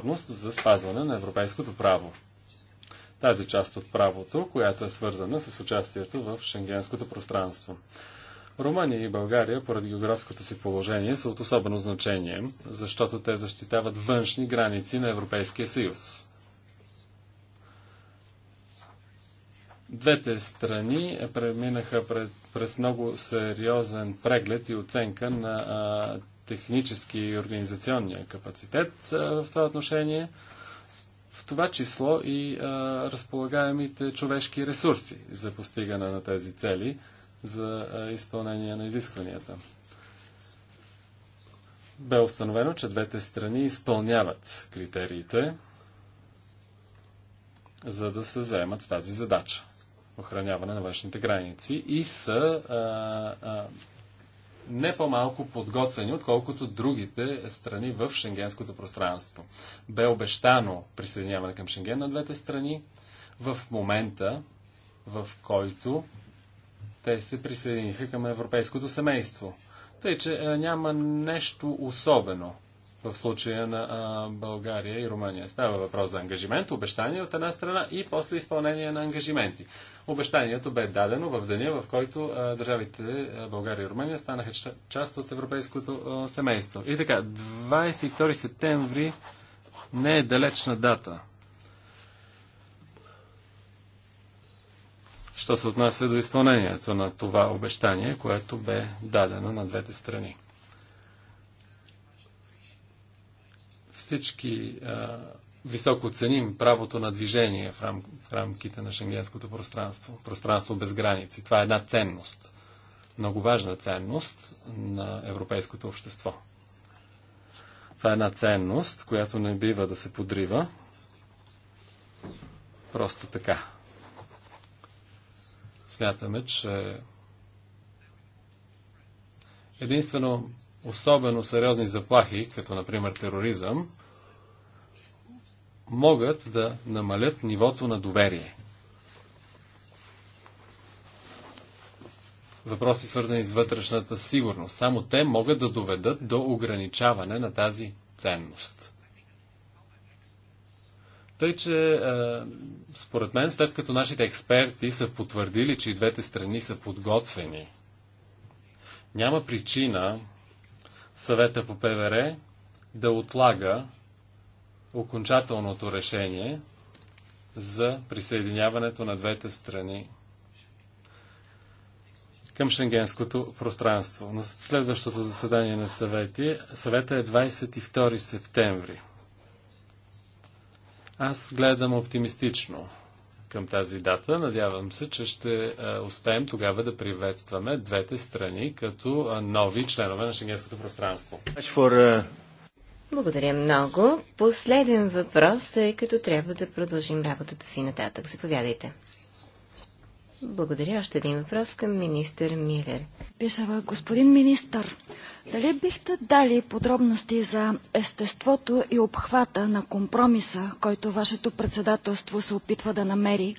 отговорност за спазване на европейското право. Тази част от правото, която е свързана с участието в шенгенското пространство. Румъния и България, поради географското си положение, са от особено значение, защото те защитават външни граници на Европейския съюз. Двете страни преминаха през много сериозен преглед и оценка на а, технически и организационния капацитет а, в това отношение, в това число и а, разполагаемите човешки ресурси за постигане на тези цели, за а, изпълнение на изискванията. Бе установено, че двете страни изпълняват критериите, за да се заемат с тази задача охраняване на външните граници и са а, а, не по-малко подготвени, отколкото другите страни в шенгенското пространство. Бе обещано присъединяване към Шенген на двете страни в момента, в който те се присъединиха към европейското семейство. Тъй, че а, няма нещо особено в случая на а, България и Румъния. Става въпрос за ангажимент, обещание от една страна и после изпълнение на ангажименти. Обещанието бе дадено в деня, в който а, държавите а, България и Румъния станаха част от европейското а, семейство. И така, 22 септември не е далечна дата. Що се отнася до изпълнението на това обещание, което бе дадено на двете страни. Всички високо ценим правото на движение в, рам, в рамките на шенгенското пространство, пространство без граници. Това е една ценност, много важна ценност на европейското общество. Това е една ценност, която не бива да се подрива просто така. Смятаме, че единствено особено сериозни заплахи, като например тероризъм, могат да намалят нивото на доверие. Въпроси свързани с вътрешната сигурност. Само те могат да доведат до ограничаване на тази ценност. Тъй, че е, според мен, след като нашите експерти са потвърдили, че и двете страни са подготвени, няма причина съвета по ПВР да отлага окончателното решение за присъединяването на двете страни към шенгенското пространство. На следващото заседание на съвети, съвета е 22 септември. Аз гледам оптимистично към тази дата. Надявам се, че ще е, успеем тогава да приветстваме двете страни като е, нови членове на шенгенското пространство. Благодаря много. Последен въпрос, тъй като трябва да продължим работата си нататък. Заповядайте. Благодаря. Още един въпрос към министър Милер. Пишава господин министър, дали бихте дали подробности за естеството и обхвата на компромиса, който вашето председателство се опитва да намери,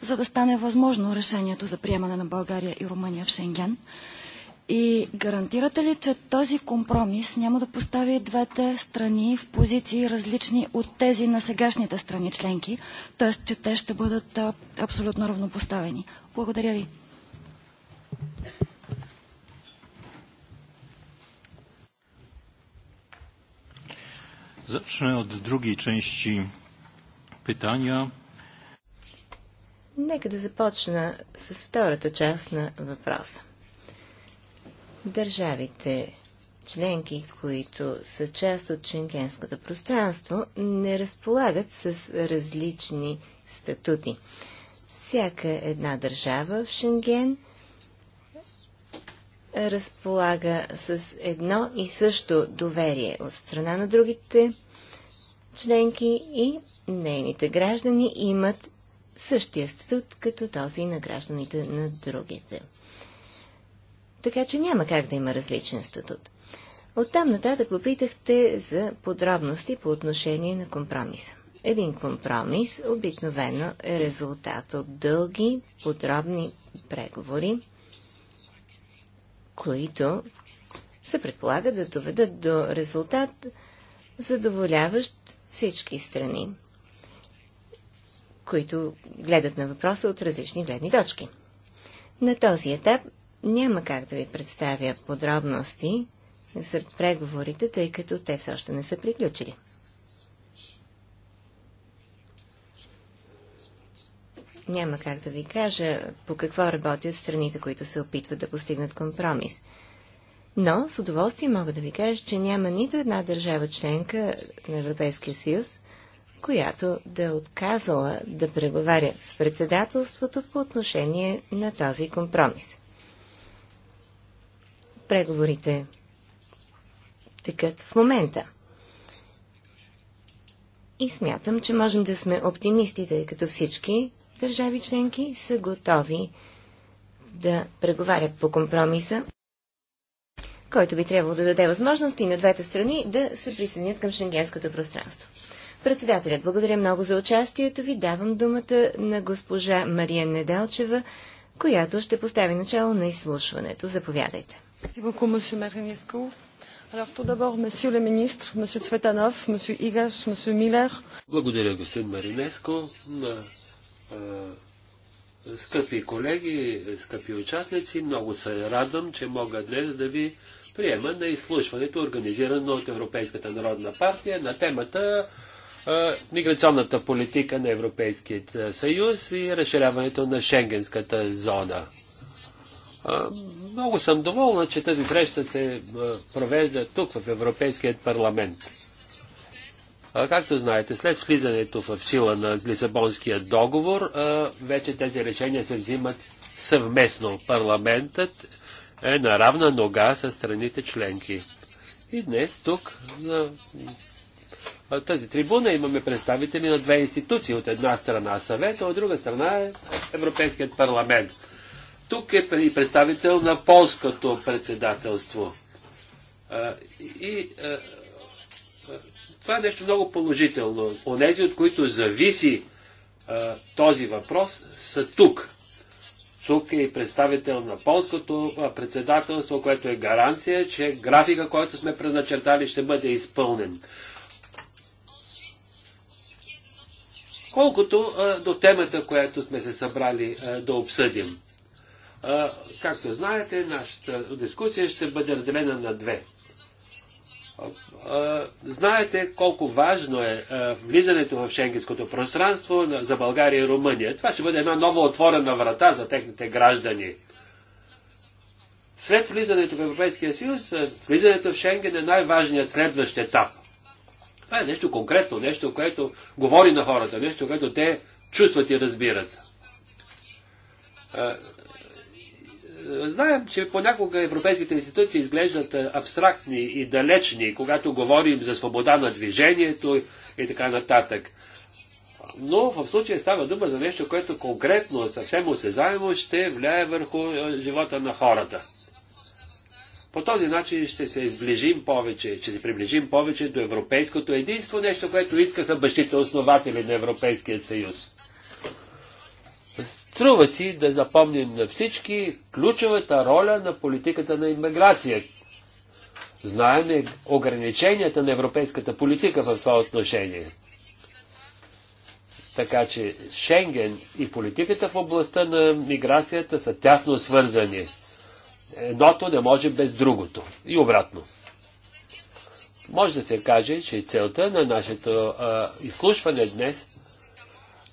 за да стане възможно решението за приемане на България и Румъния в Шенген? И гарантирате ли, че този компромис няма да постави двете страни в позиции различни от тези на сегашните страни членки, т.е. че те ще бъдат абсолютно равнопоставени? Благодаря ви. Zacznę od drugiej części pytania. Нека да започна с втората част на въпроса държавите членки, които са част от шенгенското пространство, не разполагат с различни статути. Всяка една държава в Шенген разполага с едно и също доверие от страна на другите членки и нейните граждани имат същия статут като този на гражданите на другите така че няма как да има различен статут. Оттам нататък попитахте за подробности по отношение на компромиса. Един компромис обикновено е резултат от дълги, подробни преговори, които се предполага да доведат до резултат, задоволяващ всички страни, които гледат на въпроса от различни гледни точки. На този етап няма как да ви представя подробности за преговорите, тъй като те все още не са приключили. Няма как да ви кажа по какво работят страните, които се опитват да постигнат компромис. Но с удоволствие мога да ви кажа, че няма нито една държава членка на Европейския съюз, която да е отказала да преговаря с председателството по отношение на този компромис преговорите текат в момента. И смятам, че можем да сме оптимисти, тъй като всички държави членки са готови да преговарят по компромиса, който би трябвало да даде възможност и на двете страни да се присъединят към шенгенското пространство. Председателят, благодаря много за участието ви. Давам думата на госпожа Мария Недалчева, която ще постави начало на изслушването. Заповядайте. Merci beaucoup, monsieur Marinescu. Alors, tout d'abord, monsieur le ministre, monsieur Tsvetanov, monsieur monsieur Miller. Благодаря, господин Маринеско. Скъпи колеги, скъпи участници, много се радвам, че мога днес да ви приема на изслушването, организирано от Европейската народна партия на темата миграционната политика на Европейският съюз и разширяването на Шенгенската зона. Много съм доволна, че тази среща се провежда тук в Европейският парламент. Както знаете, след влизането в сила на Лисабонския договор, вече тези решения се взимат съвместно. Парламентът е на равна нога с страните членки. И днес тук на тази трибуна имаме представители на две институции. От една страна съвета, от друга страна е Европейският парламент. Тук е и представител на полското председателство. И това е нещо много положително. Онези, от които зависи а, този въпрос, са тук. Тук е и представител на полското председателство, което е гаранция, че графика, който сме предначертали, ще бъде изпълнен. Колкото а, до темата, която сме се събрали а, да обсъдим както знаете, нашата дискусия ще бъде разделена на две. знаете колко важно е влизането в шенгенското пространство за България и Румъния. Това ще бъде една нова отворена врата за техните граждани. След влизането в Европейския съюз, влизането в Шенген е най-важният следващ етап. Това е нещо конкретно, нещо, което говори на хората, нещо, което те чувстват и разбират. Знаем, че понякога европейските институции изглеждат е, абстрактни и далечни, когато говорим за свобода на движението и така нататък. Но в случая става дума за нещо, което конкретно, съвсем осезаемо ще влияе върху е, живота на хората. По този начин ще се изближим повече, ще се приближим повече до европейското единство, нещо, което искаха бащите основатели на Европейския съюз. Струва си да запомним на всички ключовата роля на политиката на иммиграция. Знаем ограниченията на европейската политика в това отношение. Така че Шенген и политиката в областта на миграцията са тясно свързани. Едното не може без другото. И обратно. Може да се каже, че целта на нашето а, изслушване днес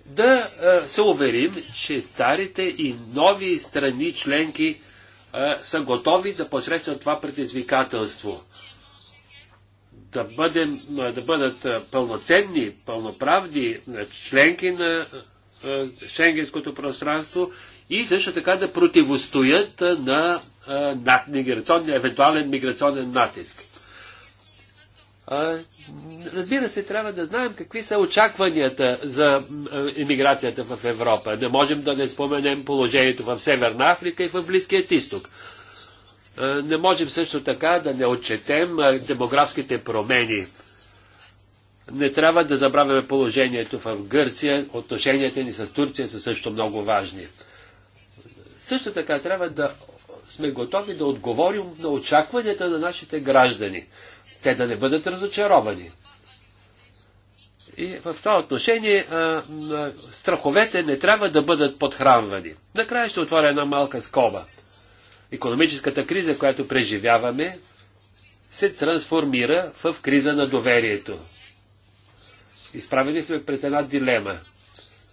да се уверим, че старите и нови страни членки са готови да посрещат това предизвикателство. Да, бъдем, да бъдат пълноценни, пълноправни членки на шенгенското пространство и също така да противостоят на евентуален миграционен натиск. Разбира се, трябва да знаем какви са очакванията за е, иммиграцията в Европа. Не можем да не споменем положението в Северна Африка и в Близкият изток. Не можем също така да не отчетем демографските промени. Не трябва да забравяме положението в Гърция. Отношенията ни с Турция са също много важни. Също така трябва да сме готови да отговорим на очакванията на нашите граждани те да не бъдат разочаровани. И в това отношение а, страховете не трябва да бъдат подхранвани. Накрая ще отворя една малка скоба. Економическата криза, която преживяваме, се трансформира в криза на доверието. Изправени сме през една дилема.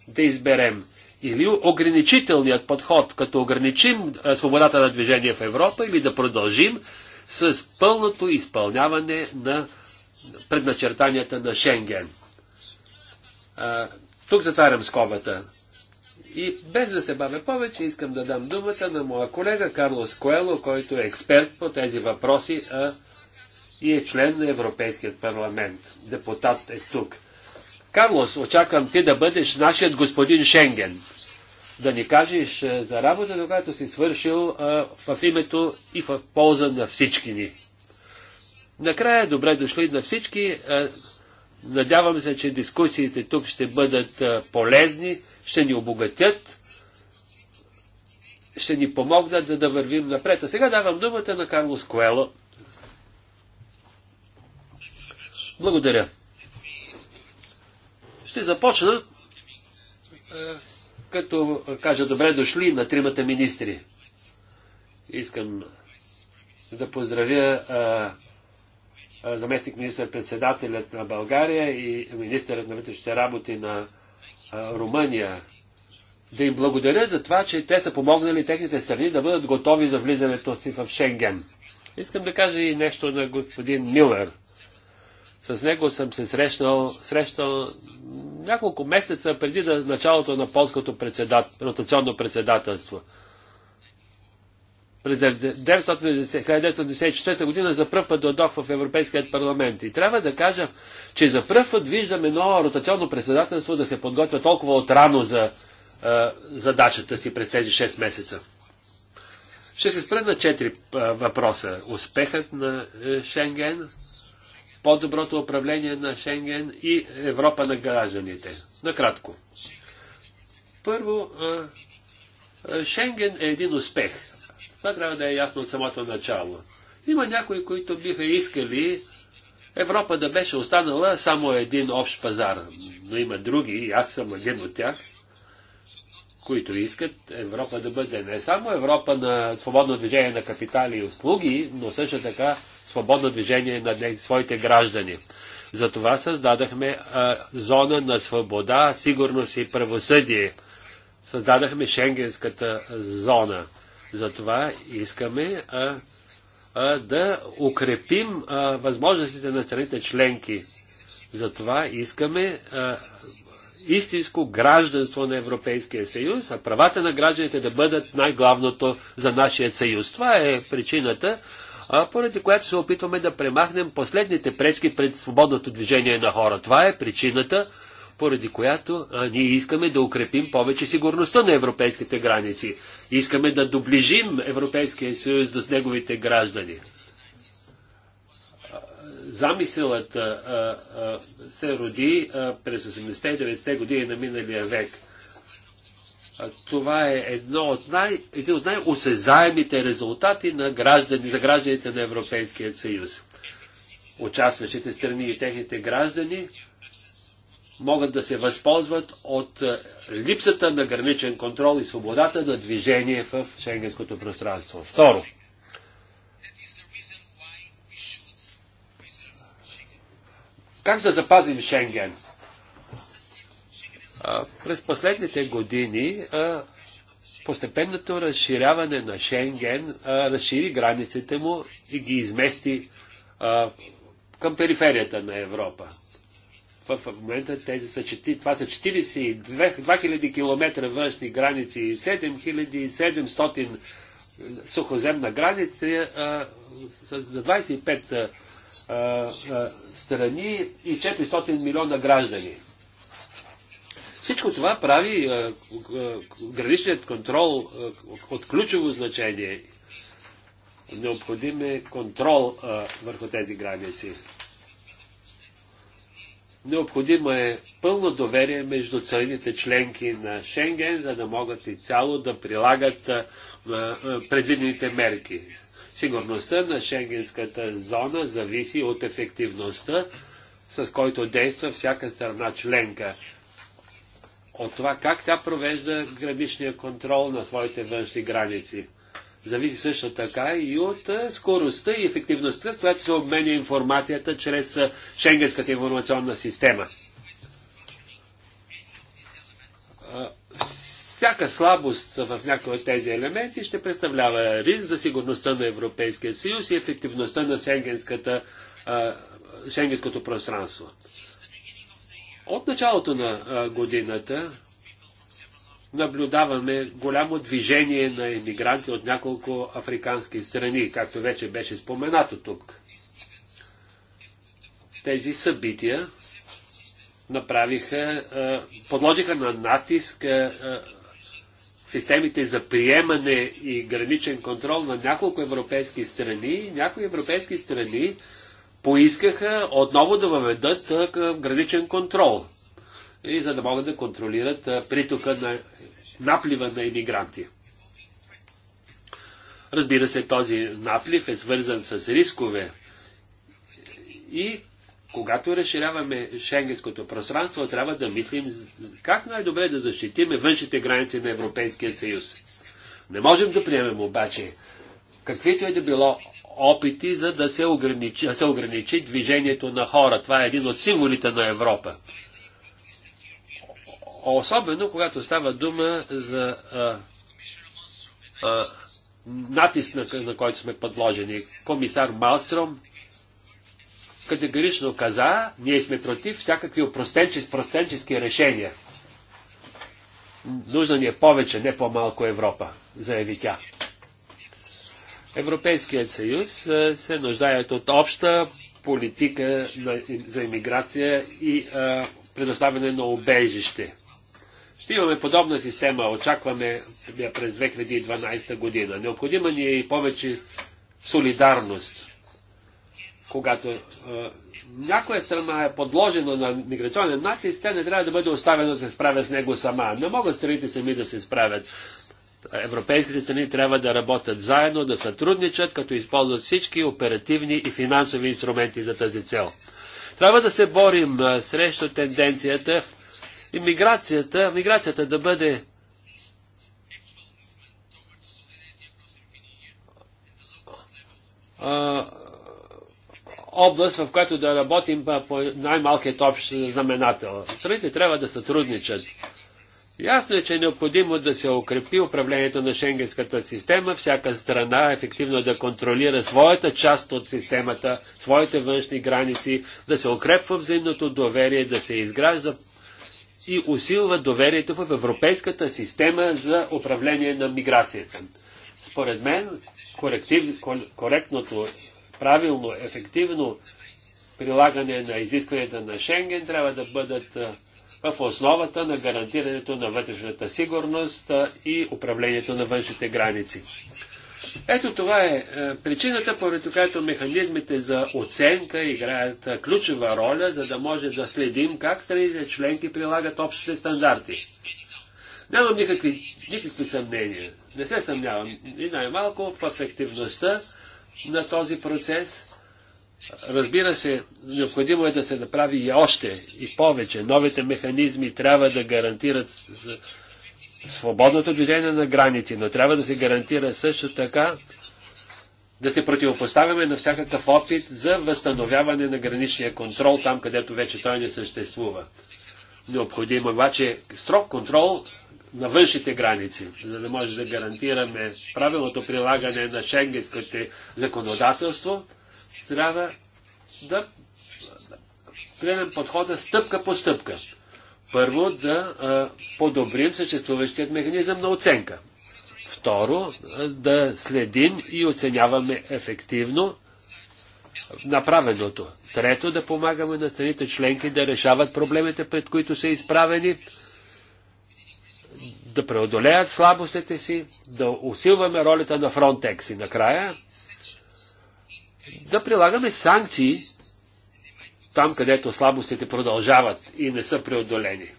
Да изберем или ограничителният подход, като ограничим свободата на движение в Европа, или да продължим с пълното изпълняване на предначертанията на Шенген. А, тук затварям скобата. И без да се бавя повече, искам да дам думата на моя колега Карлос Коело, който е експерт по тези въпроси а, и е член на Европейският парламент. Депутат е тук. Карлос, очаквам ти да бъдеш нашият господин Шенген да ни кажеш е, за работата, която си свършил в името и в полза на всички ни. Накрая добре дошли на всички. Е, надявам се, че дискусиите тук ще бъдат е, полезни, ще ни обогатят, ще ни помогнат да, да вървим напред. А сега давам думата на Карлос Коело. Благодаря. Ще започна като кажа добре дошли на тримата министри. Искам да поздравя а, а, заместник министър-председателят на България и министърът на вътрешните работи на а, Румъния. Да им благодаря за това, че те са помогнали техните страни да бъдат готови за влизането си в Шенген. Искам да кажа и нещо на господин Милер. С него съм се срещнал, срещал няколко месеца преди да началото на полското председат, ротационно председателство. През 1994 година за първ път дойдох в Европейският парламент. И трябва да кажа, че за първ път виждаме ново ротационно председателство да се подготвя толкова отрано за а, задачата си през тези 6 месеца. Ще се спра на 4 а, въпроса. Успехът на е, Шенген, по-доброто управление на Шенген и Европа на гражданите. Накратко. Първо, Шенген е един успех. Това трябва да е ясно от самото начало. Има някои, които биха искали Европа да беше останала само един общ пазар. Но има други, и аз съм един от тях, които искат Европа да бъде не само Европа на свободно движение на капитали и услуги, но също така свободно движение на своите граждани. Затова създадахме а, зона на свобода, сигурност и правосъдие. Създадахме Шенгенската зона. Затова искаме а, а, да укрепим а, възможностите на страните членки. Затова искаме а, истинско гражданство на Европейския съюз, а правата на гражданите да бъдат най-главното за нашия съюз. Това е причината поради която се опитваме да премахнем последните пречки пред свободното движение на хора. Това е причината, поради която а, ние искаме да укрепим повече сигурността на европейските граници. Искаме да доближим Европейския съюз до неговите граждани. Замисълът а, а, се роди а, през 80-90-те години на миналия век – това е едно от най, един от най-осезаемите резултати на граждани, за гражданите на Европейския съюз. Участващите страни и техните граждани могат да се възползват от липсата на граничен контрол и свободата на движение в шенгенското пространство. Второ, как да запазим Шенген? През последните години постепенното разширяване на Шенген разшири границите му и ги измести към периферията на Европа. В момента тези са, това са 42 2000 км външни граници и 7700 сухоземна граница с, за 25 страни и 400 милиона граждани. Всичко това прави е, е, граничният контрол е, от ключово значение. Необходим е контрол върху тези граници. Необходимо е пълно доверие между целите членки на Шенген, за да могат и цяло да прилагат предвидените мерки. Сигурността на Шенгенската зона зависи от ефективността, с който действа всяка страна членка от това как тя провежда граничния контрол на своите външни граници. Зависи също така и от скоростта и ефективността, с която се обменя информацията чрез Шенгенската информационна система. Всяка слабост в някои от тези елементи ще представлява риск за сигурността на Европейския съюз и ефективността на Шенгенската, Шенгенското пространство. От началото на годината наблюдаваме голямо движение на иммигранти от няколко африкански страни, както вече беше споменато тук. Тези събития направиха, подложиха на натиск системите за приемане и граничен контрол на няколко европейски страни. Някои европейски страни поискаха отново да въведат граничен контрол, и за да могат да контролират притока на наплива на иммигранти. Разбира се, този наплив е свързан с рискове. И когато разширяваме шенгенското пространство, трябва да мислим как най-добре да защитиме външните граници на Европейския съюз. Не можем да приемем обаче каквито е да било опити за да се ограничи, да се ограничи движението на хора. Това е един от символите на Европа. Особено когато става дума за а, а, натиск, на, на който сме подложени. Комисар Малстром категорично каза, ние сме против всякакви простенчески решения. Нужна ни е повече, не по-малко Европа, заяви тя. Европейският съюз се нуждаят от обща политика за иммиграция и предоставяне на обежище. Ще имаме подобна система, очакваме я през 2012 година. Необходима ни е и повече солидарност. Когато е, някоя страна е подложена на миграционен натиск, тя не трябва да бъде оставена да се справя с него сама. Не могат страните сами да се справят. Европейските страни трябва да работят заедно, да сътрудничат, като използват всички оперативни и финансови инструменти за тази цел. Трябва да се борим срещу тенденцията и миграцията, миграцията да бъде а, област, в която да работим по най-малкият общ знаменател. Страните трябва да сътрудничат. Ясно е, че е необходимо да се укрепи управлението на шенгенската система, всяка страна ефективно да контролира своята част от системата, своите външни граници, да се укрепва взаимното доверие, да се изгражда и усилва доверието в европейската система за управление на миграцията. Според мен, коректив, коректното, правилно, ефективно прилагане на изискванията на Шенген трябва да бъдат в основата на гарантирането на вътрешната сигурност и управлението на външните граници. Ето това е, е причината, поради която механизмите за оценка играят е, ключова роля, за да може да следим как страните членки прилагат общите стандарти. Нямам никакви, никакви съмнения. Не се съмнявам и най-малко в ефективността на този процес Разбира се, необходимо е да се направи и още, и повече. Новите механизми трябва да гарантират свободното движение на граници, но трябва да се гарантира също така да се противопоставяме на всякакъв опит за възстановяване на граничния контрол там, където вече той не съществува. Необходимо е обаче строг контрол на външните граници, за да може да гарантираме правилното прилагане на шенгенското законодателство – трябва да приемем подхода стъпка по стъпка. Първо да подобрим съществуващият механизъм на оценка. Второ, да следим и оценяваме ефективно направеното. Трето, да помагаме на страните членки да решават проблемите, пред които са изправени, да преодолеят слабостите си, да усилваме ролята на Frontex и накрая да прилагаме санкции там, където слабостите продължават и не са преодолени.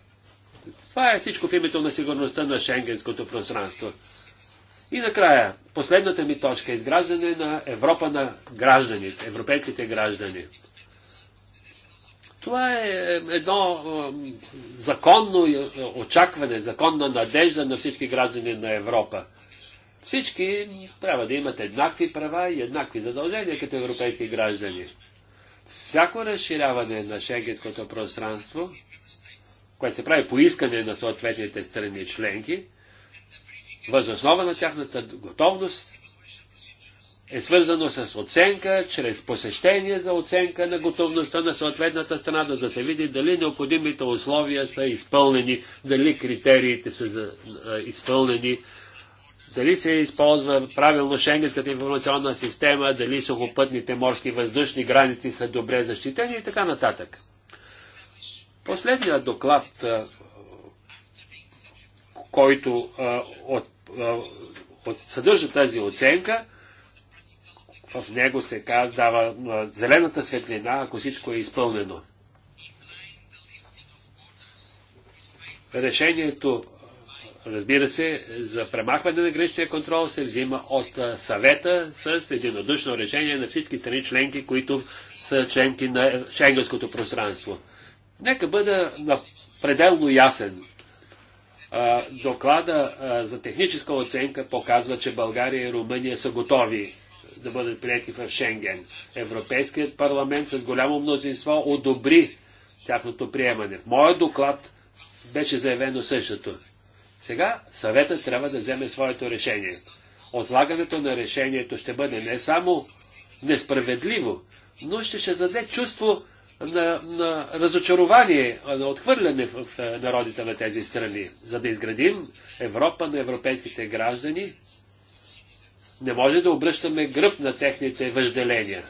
Това е всичко в името на сигурността на шенгенското пространство. И накрая, последната ми точка е изграждане на Европа на гражданите, европейските граждани. Това е, е едно е, законно е, очакване, законна надежда на всички граждани на Европа. Всички трябва да имат еднакви права и еднакви задължения като европейски граждани. Всяко разширяване на шенгенското пространство, което се прави по искане на съответните страни членки, възоснова на тяхната готовност е свързано с оценка, чрез посещение за оценка на готовността на съответната страна, да, се види дали необходимите условия са изпълнени, дали критериите са изпълнени, дали се използва правилно Шенгенската информационна система, дали сухопътните морски въздушни граници са добре защитени и така нататък. Последният доклад, който от, от, от, съдържа тази оценка, в него се казва, дава зелената светлина, ако всичко е изпълнено. Решението разбира се, за премахване на граничния контрол се взима от съвета с единодушно решение на всички страни членки, които са членки на шенгенското пространство. Нека бъда пределно ясен. Доклада за техническа оценка показва, че България и Румъния са готови да бъдат прияти в Шенген. Европейският парламент с голямо мнозинство одобри тяхното приемане. В моят доклад беше заявено същото. Сега съветът трябва да вземе своето решение. Отлагането на решението ще бъде не само несправедливо, но ще ще заде чувство на, на разочарование, на отхвърляне в, в народите на тези страни. За да изградим Европа на европейските граждани, не може да обръщаме гръб на техните въжделения.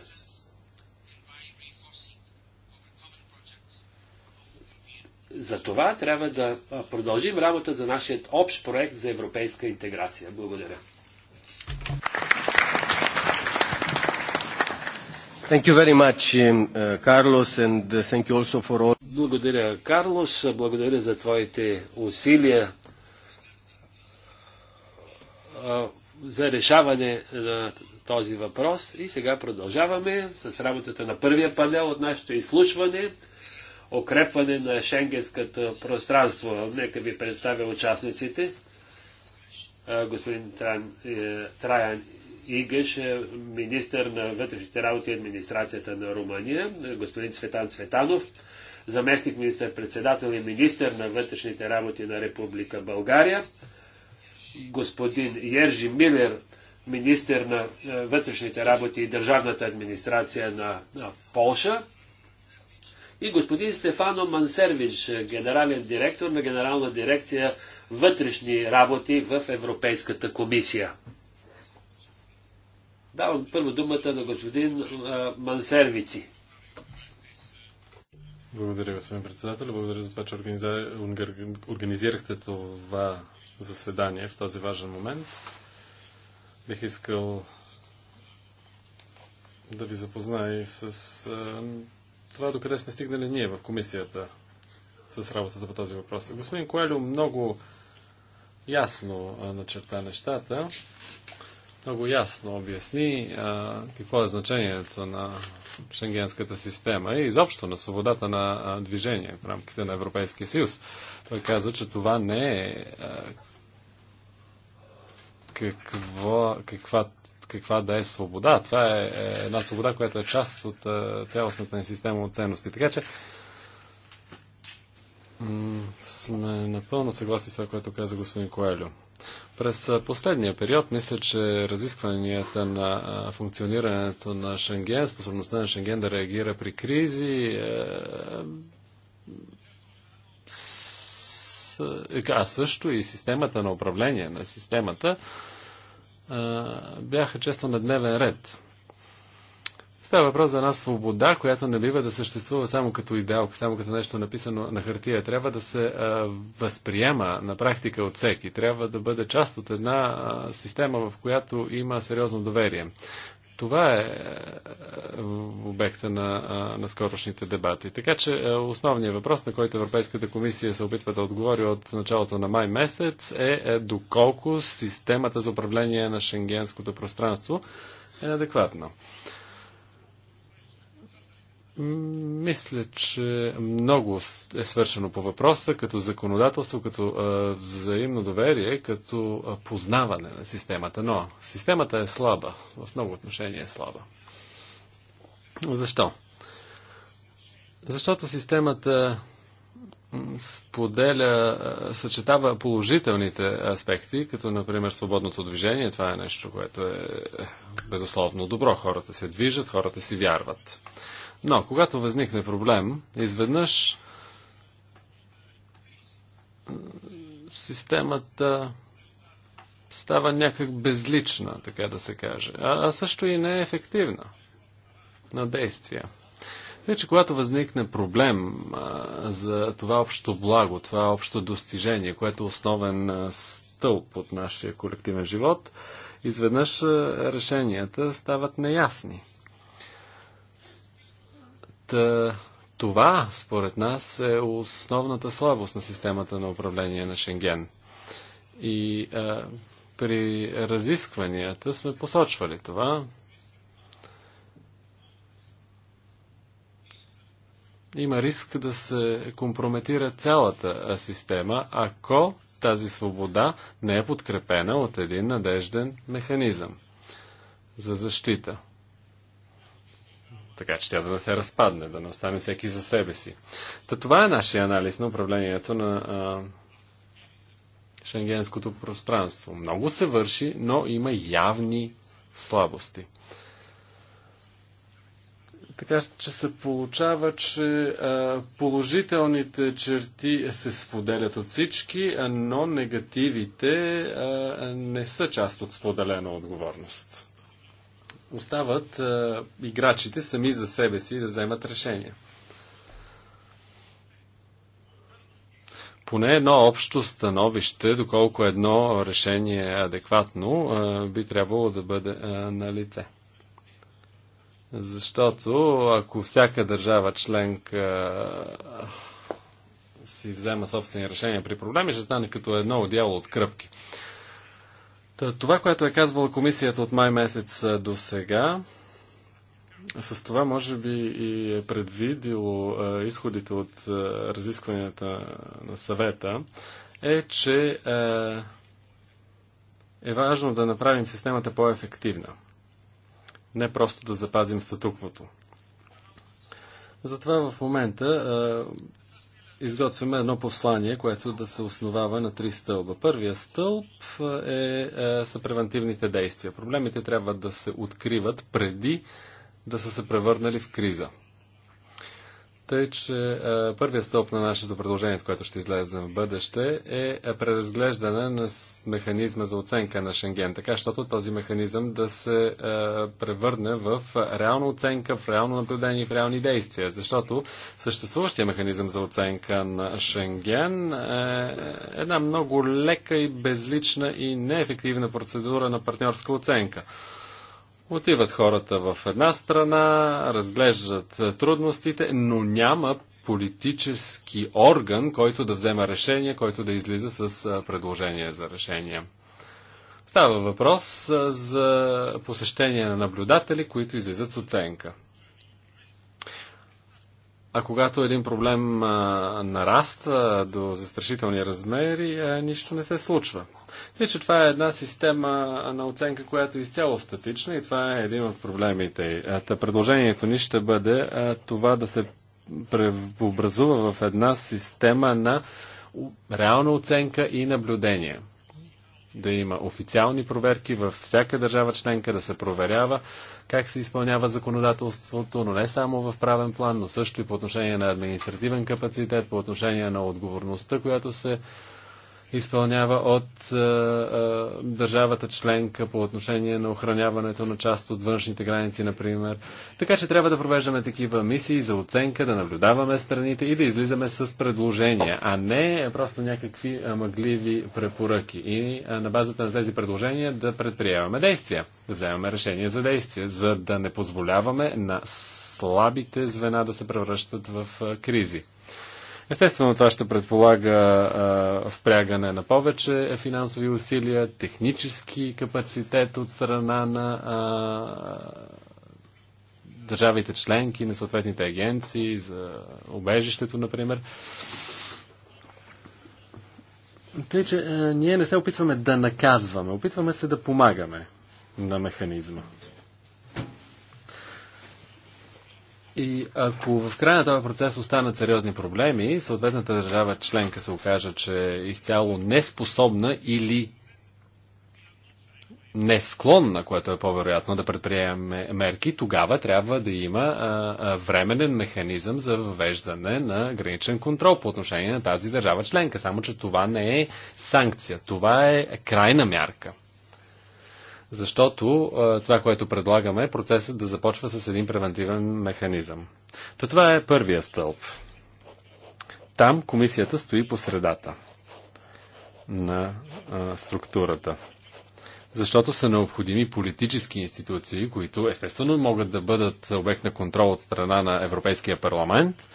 за това трябва да продължим работа за нашият общ проект за европейска интеграция. Благодаря. Thank you very much, um, uh, Carlos, and uh, thank you also for all... Благодаря, Карлос. Благодаря за твоите усилия за решаване на този въпрос. И сега продължаваме с работата на първия панел от нашето изслушване укрепване на шенгенското пространство. Нека ви представя участниците. Господин Тран, е, Траян Игаш, е министър на вътрешните работи и администрацията на Румъния, господин Цветан Цветанов, заместник министър-председател и министър на вътрешните работи на Република България, господин Ержи Милер, министър на е, вътрешните работи и държавната администрация на, на Полша, и господин Стефано Мансервич, генерален директор на Генерална дирекция вътрешни работи в Европейската комисия. Давам първо думата на господин Мансервици. Благодаря, господин председател. Благодаря за това, че организирахте това заседание в този важен момент. Бих искал да ви запозная и с това е докъде сме стигнали ние в комисията с работата по този въпрос. Господин Коелю много ясно начерта нещата, много ясно обясни а, какво е значението на шенгенската система и изобщо на свободата на движение в рамките на Европейския съюз. Той каза, че това не е а, какво, каква каква да е свобода. Това е, е една свобода, която е част от е, цялостната ни система от ценности. Така че сме напълно съгласни с това, което каза господин Коелю. През е, последния период мисля, че разискванията на функционирането на Шенген, способността на Шенген да реагира при кризи, а също и системата на управление на системата, бяха често на дневен ред. Става въпрос за една свобода, която не бива да съществува само като идеал, само като нещо написано на хартия. Трябва да се а, възприема на практика от всеки. Трябва да бъде част от една а, система, в която има сериозно доверие. Това е, е обекта на, е, на скорошните дебати. Така че е, основният въпрос, на който Европейската комисия се опитва да отговори от началото на май месец е доколко системата за управление на шенгенското пространство е адекватна. Мисля, че много е свършено по въпроса, като законодателство, като а, взаимно доверие, като а, познаване на системата. Но системата е слаба, в много отношения е слаба. Защо? Защото системата споделя, съчетава положителните аспекти, като например свободното движение. Това е нещо, което е безусловно добро. Хората се движат, хората си вярват. Но когато възникне проблем, изведнъж системата става някак безлична, така да се каже, а, а също и не е ефективна на действия. Тъй, значи, че когато възникне проблем а, за това общо благо, това общо достижение, което е основен а, стълб от нашия колективен живот, изведнъж а, решенията стават неясни. Е, това, според нас, е основната слабост на системата на управление на Шенген. И а, е, при разискванията сме посочвали това. Има риск да се компрометира цялата система, ако тази свобода не е подкрепена от един надежден механизъм за защита така че тя да не се разпадне, да не остане всеки за себе си. Та това е нашия анализ на управлението на а, шенгенското пространство. Много се върши, но има явни слабости. Така че се получава, че положителните черти се споделят от всички, но негативите не са част от споделена отговорност остават а, е, играчите сами за себе си да вземат решения. Поне едно общо становище, доколко едно решение е адекватно, а, е, би трябвало да бъде а, е, на лице. Защото ако всяка държава членка си взема собствени решения при проблеми, ще стане като едно отдяло от кръпки. Това, което е казвала комисията от май месец до сега, с това може би и е предвидило изходите от разискванията на съвета, е, че е важно да направим системата по-ефективна. Не просто да запазим статуквото. Затова в момента изготвяме едно послание, което да се основава на три стълба. Първия стълб е, е, са превентивните действия. Проблемите трябва да се откриват преди да са се превърнали в криза. Тъй, е, че първият стълб на нашето предложение, с което ще излезем в бъдеще, е, е преразглеждане на механизма за оценка на Шенген, така щото този механизъм да се превърне в реална оценка, в реално наблюдение и в реални действия. Защото съществуващия механизъм за оценка на Шенген е една много лека и безлична и неефективна процедура на партньорска оценка. Отиват хората в една страна, разглеждат е, трудностите, но няма политически орган, който да взема решение, който да излиза с е, предложение за решение. Става въпрос е, за посещение на наблюдатели, които излизат с оценка. А когато един проблем а, нараства до застрашителни размери, а, нищо не се случва. И че това е една система на оценка, която е изцяло статична и това е един от проблемите. Та предложението ни ще бъде а, това да се преобразува в една система на реална оценка и наблюдение. Да има официални проверки във всяка държава членка, да се проверява как се изпълнява законодателството, но не само в правен план, но също и по отношение на административен капацитет, по отношение на отговорността, която се изпълнява от а, е, а, е, държавата членка по отношение на охраняването на част от външните граници, например. Така че трябва да провеждаме такива мисии за оценка, да наблюдаваме страните и да излизаме с предложения, а не просто някакви е, мъгливи препоръки. И а, на базата на тези предложения да предприемаме действия, да вземаме решение за действия, за да не позволяваме на слабите звена да се превръщат в а, кризи. Естествено, това ще предполага а, впрягане на повече финансови усилия, технически капацитет от страна на а, държавите членки, на съответните агенции за обежището, например. Тъй, че а, ние не се опитваме да наказваме, опитваме се да помагаме на механизма. И ако в края на този процес останат сериозни проблеми, съответната държава членка се окаже, че е изцяло неспособна или не склонна, което е по-вероятно да предприеме мерки, тогава трябва да има а, а, временен механизъм за въвеждане на граничен контрол по отношение на тази държава членка. Само, че това не е санкция, това е крайна мярка защото това, което предлагаме е процесът да започва с един превентивен механизъм. То това е първия стълб. Там комисията стои по средата на а, структурата. Защото са необходими политически институции, които естествено могат да бъдат обект на контрол от страна на Европейския парламент,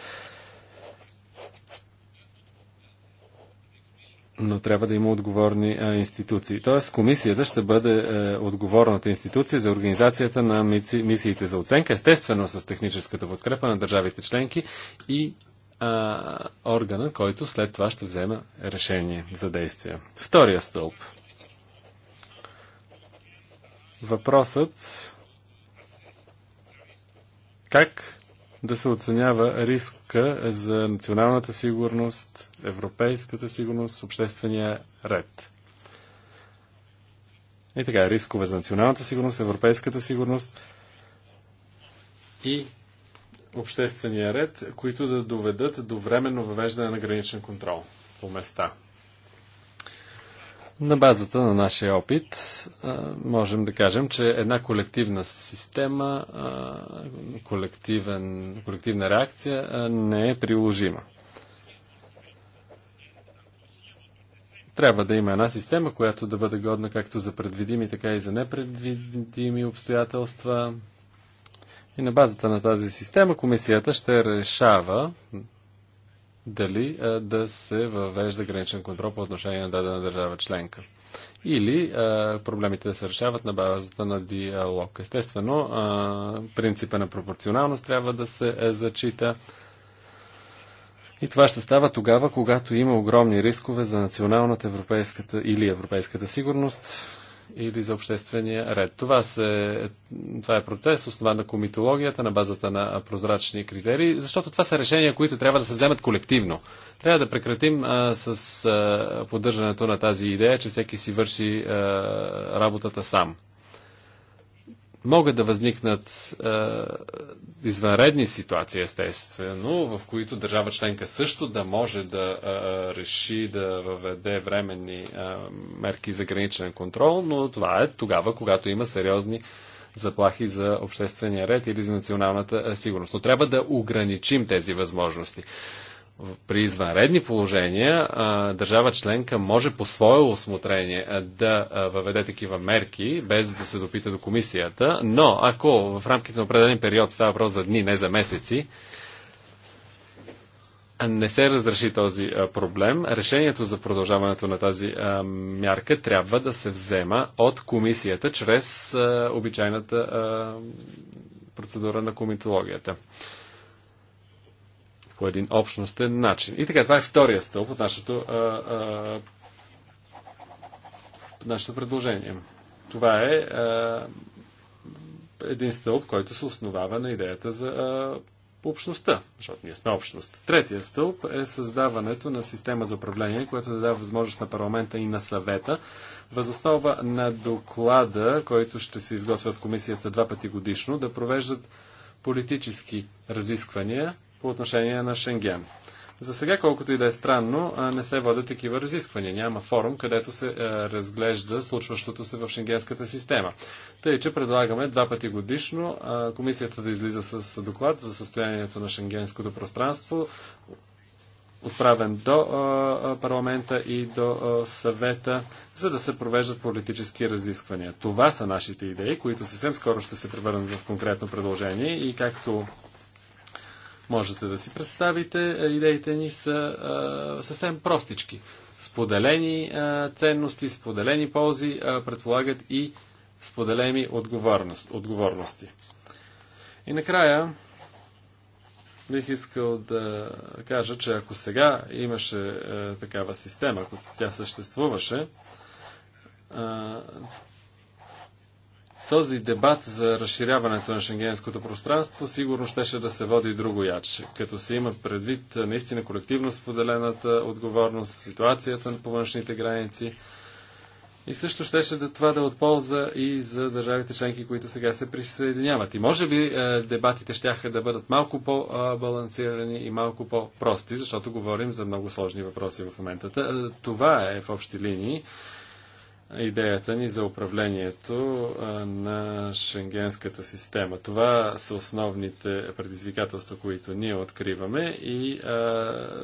но трябва да има отговорни а, институции. Тоест, комисията ще бъде е, отговорната институция за организацията на миси, мисиите за оценка, естествено с техническата подкрепа на държавите членки и а, органа, който след това ще взема решение за действия. Втория стълб. Въпросът как да се оценява риска за националната сигурност, европейската сигурност, обществения ред. И така, рискове за националната сигурност, европейската сигурност и обществения ред, които да доведат до временно въвеждане на граничен контрол по места – на базата на нашия опит можем да кажем, че една колективна система, колективен, колективна реакция не е приложима. Трябва да има една система, която да бъде годна както за предвидими, така и за непредвидими обстоятелства. И на базата на тази система комисията ще решава дали а, да се въвежда граничен контрол по отношение на дадена държава членка. Или а, проблемите да се решават на базата на диалог. Естествено, а, принципа на пропорционалност трябва да се е, зачита. И това ще става тогава, когато има огромни рискове за националната европейската или европейската сигурност, или за обществения ред. Това, се, това е процес, основан на комитологията, на базата на прозрачни критерии, защото това са решения, които трябва да се вземат колективно. Трябва да прекратим а, с а, поддържането на тази идея, че всеки си върши а, работата сам. Могат да възникнат е, извънредни ситуации, естествено, в които държава членка също да може да е, реши да въведе временни е, мерки за граничен контрол, но това е тогава, когато има сериозни заплахи за обществения ред или за националната сигурност. Но трябва да ограничим тези възможности при извънредни положения държава членка може по свое осмотрение да въведе такива мерки, без да се допита до комисията, но ако в рамките на определен период става въпрос за дни, не за месеци, не се разреши този проблем, решението за продължаването на тази мярка трябва да се взема от комисията чрез обичайната процедура на комитологията по един общностен начин. И така, това е втория стълб от нашето, а, а, нашето предложение. Това е а, един стълб, който се основава на идеята за а, общността, защото ние сме общност. Третия стълб е създаването на система за управление, което да дава възможност на парламента и на съвета, възоснова на доклада, който ще се изготвя в комисията два пъти годишно, да провеждат политически разисквания по отношение на Шенген. За сега, колкото и да е странно, не се водят такива разисквания. Няма форум, където се разглежда случващото се в шенгенската система. Тъй, че предлагаме два пъти годишно комисията да излиза с доклад за състоянието на шенгенското пространство, отправен до парламента и до съвета, за да се провеждат политически разисквания. Това са нашите идеи, които съвсем скоро ще се превърнат в конкретно предложение и както Можете да си представите, идеите ни са а, съвсем простички. Споделени а, ценности, споделени ползи а, предполагат и споделени отговорност, отговорности. И накрая бих искал да кажа, че ако сега имаше а, такава система, ако тя съществуваше, този дебат за разширяването на шенгенското пространство сигурно щеше да се води друго яче, като се има предвид наистина колективно споделената отговорност, ситуацията по външните граници. И също щеше да това да е от полза и за държавите членки, които сега се присъединяват. И може би е, дебатите ще да бъдат малко по-балансирани и малко по-прости, защото говорим за много сложни въпроси в момента. Е, това е в общи линии идеята ни за управлението на шенгенската система. Това са основните предизвикателства, които ние откриваме и а,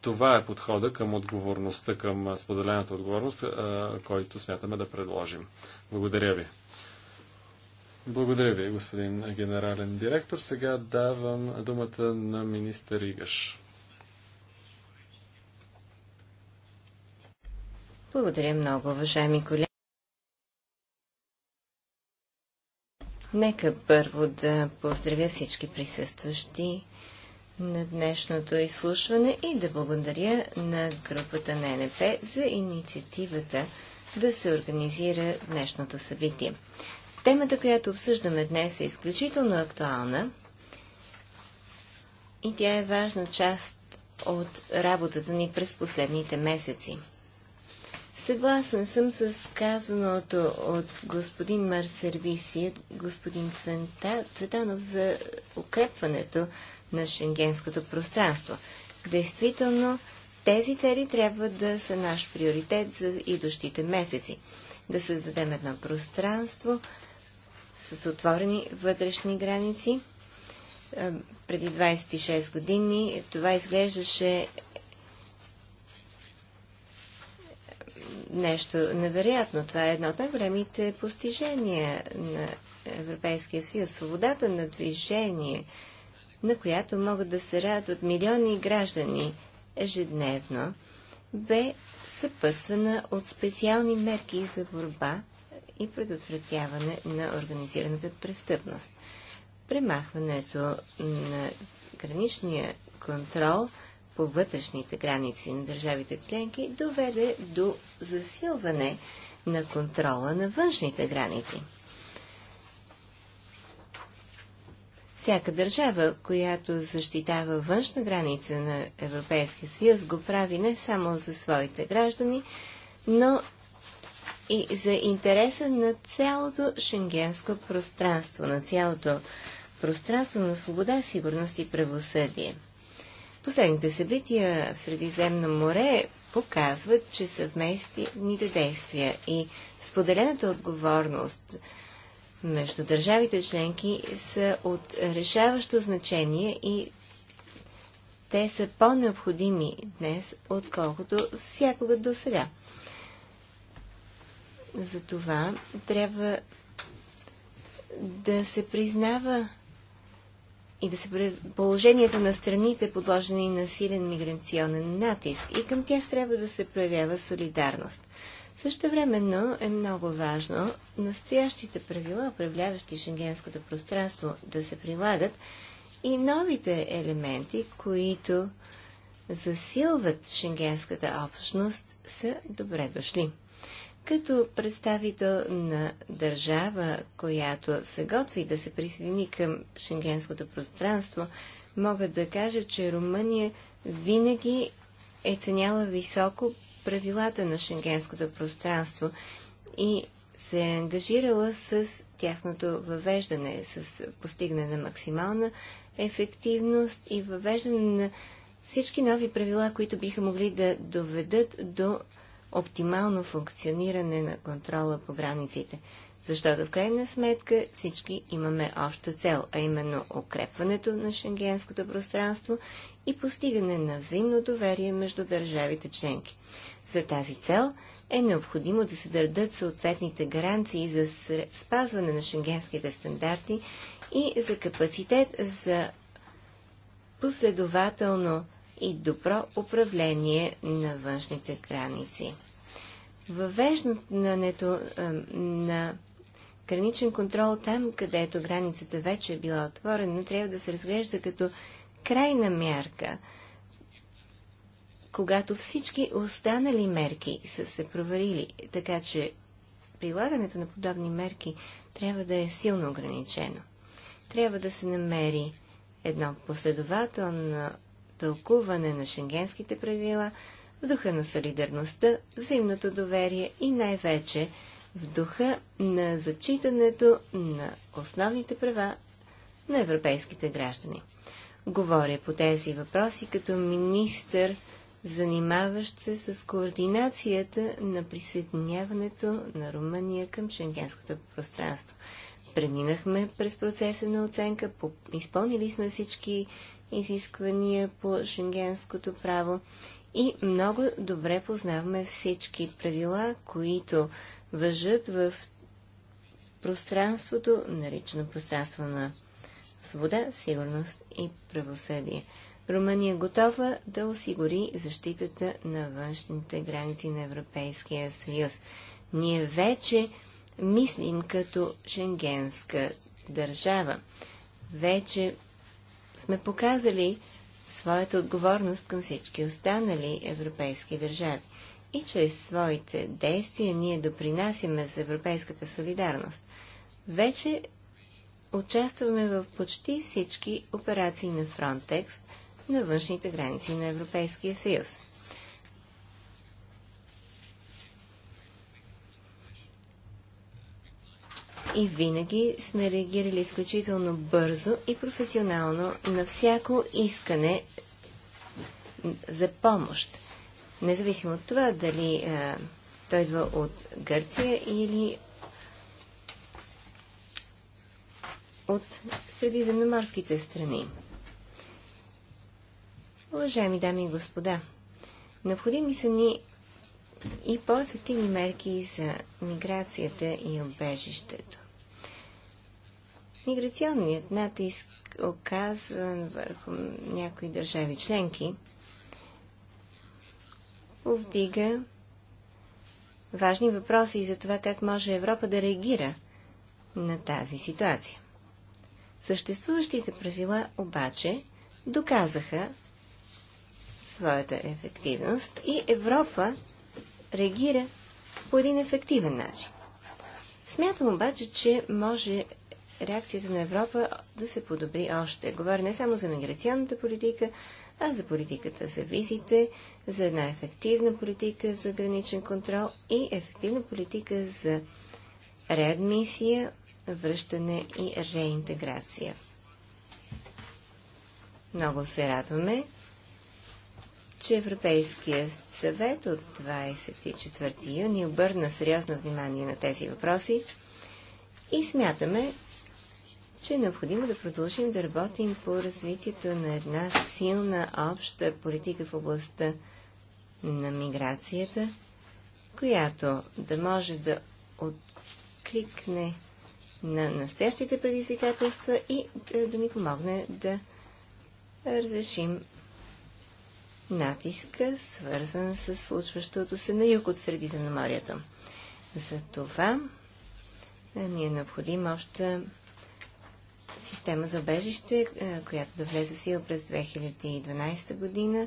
това е подхода към отговорността, към споделената отговорност, а, който смятаме да предложим. Благодаря ви. Благодаря ви, господин генерален директор. Сега давам думата на министър Игаш. Благодаря много, уважаеми колеги. Нека първо да поздравя всички присъстващи на днешното изслушване и да благодаря на групата на НП за инициативата да се организира днешното събитие. Темата, която обсъждаме днес е изключително актуална и тя е важна част от работата ни през последните месеци. Съгласна съм с казаното от господин Марсервиси, господин Цвента, Цветанов за укрепването на шенгенското пространство. Действително, тези цели трябва да са наш приоритет за идущите месеци. Да създадем едно пространство с отворени вътрешни граници. Преди 26 години това изглеждаше нещо невероятно. Това е едно от най-големите постижения на Европейския съюз. Свободата на движение, на която могат да се радват милиони граждани ежедневно, бе съпътствана от специални мерки за борба и предотвратяване на организираната престъпност. Премахването на граничния контрол – по вътрешните граници на държавите членки доведе до засилване на контрола на външните граници. Всяка държава, която защитава външна граница на Европейския съюз, го прави не само за своите граждани, но и за интереса на цялото шенгенско пространство, на цялото пространство на свобода, сигурност и правосъдие. Последните събития в Средиземно море показват, че съвместните действия и споделената отговорност между държавите членки са от решаващо значение и те са по-необходими днес, отколкото всякога до сега. Затова трябва да се признава и да се положението на страните, подложени на силен миграционен натиск. И към тях трябва да се проявява солидарност. Също времено е много важно настоящите правила, управляващи шенгенското пространство, да се прилагат и новите елементи, които засилват шенгенската общност, са добре дошли. Като представител на държава, която се готви да се присъедини към шенгенското пространство, мога да кажа, че Румъния винаги е ценяла високо правилата на шенгенското пространство и се е ангажирала с тяхното въвеждане, с постигане на максимална ефективност и въвеждане на всички нови правила, които биха могли да доведат до оптимално функциониране на контрола по границите. Защото в крайна сметка всички имаме обща цел, а именно укрепването на шенгенското пространство и постигане на взаимно доверие между държавите членки. За тази цел е необходимо да се дадат съответните гаранции за спазване на шенгенските стандарти и за капацитет за последователно и добро управление на външните граници. Въвеждането е, на граничен контрол там, където границата вече е била отворена, трябва да се разглежда като крайна мярка, когато всички останали мерки са се провалили. Така че прилагането на подобни мерки трябва да е силно ограничено. Трябва да се намери едно последователно тълкуване на шенгенските правила в духа на солидарността, взаимното доверие и най-вече в духа на зачитането на основните права на европейските граждани. Говоря по тези въпроси като министър, занимаващ се с координацията на присъединяването на Румъния към шенгенското пространство. Преминахме през процеса на оценка, изпълнили сме всички изисквания по шенгенското право и много добре познаваме всички правила, които въжат в пространството, наречено пространство на свобода, сигурност и правосъдие. Румъния е готова да осигури защитата на външните граници на Европейския съюз. Ние вече мислим като шенгенска държава. Вече сме показали своята отговорност към всички останали европейски държави. И чрез своите действия ние допринасяме за европейската солидарност. Вече участваме в почти всички операции на Frontex на външните граници на Европейския съюз. и винаги сме реагирали изключително бързо и професионално на всяко искане за помощ. Независимо от това дали а, той идва от Гърция или от средиземноморските страни. Уважаеми дами и господа, необходими са ни и по-ефективни мерки за миграцията и обежището. Миграционният натиск, оказан върху някои държави членки, повдига важни въпроси и за това как може Европа да реагира на тази ситуация. Съществуващите правила обаче доказаха своята ефективност и Европа реагира по един ефективен начин. Смятам обаче, че може реакцията на Европа да се подобри още. Говоря не само за миграционната политика, а за политиката за визите, за една ефективна политика за граничен контрол и ефективна политика за реадмисия, връщане и реинтеграция. Много се радваме, че Европейския съвет от 24 юни обърна сериозно внимание на тези въпроси и смятаме, че е необходимо да продължим да работим по развитието на една силна обща политика в областта на миграцията, която да може да откликне на настоящите предизвикателства и да, е, да ни помогне да разрешим натиска, свързан с случващото се на юг от Средиземноморието. За това е, ни е необходима обща система за бежище, е, която да влезе в сила през 2012 година,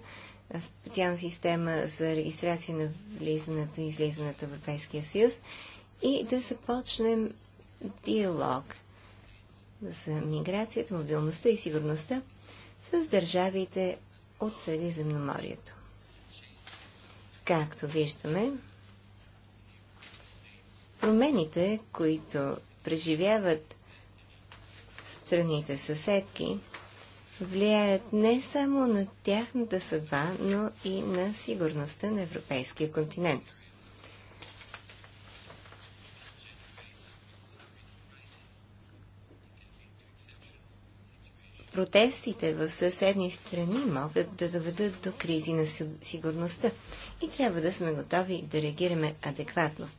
е, специална система за регистрация на влизането и излизането в Европейския съюз и да започнем диалог за миграцията, мобилността и сигурността с държавите от Средиземноморието. Както виждаме, промените, които преживяват страните съседки влияят не само на тяхната съдба, но и на сигурността на европейския континент. Протестите в съседни страни могат да доведат до кризи на сигурността и трябва да сме готови да реагираме адекватно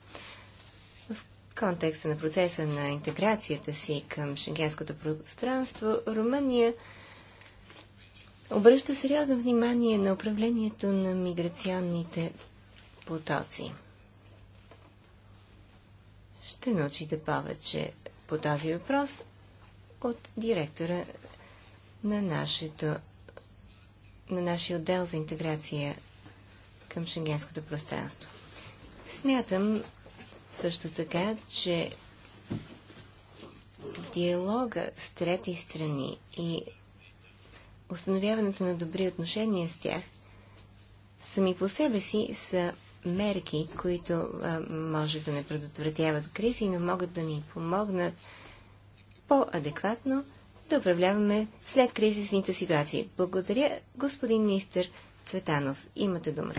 контекста на процеса на интеграцията си към шенгенското пространство, Румъния обръща сериозно внимание на управлението на миграционните потоци. Ще научите повече по този въпрос от директора на, нашето, на нашия отдел за интеграция към шенгенското пространство. Смятам, също така, че диалога с трети страни и установяването на добри отношения с тях сами по себе си са мерки, които а, може да не предотвратяват кризи, но могат да ни помогнат по-адекватно да управляваме след кризисните ситуации. Благодаря, господин министр Цветанов. Имате думата.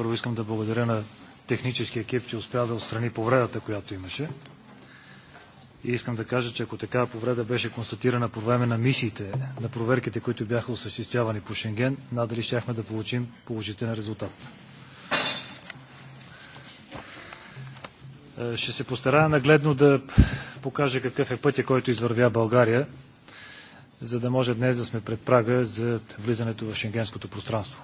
Първо искам да благодаря на техническия екип, че успя да отстрани повредата, която имаше. И искам да кажа, че ако такава повреда беше констатирана по време на мисиите, на проверките, които бяха осъществявани по Шенген, надали щяхме да получим положителен резултат. Е, ще се постарая нагледно да покажа какъв е пътя, който извървя България, за да може днес да сме пред прага за влизането в шенгенското пространство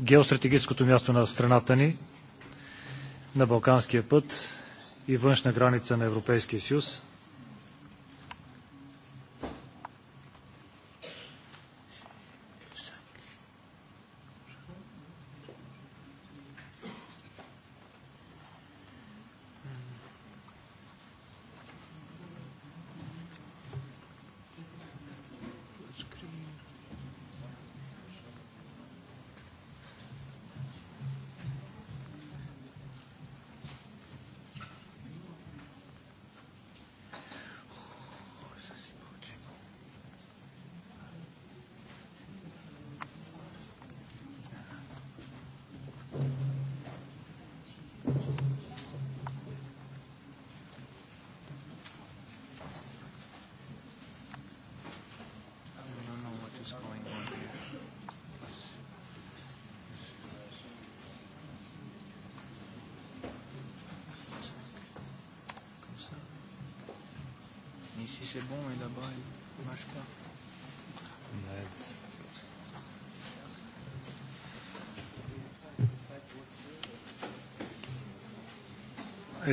геостратегическото място на страната ни на Балканския път и външна граница на Европейския съюз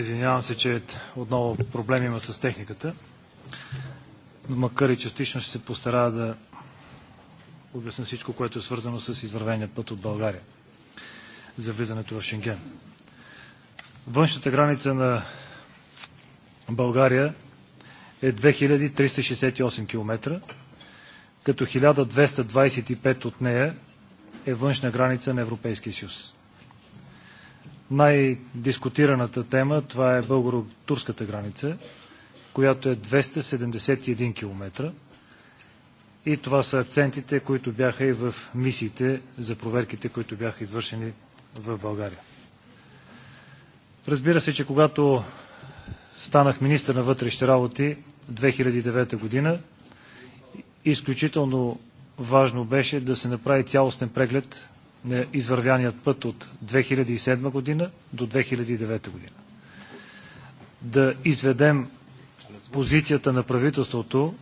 Извинявам се, че отново проблем има с техниката. Но макар и частично ще се постара да обясня всичко, което е свързано с извървения път от България за влизането в Шенген. Външната граница на България е 2368 км, като 1225 от нея е външна граница на Европейския съюз най-дискутираната тема, това е българо-турската граница, която е 271 км. И това са акцентите, които бяха и в мисиите за проверките, които бяха извършени в България. Разбира се, че когато станах министър на вътрешните работи 2009 година, изключително важно беше да се направи цялостен преглед на извървяният път от 2007 година до 2009 година. Да изведем позицията на правителството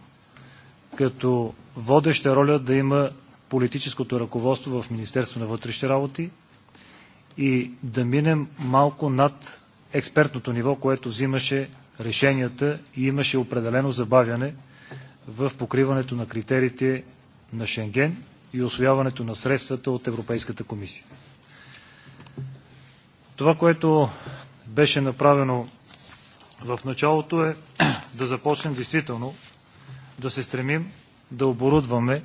като водеща роля да има политическото ръководство в Министерство на вътрешни работи и да минем малко над експертното ниво, което взимаше решенията и имаше определено забавяне в покриването на критериите на Шенген и освояването на средствата от Европейската комисия. Това, което беше направено в началото е да започнем действително да се стремим да оборудваме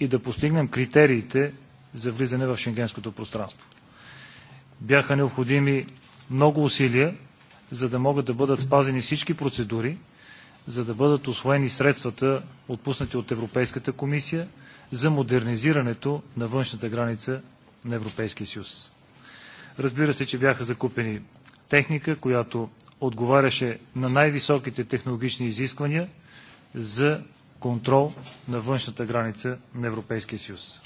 и да постигнем критериите за влизане в шенгенското пространство. Бяха необходими много усилия, за да могат да бъдат спазени всички процедури, за да бъдат освоени средствата, отпуснати от Европейската комисия – за модернизирането на външната граница на Европейския съюз. Разбира се, че бяха закупени техника, която отговаряше на най-високите технологични изисквания за контрол на външната граница на Европейския съюз.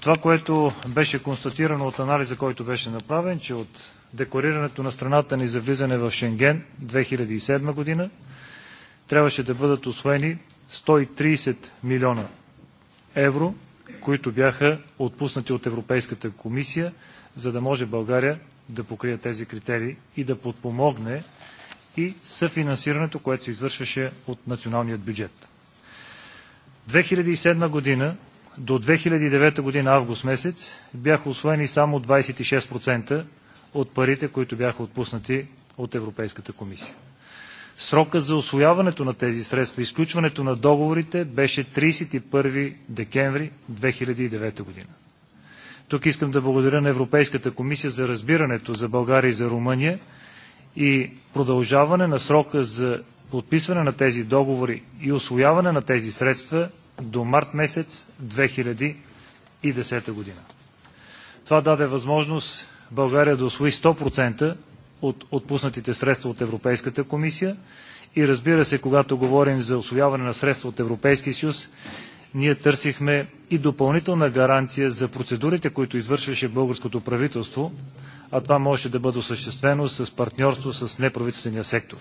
Това, което беше констатирано от анализа, който беше направен, че от декларирането на страната ни за влизане в Шенген 2007 година трябваше да бъдат освоени 130 милиона евро, които бяха отпуснати от Европейската комисия, за да може България да покрие тези критерии и да подпомогне и съфинансирането, което се извършваше от националният бюджет. 2007 година до 2009 година август месец бяха освоени само 26% от парите, които бяха отпуснати от Европейската комисия. Срока за освояването на тези средства и изключването на договорите беше 31 декември 2009 година. Тук искам да благодаря на Европейската комисия за разбирането за България и за Румъния и продължаване на срока за подписване на тези договори и освояване на тези средства до март месец 2010 година. Това даде възможност България да освои 100% от отпуснатите средства от Европейската комисия. И разбира се, когато говорим за освояване на средства от Европейския съюз, ние търсихме и допълнителна гаранция за процедурите, които извършваше българското правителство, а това можеше да бъде осъществено с партньорство с неправителствения сектор.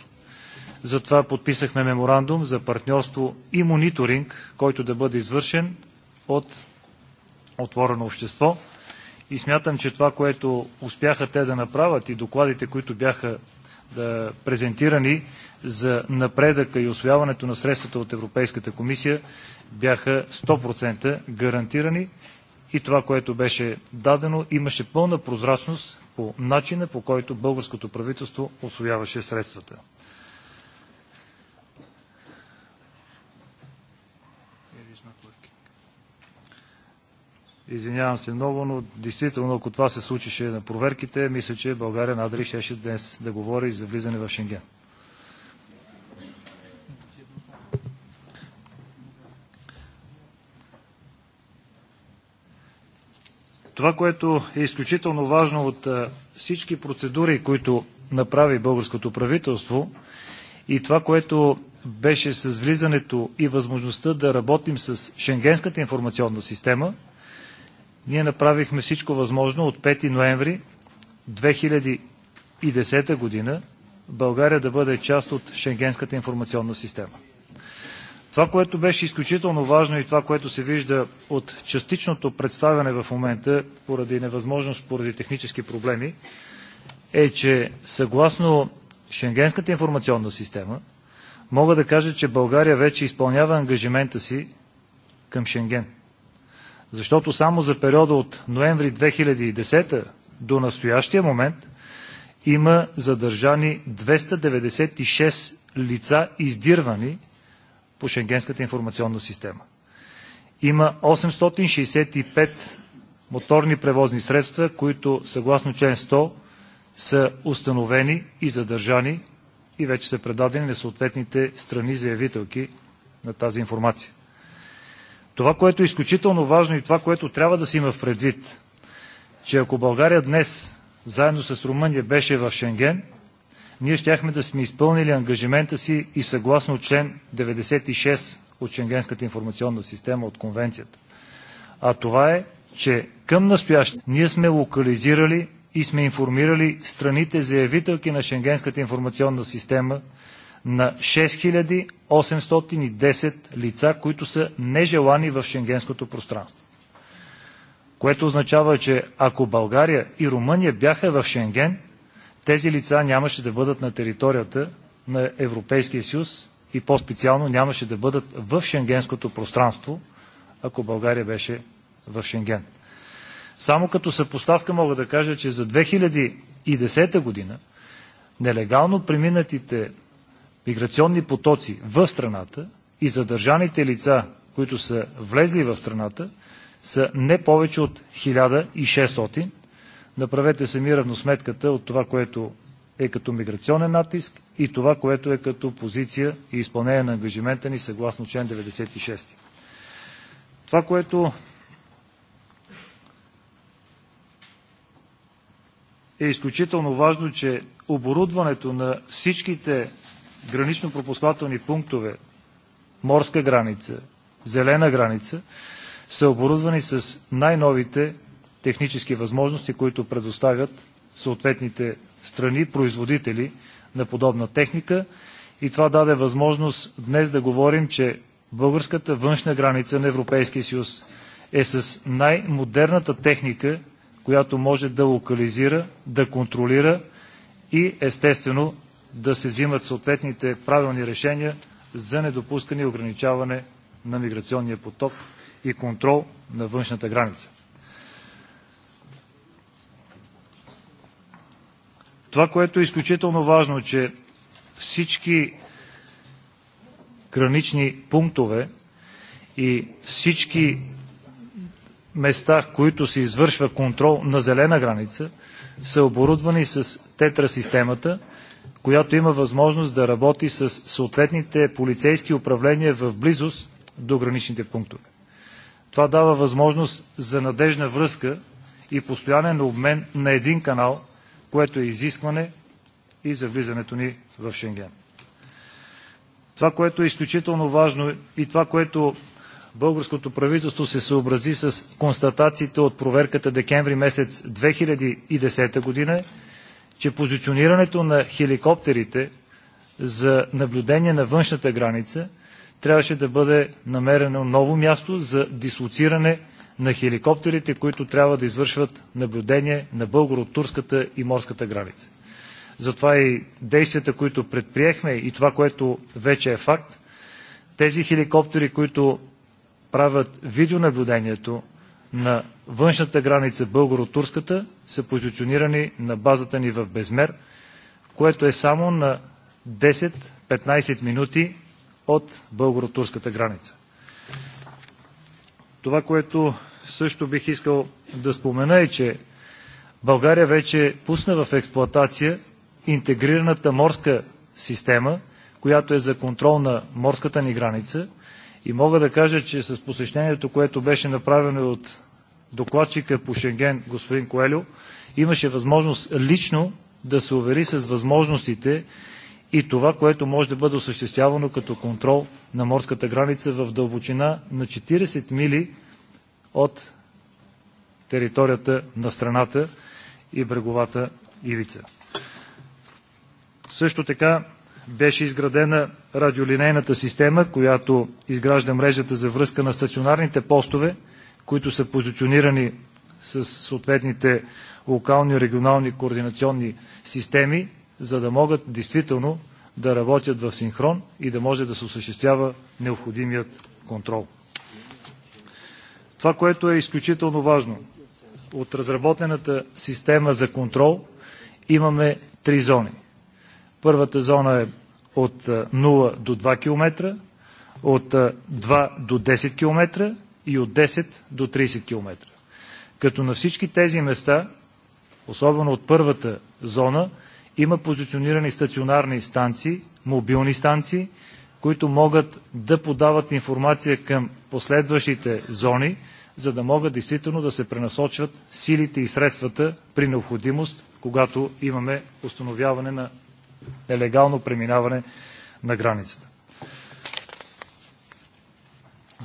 Затова подписахме меморандум за партньорство и мониторинг, който да бъде извършен от отворено общество – и смятам, че това, което успяха те да направят и докладите, които бяха да, презентирани за напредъка и освояването на средствата от Европейската комисия, бяха 100% гарантирани и това, което беше дадено, имаше пълна прозрачност по начина, по който българското правителство освояваше средствата. Извинявам се много, но действително, ако това се случише на проверките, мисля, че България надали щеше днес да говори за влизане в Шенген. Това, което е изключително важно от всички процедури, които направи българското правителство и това, което беше с влизането и възможността да работим с Шенгенската информационна система – ние направихме всичко възможно от 5 ноември 2010 година България да бъде част от Шенгенската информационна система. Това, което беше изключително важно и това, което се вижда от частичното представяне в момента, поради невъзможност, поради технически проблеми, е, че съгласно Шенгенската информационна система, мога да кажа, че България вече изпълнява ангажимента си към Шенген. Защото само за периода от ноември 2010 до настоящия момент има задържани 296 лица, издирвани по Шенгенската информационна система. Има 865 моторни превозни средства, които съгласно член 100 са установени и задържани и вече са предадени на съответните страни заявителки на тази информация. Това, което е изключително важно и това, което трябва да се има в предвид, че ако България днес, заедно с Румъния, беше в Шенген, ние щяхме да сме изпълнили ангажимента си и съгласно член 96 от Шенгенската информационна система от конвенцията. А това е, че към настояще ние сме локализирали и сме информирали страните заявителки на Шенгенската информационна система, на 6810 лица, които са нежелани в шенгенското пространство. Което означава, че ако България и Румъния бяха в Шенген, тези лица нямаше да бъдат на територията на Европейския съюз и по-специално нямаше да бъдат в шенгенското пространство, ако България беше в Шенген. Само като съпоставка мога да кажа, че за 2010 година нелегално преминатите миграционни потоци в страната и задържаните лица, които са влезли в страната, са не повече от 1600. Направете сами равносметката от това, което е като миграционен натиск и това, което е като позиция и изпълнение на ангажимента ни съгласно член 96. Това, което е изключително важно, че оборудването на всичките гранично-пропускателни пунктове, морска граница, зелена граница, са оборудвани с най-новите технически възможности, които предоставят съответните страни, производители на подобна техника. И това даде възможност днес да говорим, че българската външна граница на Европейския съюз е с най-модерната техника, която може да локализира, да контролира и естествено да се взимат съответните правилни решения за недопускане и ограничаване на миграционния поток и контрол на външната граница. Това, което е изключително важно, е, че всички гранични пунктове и всички места, които се извършва контрол на зелена граница, са оборудвани с тетра системата, която има възможност да работи с съответните полицейски управления в близост до граничните пунктове. Това дава възможност за надежна връзка и постоянен обмен на един канал, което е изискване и за влизането ни в Шенген. Това, което е изключително важно и това, което българското правителство се съобрази с констатациите от проверката декември месец 2010 година че позиционирането на хеликоптерите за наблюдение на външната граница трябваше да бъде намерено ново място за дислоциране на хеликоптерите, които трябва да извършват наблюдение на българо-турската и морската граница. Затова и действията, които предприехме и това, което вече е факт, тези хеликоптери, които правят видеонаблюдението на външната граница, българо-турската, са позиционирани на базата ни в Безмер, което е само на 10-15 минути от българо-турската граница. Това, което също бих искал да спомена е, че България вече пусна в експлоатация интегрираната морска система, която е за контрол на морската ни граница. И мога да кажа, че с посещението, което беше направено от докладчика по Шенген, господин Коелю, имаше възможност лично да се увери с възможностите и това, което може да бъде осъществявано като контрол на морската граница в дълбочина на 40 мили от територията на страната и бреговата ивица. Също така беше изградена радиолинейната система, която изгражда мрежата за връзка на стационарните постове които са позиционирани с съответните локални, регионални координационни системи, за да могат действително да работят в синхрон и да може да се осъществява необходимият контрол. Това, което е изключително важно, от разработената система за контрол имаме три зони. Първата зона е от 0 до 2 км, от 2 до 10 км и от 10 до 30 км. Като на всички тези места, особено от първата зона, има позиционирани стационарни станции, мобилни станции, които могат да подават информация към последващите зони, за да могат действително да се пренасочват силите и средствата при необходимост, когато имаме установяване на нелегално преминаване на границата.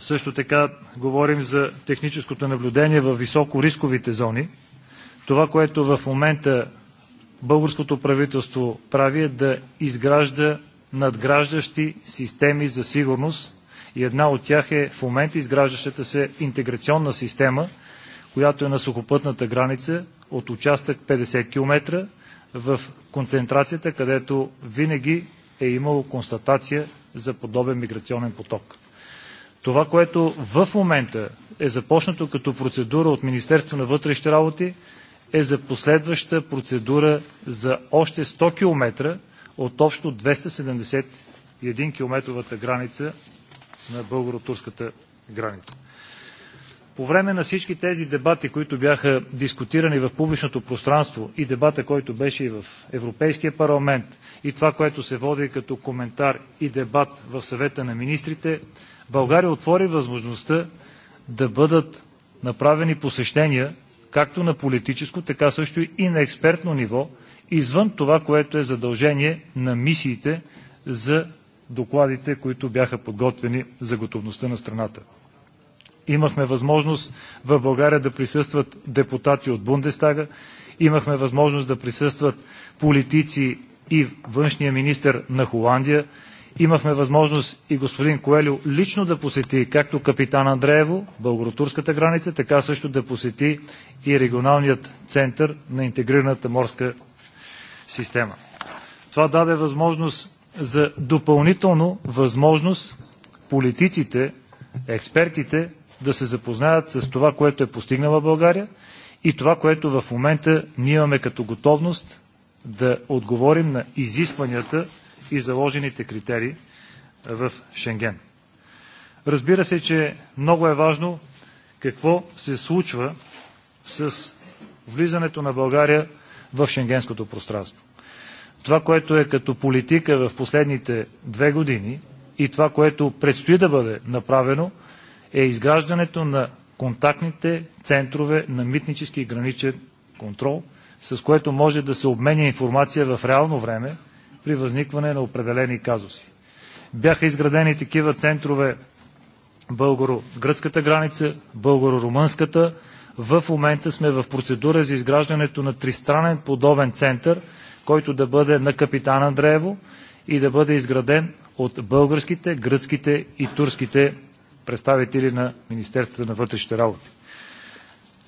Също така говорим за техническото наблюдение в високорисковите зони. Това, което в момента българското правителство прави е да изгражда надграждащи системи за сигурност и една от тях е в момента изграждащата се интеграционна система, която е на сухопътната граница от участък 50 км в концентрацията, където винаги е имало констатация за подобен миграционен поток. Това, което в момента е започнато като процедура от Министерство на вътрешните работи, е за последваща процедура за още 100 км от общо 271 километровата граница на българо-турската граница. По време на всички тези дебати, които бяха дискутирани в публичното пространство и дебата, който беше и в Европейския парламент и това, което се води като коментар и дебат в съвета на министрите, България отвори възможността да бъдат направени посещения както на политическо, така също и на експертно ниво, извън това, което е задължение на мисиите за докладите, които бяха подготвени за готовността на страната. Имахме възможност в България да присъстват депутати от Бундестага, имахме възможност да присъстват политици и външния министр на Холандия, Имахме възможност и господин Коелю лично да посети както капитан Андреево, българо-турската граница, така също да посети и регионалният център на интегрираната морска система. Това даде възможност за допълнително възможност политиците, експертите да се запознаят с това, което е постигнала България и това, което в момента ние имаме като готовност да отговорим на изискванията и заложените критерии е, в Шенген. Разбира се, че много е важно какво се случва с влизането на България в шенгенското пространство. Това, което е като политика в последните две години и това, което предстои да бъде направено, е изграждането на контактните центрове на митнически и граничен контрол, с което може да се обменя информация в реално време при възникване на определени казуси. Бяха изградени такива центрове българо-гръцката граница, българо-румънската. В момента сме в процедура за изграждането на тристранен подобен център, който да бъде на капитан Андреево и да бъде изграден от българските, гръцките и турските представители на Министерството на вътрешните работи.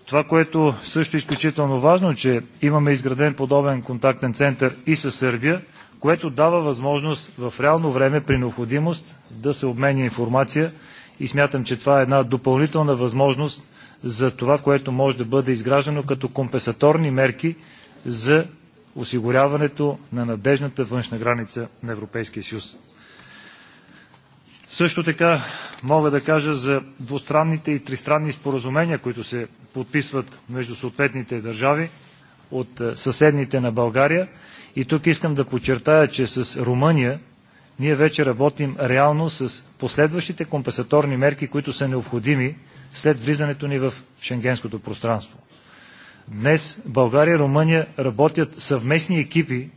Това, което също е изключително важно, че имаме изграден подобен контактен център и със Сърбия, което дава възможност в реално време при необходимост да се обменя информация и смятам, че това е една допълнителна възможност за това, което може да бъде изграждано като компенсаторни мерки за осигуряването на надежната външна граница на Европейския съюз. Също така мога да кажа за двустранните и тристранни споразумения, които се подписват между съответните държави от е, съседните на България и тук искам да подчертая, че с Румъния ние вече работим реално с последващите компенсаторни мерки, които са необходими след влизането ни в шенгенското пространство. Днес България и Румъния работят съвместни екипи,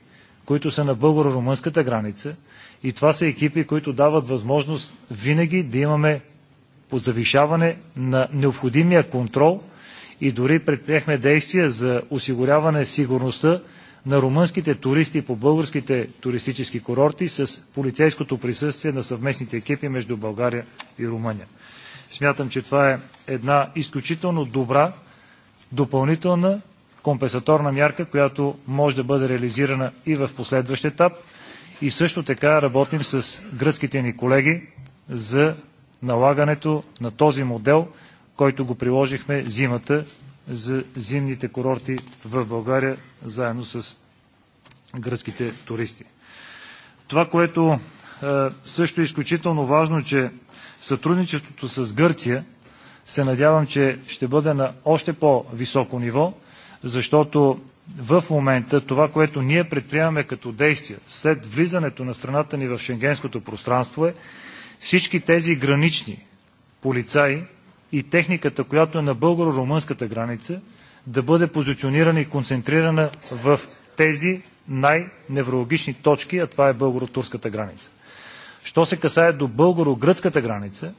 които са на българо-румънската граница и това са екипи, които дават възможност винаги да имаме по завишаване на необходимия контрол и дори предприехме действия за осигуряване сигурността на румънските туристи по българските туристически курорти с полицейското присъствие на съвместните екипи между България и Румъния. Смятам, че това е една изключително добра допълнителна компенсаторна мярка, която може да бъде реализирана и в последващ етап. И също така работим с гръцките ни колеги за налагането на този модел, който го приложихме зимата за зимните курорти в България, заедно с гръцките туристи. Това, което е, също е изключително важно, че сътрудничеството с Гърция се надявам, че ще бъде на още по-високо ниво, защото в момента това, което ние предприемаме като действия след влизането на страната ни в шенгенското пространство е всички тези гранични полицаи, и техниката, която е на българо-румънската граница, да бъде позиционирана и концентрирана в тези най-неврологични точки, а това е българо-турската граница. Що се касае до българо-гръцката граница,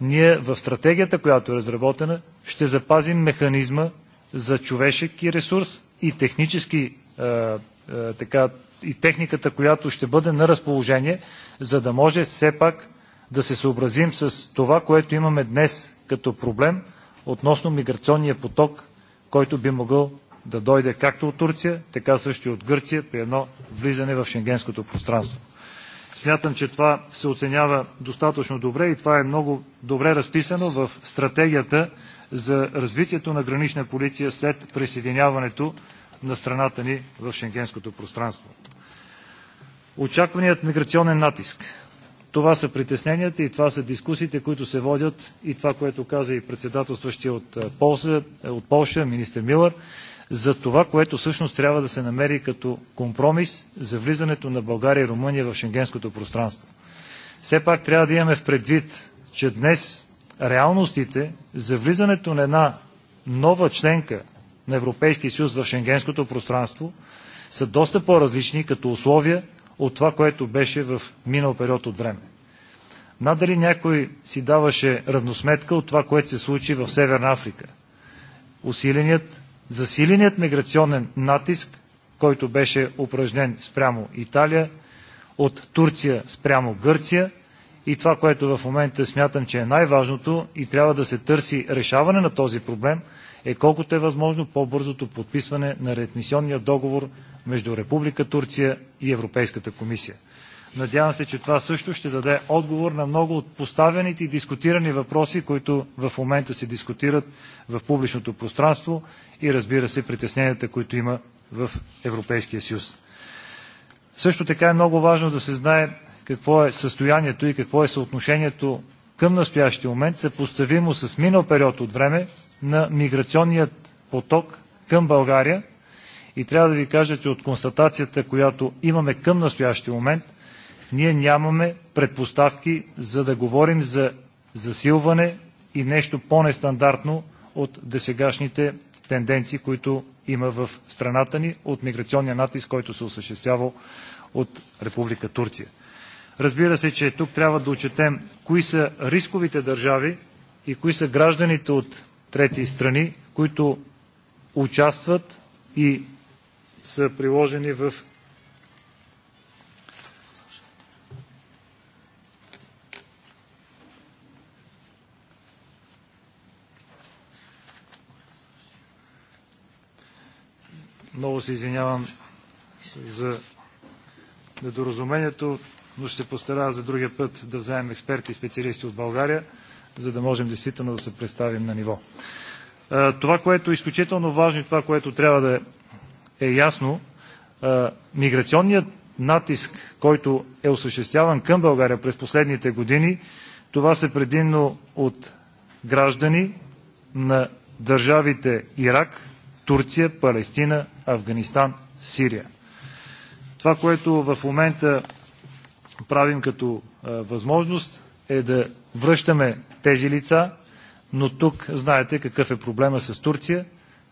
ние в стратегията, която е разработена, ще запазим механизма за човешки ресурс и технически е, е, така, и техниката, която ще бъде на разположение, за да може все пак да се съобразим с това, което имаме днес като проблем относно миграционния поток, който би могъл да дойде както от Турция, така също и от Гърция при едно влизане в шенгенското пространство. Смятам, че това се оценява достатъчно добре и това е много добре разписано в стратегията за развитието на гранична полиция след присъединяването на страната ни в шенгенското пространство. Очакваният миграционен натиск това са притесненията и това са дискусиите, които се водят и това, което каза и председателстващия от Полша, от Полша министър Милър, за това, което всъщност трябва да се намери като компромис за влизането на България и Румъния в шенгенското пространство. Все пак трябва да имаме в предвид, че днес реалностите за влизането на една нова членка на Европейския съюз в шенгенското пространство са доста по-различни като условия, от това, което беше в минал период от време. Надали някой си даваше равносметка от това, което се случи в Северна Африка. Усиленият, засиленият миграционен натиск, който беше упражнен спрямо Италия, от Турция спрямо Гърция и това, което в момента смятам, че е най-важното и трябва да се търси решаване на този проблем, е колкото е възможно по-бързото подписване на ретнисионния договор между Република Турция и Европейската комисия. Надявам се, че това също ще даде отговор на много от поставените и дискутирани въпроси, които в момента се дискутират в публичното пространство и разбира се притесненията, които има в Европейския съюз. Също така е много важно да се знае какво е състоянието и какво е съотношението към настоящия момент, съпоставимо с минал период от време на миграционният поток към България и трябва да ви кажа, че от констатацията, която имаме към настоящия момент, ние нямаме предпоставки за да говорим за засилване и нещо по-нестандартно от десегашните тенденции, които има в страната ни от миграционния натиск, който се осъществява от Република Турция. Разбира се, че тук трябва да отчетем кои са рисковите държави и кои са гражданите от трети страни, които участват и са приложени в Много се извинявам за недоразумението, но ще постара за другия път да вземем експерти и специалисти от България, за да можем действително да се представим на ниво. Това, което е изключително важно и това, което трябва да е е ясно, миграционният натиск, който е осъществяван към България през последните години, това са предимно от граждани на държавите Ирак, Турция, Палестина, Афганистан, Сирия. Това, което в момента правим като възможност е да връщаме тези лица, но тук знаете какъв е проблема с Турция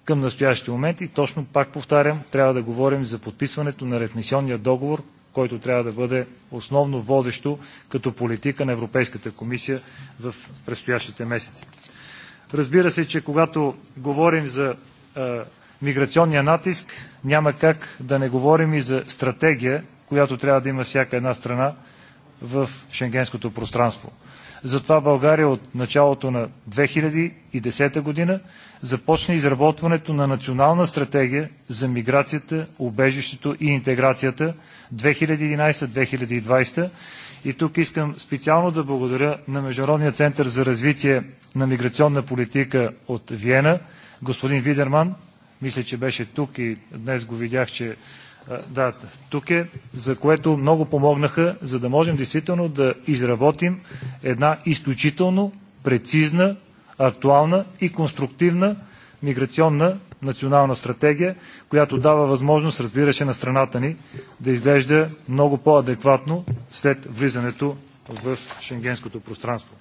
към настоящия момент и точно пак повтарям, трябва да говорим за подписването на ретмисионния договор, който трябва да бъде основно водещо като политика на Европейската комисия в предстоящите месеци. Разбира се, че когато говорим за а, миграционния натиск, няма как да не говорим и за стратегия, която трябва да има всяка една страна в шенгенското пространство. Затова България от началото на 2010 година започна изработването на национална стратегия за миграцията, убежището и интеграцията 2011-2020. И тук искам специално да благодаря на Международния център за развитие на миграционна политика от Виена, господин Видерман, мисля, че беше тук и днес го видях, че да, тук е, за което много помогнаха, за да можем действително да изработим една изключително прецизна, актуална и конструктивна миграционна национална стратегия, която дава възможност, разбира се, на страната ни да изглежда много по-адекватно след влизането в шенгенското пространство.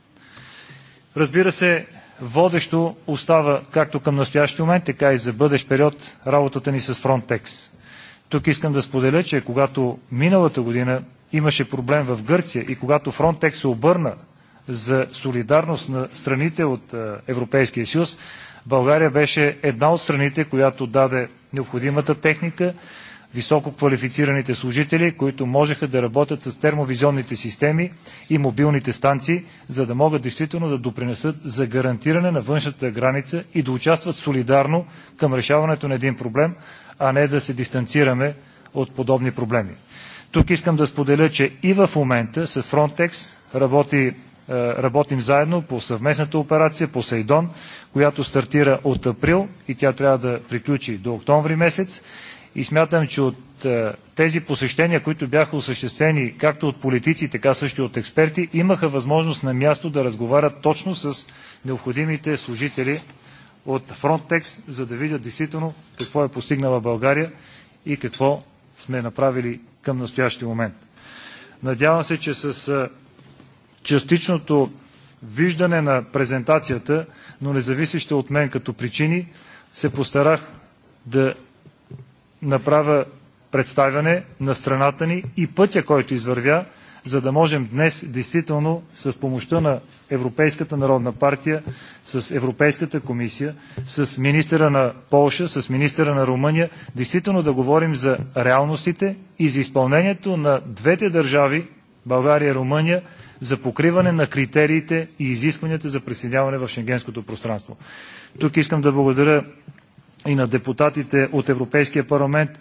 Разбира се, водещо остава както към настоящия момент, така и за бъдещ период работата ни с Frontex. Тук искам да споделя, че когато миналата година имаше проблем в Гърция и когато Фронтекс се обърна за солидарност на страните от е, Европейския съюз, България беше една от страните, която даде необходимата техника, високо квалифицираните служители, които можеха да работят с термовизионните системи и мобилните станции, за да могат действително да допринесат за гарантиране на външната граница и да участват солидарно към решаването на един проблем, а не да се дистанцираме от подобни проблеми. Тук искам да споделя, че и в момента с Frontex работи, е, работим заедно по съвместната операция по Сейдон, която стартира от април и тя трябва да приключи до октомври месец. И смятам, че от е, тези посещения, които бяха осъществени както от политици, така също и от експерти, имаха възможност на място да разговарят точно с необходимите служители от Фронтекс, за да видят действително какво е постигнала България и какво сме направили към настоящия момент. Надявам се, че с частичното виждане на презентацията, но независище от мен като причини, се постарах да направя представяне на страната ни и пътя, който извървя, за да можем днес действително с помощта на Европейската народна партия, с Европейската комисия, с министъра на Полша, с министъра на Румъния, действително да говорим за реалностите и за изпълнението на двете държави, България и Румъния, за покриване на критериите и изискванията за присъединяване в шенгенското пространство. Тук искам да благодаря и на депутатите от Европейския парламент,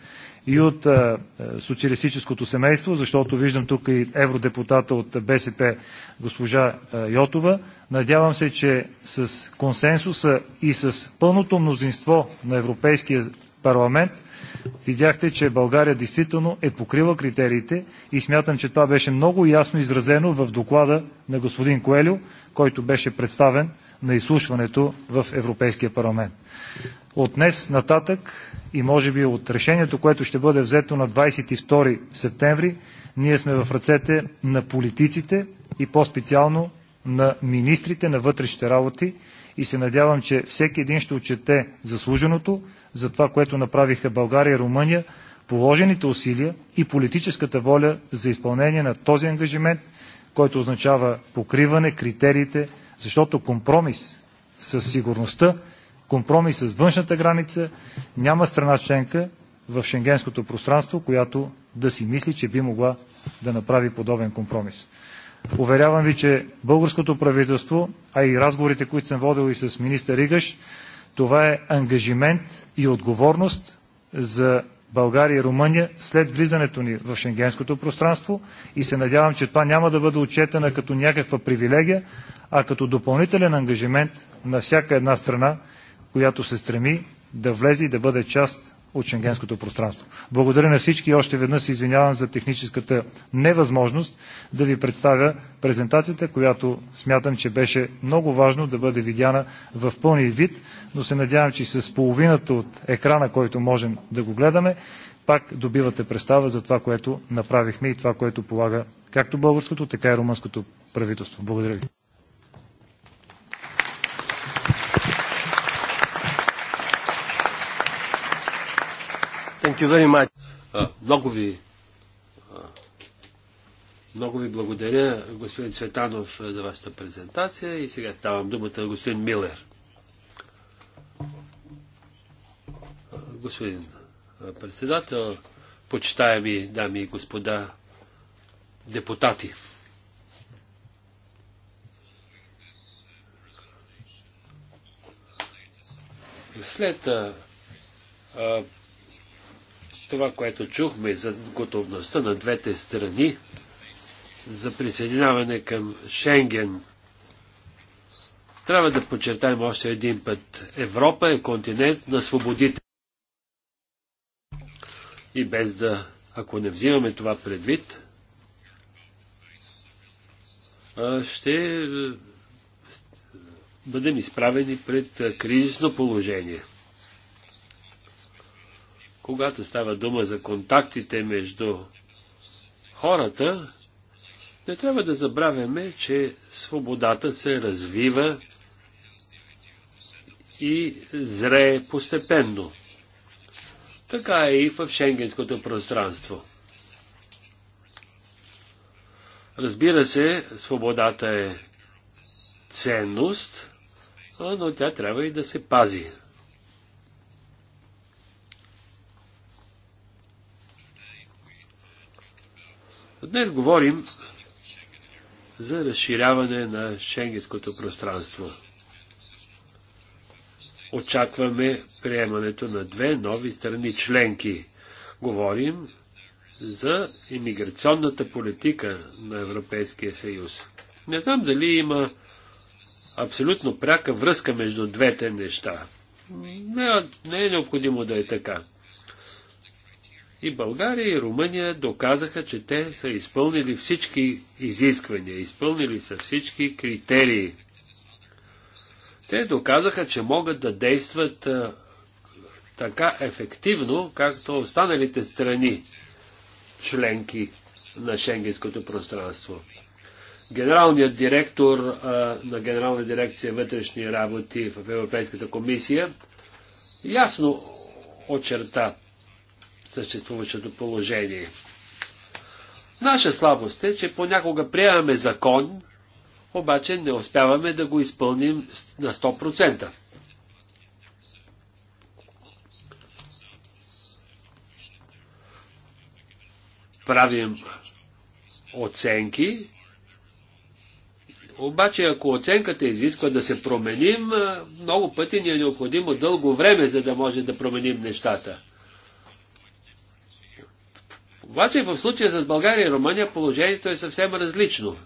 и от а, социалистическото семейство, защото виждам тук и евродепутата от БСП госпожа а, Йотова. Надявам се, че с консенсуса и с пълното мнозинство на Европейския парламент видяхте, че България действително е покрила критериите и смятам, че това беше много ясно изразено в доклада на господин Коелю, който беше представен на изслушването в Европейския парламент. От днес нататък и може би от решението, което ще бъде взето на 22 септември, ние сме в ръцете на политиците и по-специално на министрите на вътрешните работи и се надявам, че всеки един ще отчете заслуженото за това, което направиха България и Румъния, положените усилия и политическата воля за изпълнение на този ангажимент, който означава покриване критериите, защото компромис със сигурността компромис с външната граница. Няма страна членка в шенгенското пространство, която да си мисли, че би могла да направи подобен компромис. Уверявам ви, че българското правителство, а и разговорите, които съм водил и с министър Игаш, това е ангажимент и отговорност за България и Румъния след влизането ни в шенгенското пространство и се надявам, че това няма да бъде отчетена като някаква привилегия, а като допълнителен ангажимент на всяка една страна, която се стреми да влезе и да бъде част от шенгенското пространство. Благодаря на всички и още веднъж се извинявам за техническата невъзможност да ви представя презентацията, която смятам, че беше много важно да бъде видяна в пълния вид, но се надявам, че с половината от екрана, който можем да го гледаме, пак добивате представа за това, което направихме и това, което полага както българското, така и румънското правителство. Благодаря ви. Thank you very much. много ви много ви благодаря, господин Цветанов, за вашата презентация и сега ставам думата на господин Милер. Господин председател, почитаеми дами и господа депутати. След а, това, което чухме за готовността на двете страни за присъединяване към Шенген. Трябва да подчертаем още един път. Европа е континент на свободите. И без да, ако не взимаме това предвид, ще бъдем изправени пред кризисно положение когато става дума за контактите между хората, не трябва да забравяме, че свободата се развива и зрее постепенно. Така е и в шенгенското пространство. Разбира се, свободата е ценност, но тя трябва и да се пази. Днес говорим за разширяване на шенгенското пространство. Очакваме приемането на две нови страни членки. Говорим за иммиграционната политика на Европейския съюз. Не знам дали има абсолютно пряка връзка между двете неща. Не, не е необходимо да е така. И България и Румъния доказаха, че те са изпълнили всички изисквания, изпълнили са всички критерии. Те доказаха, че могат да действат а, така ефективно, както останалите страни, членки на Шенгенското пространство. Генералният директор а, на Генерална дирекция вътрешни работи в Европейската комисия ясно очерта съществуващото положение. Наша слабост е, че понякога приемаме закон, обаче не успяваме да го изпълним на 100%. Правим оценки, обаче ако оценката изисква да се променим, много пъти ни е необходимо дълго време, за да може да променим нещата. Обаче в случая с България и Румъния положението е съвсем различно.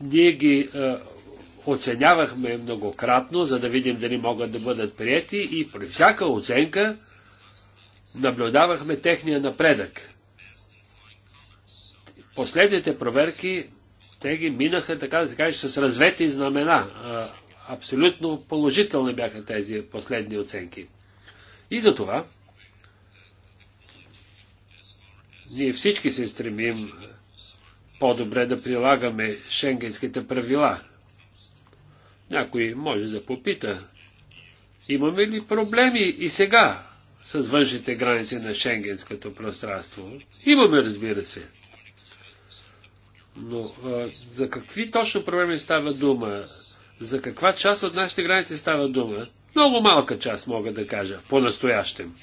Ние ги е, оценявахме многократно, за да видим дали могат да бъдат прияти и при всяка оценка наблюдавахме техния напредък. Последните проверки те ги минаха, така да се каже, с развети знамена. Е, абсолютно положителни бяха тези последни оценки. И за това ние всички се стремим по-добре да прилагаме шенгенските правила. Някой може да попита, имаме ли проблеми и сега с външните граници на шенгенското пространство? Имаме, разбира се. Но а, за какви точно проблеми става дума? За каква част от нашите граници става дума? Много малка част, мога да кажа, по-настоящем.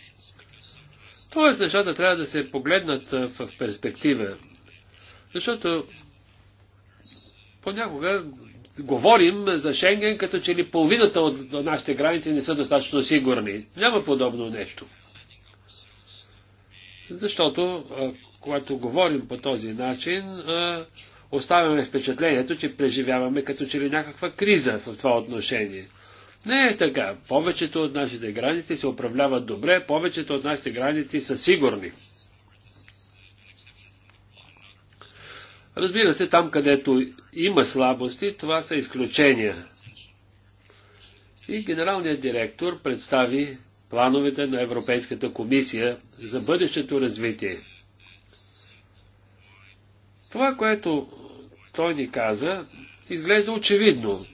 Тоест, нещата трябва да се погледнат в перспектива. Защото понякога говорим за Шенген, като че ли половината от нашите граници не са достатъчно сигурни. Няма подобно нещо. Защото, когато говорим по този начин, оставяме впечатлението, че преживяваме като че ли някаква криза в това отношение. Не е така. Повечето от нашите граници се управляват добре, повечето от нашите граници са сигурни. Разбира се, там където има слабости, това са изключения. И генералният директор представи плановете на Европейската комисия за бъдещето развитие. Това, което той ни каза, изглежда очевидно.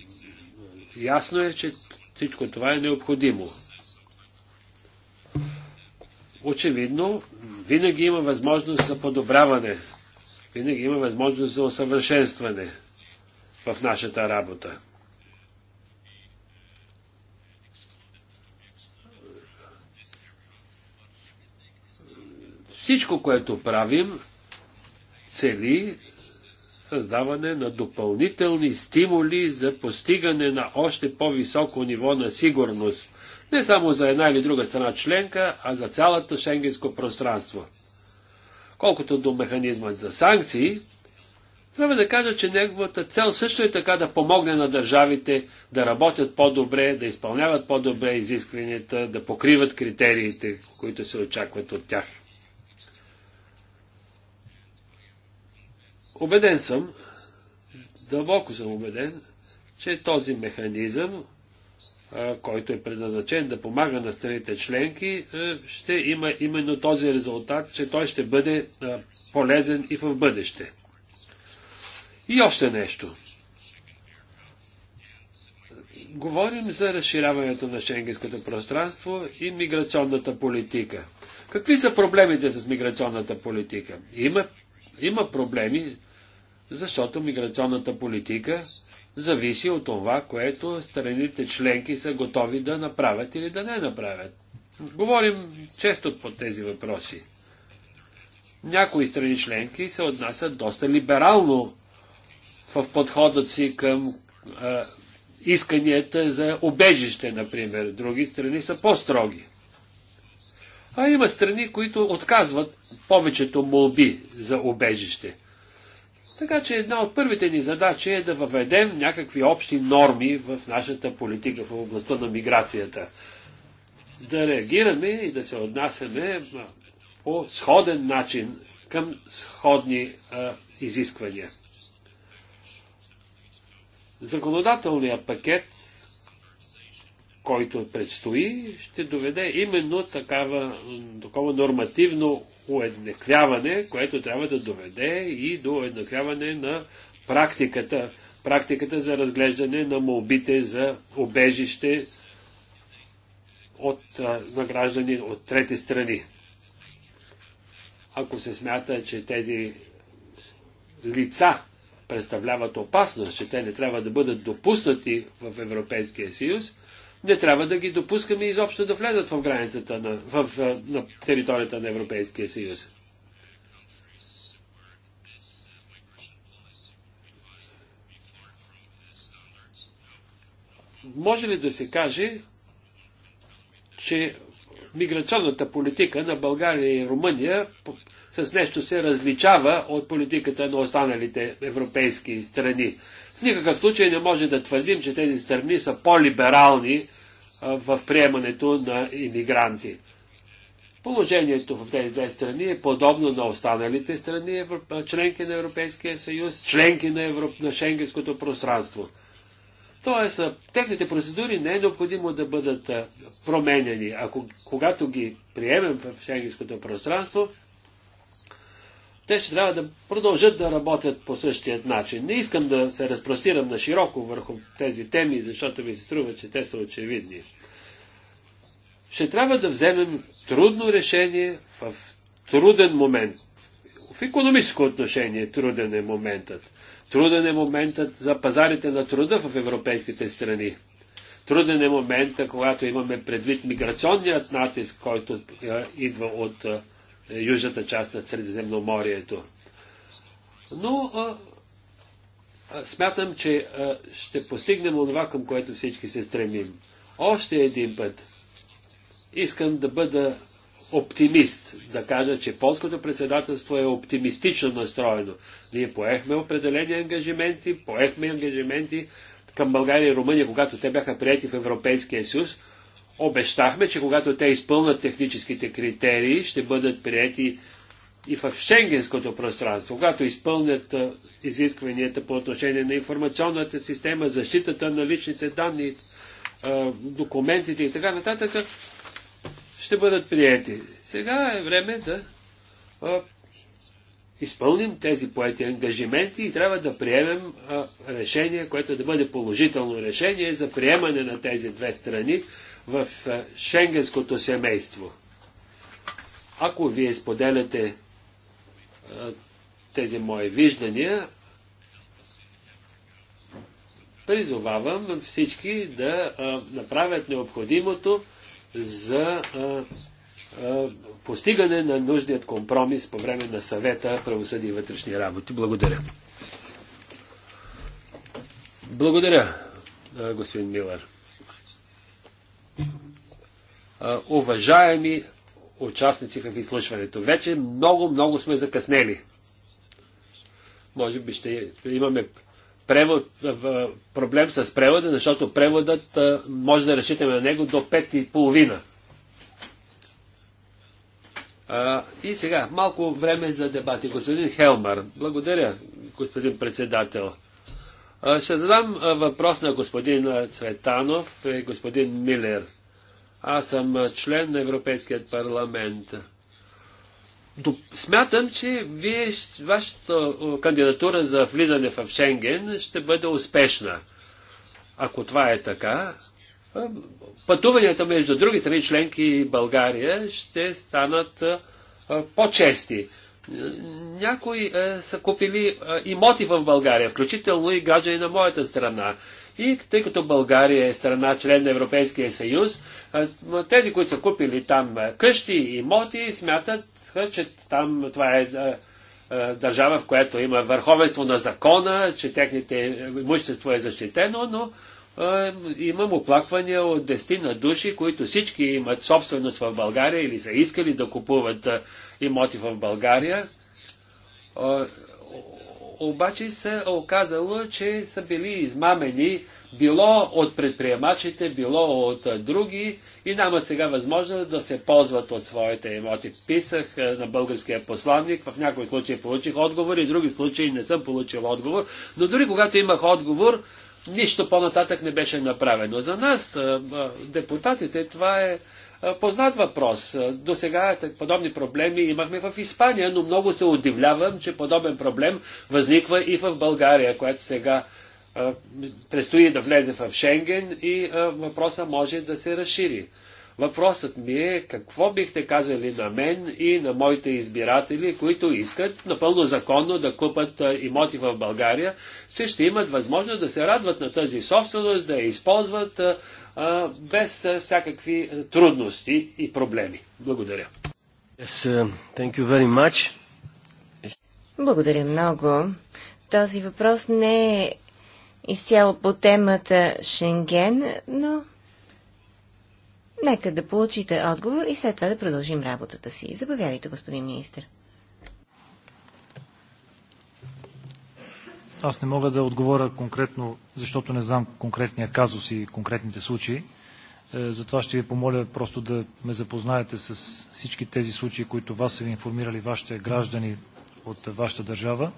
Ясно е, че всичко това е необходимо. Очевидно, винаги има възможност за подобряване, винаги има възможност за усъвършенстване в нашата работа. Всичко, което правим, цели създаване на допълнителни стимули за постигане на още по-високо ниво на сигурност. Не само за една или друга страна членка, а за цялото шенгенско пространство. Колкото до механизмът за санкции, трябва да кажа, че неговата цел също е така да помогне на държавите да работят по-добре, да изпълняват по-добре изискванията, да покриват критериите, които се очакват от тях. Обеден съм, дълбоко съм убеден, че този механизъм, който е предназначен да помага на страните членки, ще има именно този резултат, че той ще бъде полезен и в бъдеще. И още нещо. Говорим за разширяването на шенгенското пространство и миграционната политика. Какви са проблемите с миграционната политика? Има има проблеми, защото миграционната политика зависи от това, което страните членки са готови да направят или да не направят. Говорим често по тези въпроси. Някои страни членки се отнасят доста либерално в подходът си към а, исканията за обежище, например. Други страни са по-строги. А има страни, които отказват повечето молби за обежище. Така че една от първите ни задачи е да въведем някакви общи норми в нашата политика в областта на миграцията. Да реагираме и да се отнасяме по сходен начин към сходни а, изисквания. Законодателният пакет който предстои, ще доведе именно такава, такова нормативно уеднаквяване, което трябва да доведе и до уеднаквяване на практиката, практиката за разглеждане на молбите за обежище от, на граждани от трети страни. Ако се смята, че тези лица представляват опасност, че те не трябва да бъдат допуснати в Европейския съюз, не трябва да ги допускаме изобщо да влезат в границата на, в, на територията на Европейския съюз. Може ли да се каже, че миграционната политика на България и Румъния с нещо се различава от политиката на останалите европейски страни? никакъв случай не може да твърдим, че тези страни са по-либерални в приемането на иммигранти. Положението в тези две страни е подобно на останалите страни, членки на Европейския съюз, членки на, Европ... на Шенгенското пространство. Тоест, техните процедури не е необходимо да бъдат променени. Ако когато ги приемем в Шенгенското пространство, те ще трябва да продължат да работят по същия начин. Не искам да се разпростирам на широко върху тези теми, защото ми се струва, че те са очевидни. Ще трябва да вземем трудно решение в труден момент. В економическо отношение труден е моментът. Труден е моментът за пазарите на труда в европейските страни. Труден е моментът, когато имаме предвид миграционният натиск, който е, идва от е, е, южната част на Средиземноморието. Но а, а, смятам, че а, ще постигнем онова, към което всички се стремим. Още един път искам да бъда оптимист, да кажа, че полското председателство е оптимистично настроено. Ние поехме определени ангажименти, поехме ангажименти към България и Румъния, когато те бяха прияти в Европейския съюз, обещахме, че когато те изпълнат техническите критерии, ще бъдат прияти и в шенгенското пространство, когато изпълнят изискванията по отношение на информационната система, защитата на личните данни, документите и така нататък, ще бъдат прияти. Сега е време да изпълним тези поети ангажименти и трябва да приемем решение, което да бъде положително решение за приемане на тези две страни, в е, шенгенското семейство. Ако вие споделяте е, тези мои виждания, призовавам всички да е, направят необходимото за постигане на нужният компромис по време на съвета правосъди и вътрешни работи. Благодаря. Благодаря, господин Милър уважаеми участници в изслушването. Вече много, много сме закъснели. Може би ще имаме превод, проблем с превода, защото преводът може да решите на него до 5 и половина. И сега, малко време за дебати. Господин Хелмар, благодаря, господин председател. Ще задам въпрос на господин Цветанов и господин Милер. Аз съм член на Европейският парламент. Смятам, че вие, вашата кандидатура за влизане в Шенген ще бъде успешна. Ако това е така, пътуванията между други страни членки и България ще станат по-чести. Някои са купили имоти в България, включително и граждани на моята страна. И тъй като България е страна член на Европейския съюз, тези, които са купили там къщи и имоти, смятат, че там това е държава, в която има върховенство на закона, че техните имущество е защитено, но имам оплаквания от дестина души, които всички имат собственост в България или са искали да купуват имоти в България обаче се оказало, че са били измамени било от предприемачите, било от други и нямат сега възможност да се ползват от своите имоти. Писах на българския посланник, в някои случаи получих отговор и в други случаи не съм получил отговор, но дори когато имах отговор, нищо по-нататък не беше направено. За нас, депутатите, това е е, познат въпрос. Е, до сега подобни проблеми имахме в Испания, но много се удивлявам, че подобен проблем възниква и в България, която сега е, предстои да влезе в Шенген и въпроса може да се разшири. Въпросът ми е какво бихте казали на мен и на моите избиратели, които искат напълно законно да купат имоти в България, че ще имат възможност да се радват на тази собственост, да я използват, без всякакви трудности и проблеми. Благодаря. Yes, uh, thank you very much. Благодаря много. Този въпрос не е изцяло по темата Шенген, но нека да получите отговор и след това да продължим работата си. Заповядайте, господин министр. Аз не мога да отговоря конкретно, защото не знам конкретния казус и конкретните случаи. Е, затова ще ви помоля просто да ме запознаете с всички тези случаи, които вас са ви информирали вашите граждани от вашата държава.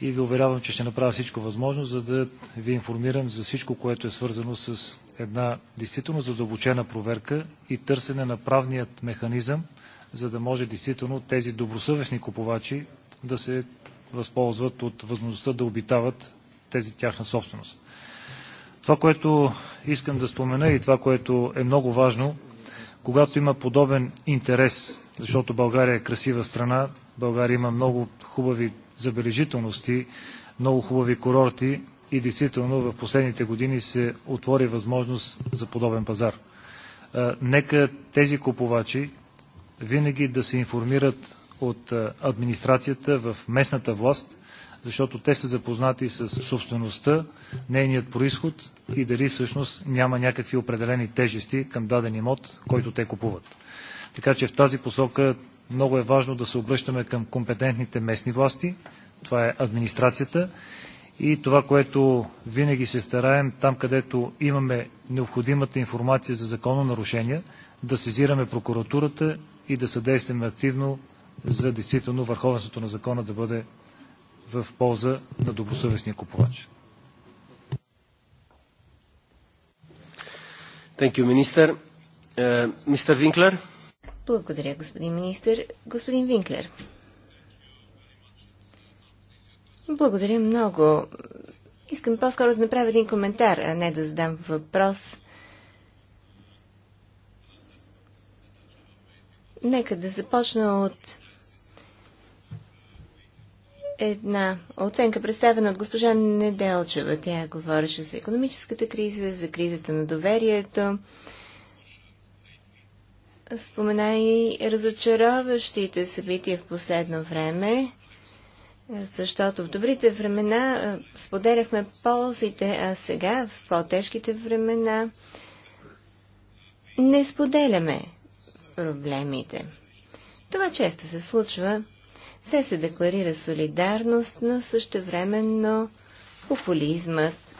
И ви уверявам, че ще направя всичко възможно, за да ви информирам за всичко, което е свързано с една действително задълбочена проверка и търсене на правният механизъм, за да може действително тези добросъвестни купувачи да се възползват от възможността да обитават тези тяхна собственост. Това, което искам да спомена и това, което е много важно, когато има подобен интерес, защото България е красива страна, България има много хубави забележителности, много хубави курорти и действително в последните години се отвори възможност за подобен пазар. Е, нека тези купувачи винаги да се информират от администрацията в местната власт, защото те са запознати с собствеността, нейният происход и дали всъщност няма някакви определени тежести към даден имот, който те купуват. Така че в тази посока много е важно да се обръщаме към компетентните местни власти, това е администрацията и това, което винаги се стараем, там където имаме необходимата информация за закононарушения, да сезираме прокуратурата и да съдействаме активно за действително върховенството на закона да бъде в полза на добросъвестния купувач. Thank you, Мистер uh, Винклер? Благодаря, господин министър. Господин Винклер. Благодаря много. Искам по-скоро да направя един коментар, а не да задам въпрос. Нека да започна от една оценка, представена от госпожа Неделчева. Тя говореше за економическата криза, за кризата на доверието. Спомена и разочароващите събития в последно време, защото в добрите времена споделяхме ползите, а сега в по-тежките времена не споделяме проблемите. Това често се случва все се декларира солидарност, но същевременно популизмът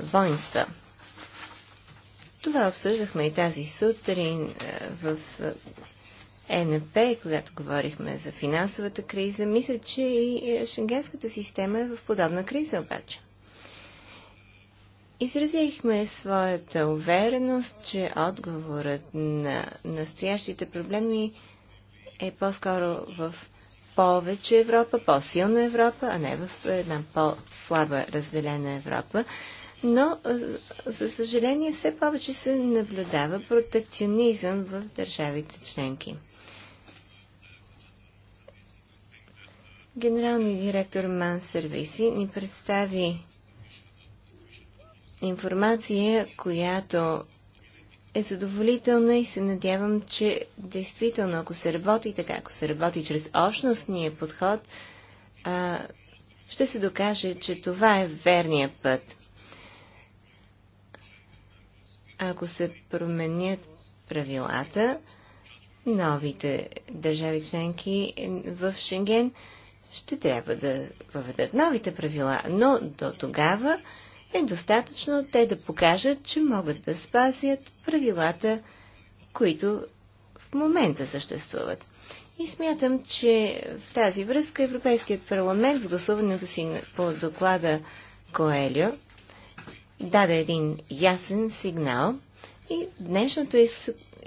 воинства. Това обсъждахме и тази сутрин в ЕНП, е, когато говорихме за финансовата криза. Мисля, че и шенгенската система е в подобна криза обаче. Изразихме своята увереност, че отговорът на настоящите проблеми е по-скоро в повече Европа, по-силна Европа, а не в една по-слаба разделена Европа. Но, за съжаление, все повече се наблюдава протекционизъм в държавите членки. Генералният директор Ман Сервиси ни представи информация, която е задоволителна и се надявам, че действително, ако се работи така, ако се работи чрез общностния подход, а, ще се докаже, че това е верния път. Ако се променят правилата, новите държави членки в Шенген ще трябва да въведат новите правила, но до тогава е достатъчно те да покажат, че могат да спазят правилата, които в момента съществуват. И смятам, че в тази връзка Европейският парламент с гласуването си по доклада Коелио даде един ясен сигнал и днешното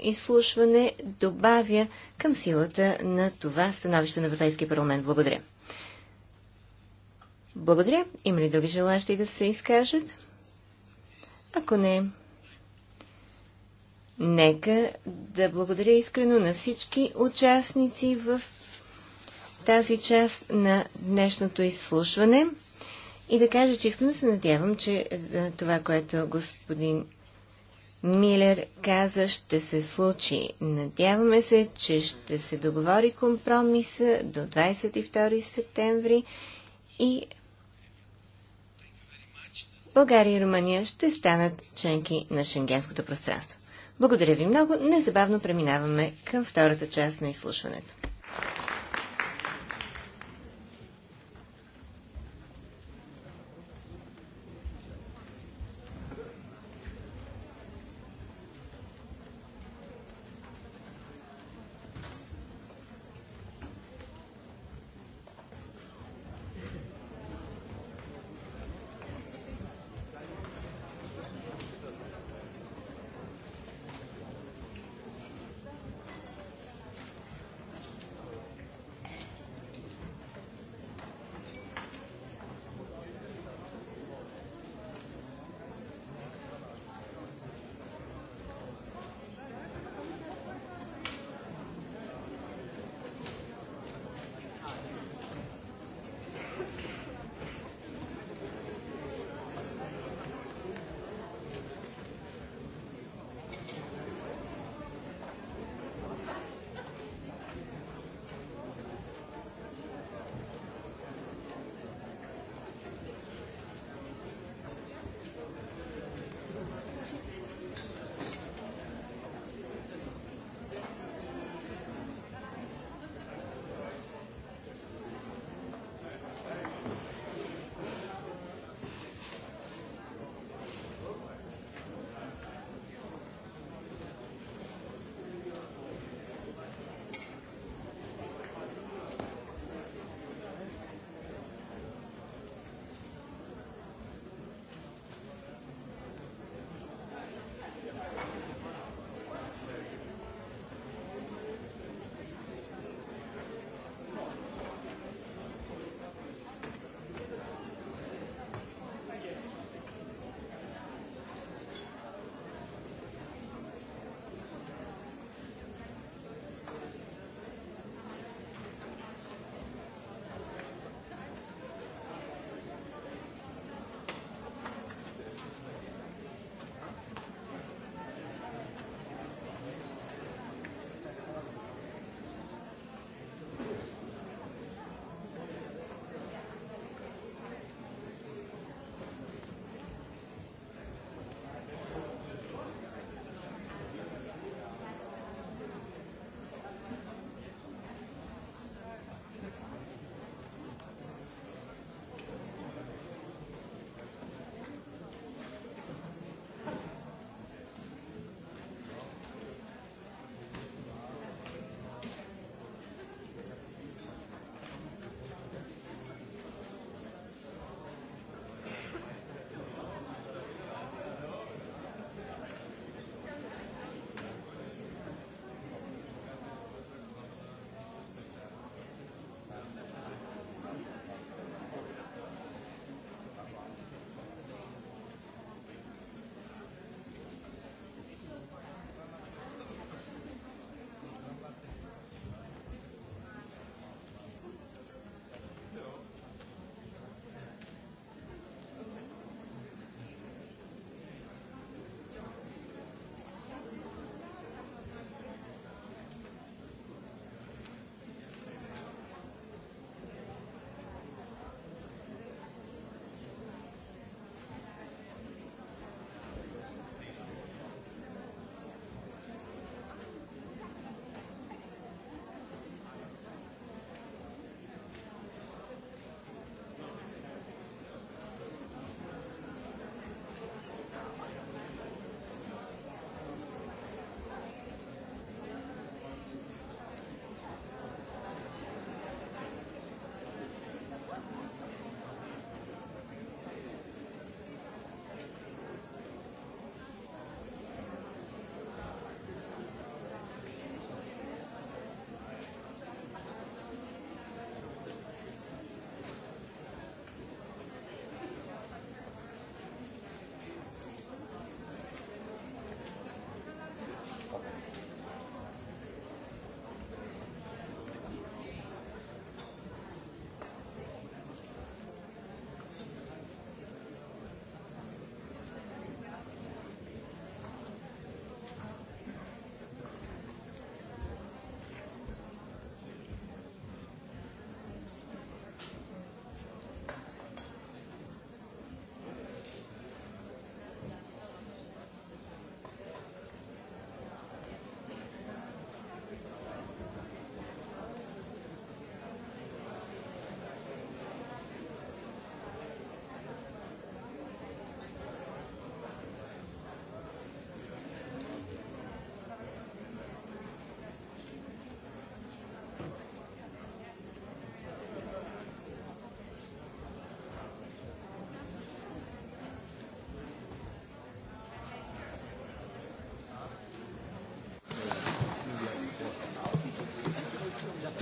изслушване добавя към силата на това становище на Европейския парламент. Благодаря. Благодаря. Има ли други желащи да се изкажат? Ако не, нека да благодаря искрено на всички участници в тази част на днешното изслушване и да кажа, че искрено се надявам, че е, това, което господин Милер каза, ще се случи. Надяваме се, че ще се договори компромиса до 22 септември и България и Румъния ще станат членки на шенгенското пространство. Благодаря ви много. Незабавно преминаваме към втората част на изслушването.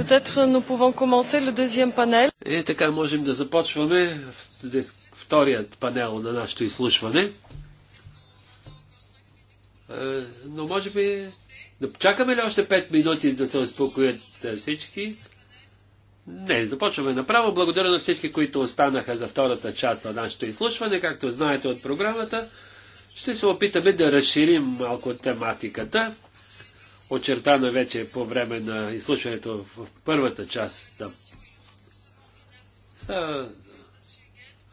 И е, така можем да започваме вторият панел на нашето изслушване. Е, но може би да чакаме ли още 5 минути да се успокоят е, всички? Не, започваме направо. Благодаря на всички, които останаха за втората част на нашето изслушване. Както знаете от програмата, ще се опитаме да разширим малко тематиката очертана вече по време на изслушването в първата част. Да.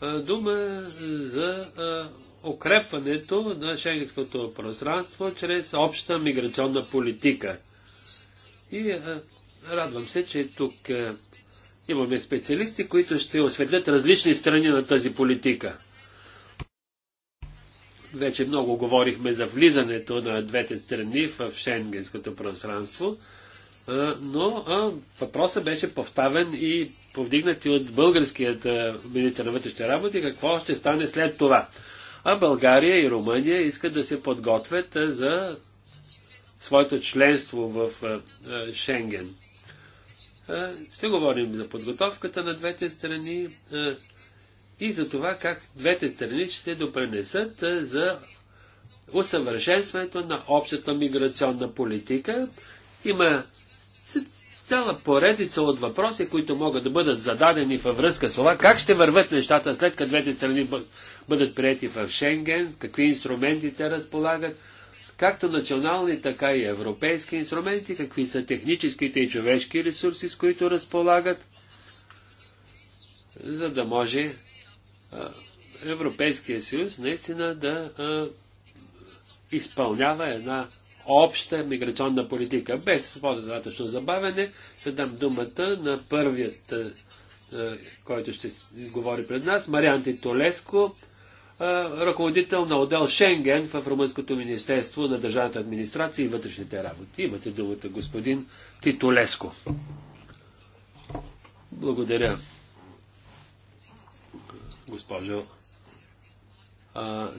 А, дума за а, укрепването на шенгенското пространство чрез обща миграционна политика. И а, радвам се, че тук а, имаме специалисти, които ще осветлят различни страни на тази политика вече много говорихме за влизането на двете страни в шенгенското пространство, но въпросът беше поставен и повдигнати от българският министр на вътрешните работи какво ще стане след това. А България и Румъния искат да се подготвят за своето членство в Шенген. Ще говорим за подготовката на двете страни и за това как двете страни ще допренесат за усъвършенстването на общата миграционна политика. Има цяла поредица от въпроси, които могат да бъдат зададени във връзка с това как ще върват нещата след като двете страни бъдат прияти в Шенген, какви инструменти те разполагат, както национални, така и европейски инструменти, какви са техническите и човешки ресурси, с които разполагат, за да може Европейския съюз наистина да а, изпълнява една обща миграционна политика. Без по-достатъчно забавяне ще дам думата на първият, а, който ще говори пред нас, Марианти Толеско, ръководител на отдел Шенген в Румънското министерство на държавната администрация и вътрешните работи. Имате думата, господин Титолеско. Благодаря госпожо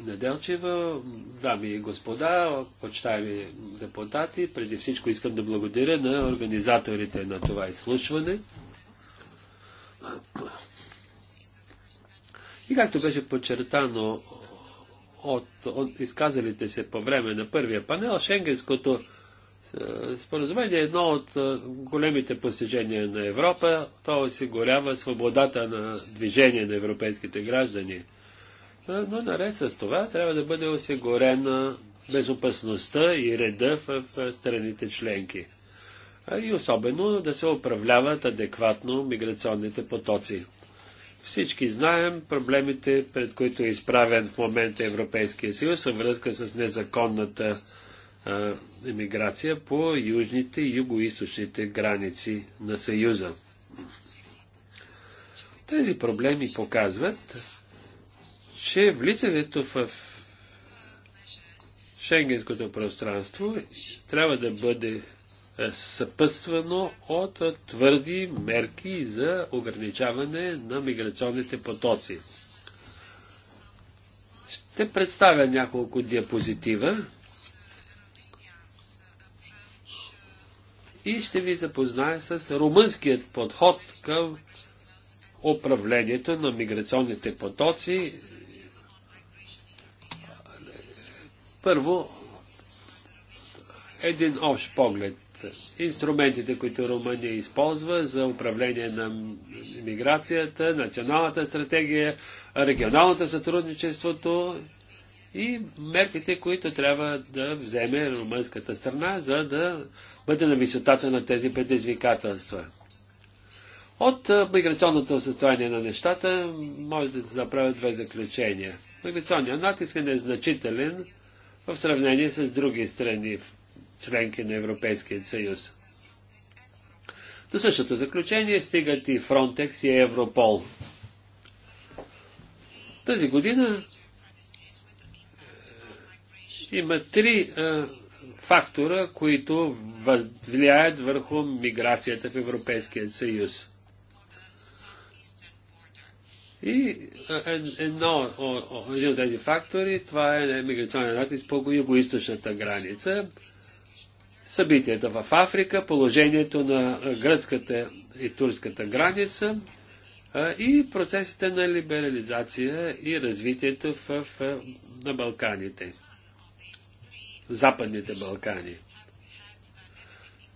Неделчева, дами и господа, почитаеми депутати, преди всичко искам да благодаря на организаторите на това изслушване. И както беше подчертано от, от изказалите се по време на първия панел, шенгенското е, споразумение е едно от е, големите постижения на Европа. То осигурява свободата на движение на европейските граждани. Е, но наред с това трябва да бъде осигурена безопасността и реда в страните членки. И особено да се управляват адекватно миграционните потоци. Всички знаем проблемите, пред които е изправен в момента Европейския съюз във връзка с незаконната емиграция по южните и югоисточните граници на Съюза. Тези проблеми показват, че влизането в шенгенското пространство трябва да бъде съпътствано от твърди мерки за ограничаване на миграционните потоци. Ще представя няколко диапозитива, и ще ви запозная с румънският подход към управлението на миграционните потоци. Първо, един общ поглед. Инструментите, които Румъния използва за управление на миграцията, националната стратегия, регионалното сътрудничеството и мерките, които трябва да вземе румънската страна, за да бъде на висотата на тези предизвикателства. От миграционното състояние на нещата може да се направят две заключения. Миграционният натиск е незначителен в сравнение с други страни, членки на Европейския съюз. До същото заключение стигат и Фронтекс и Европол. Тази година има три а, е, фактора, които влияят върху миграцията в Европейския съюз. И е, е, едно, един от тези фактори, това е миграционен натиск по югоисточната граница. Събитията в Африка, положението на гръцката и турската граница и процесите на либерализация и развитието в, в, на Балканите. Западните Балкани.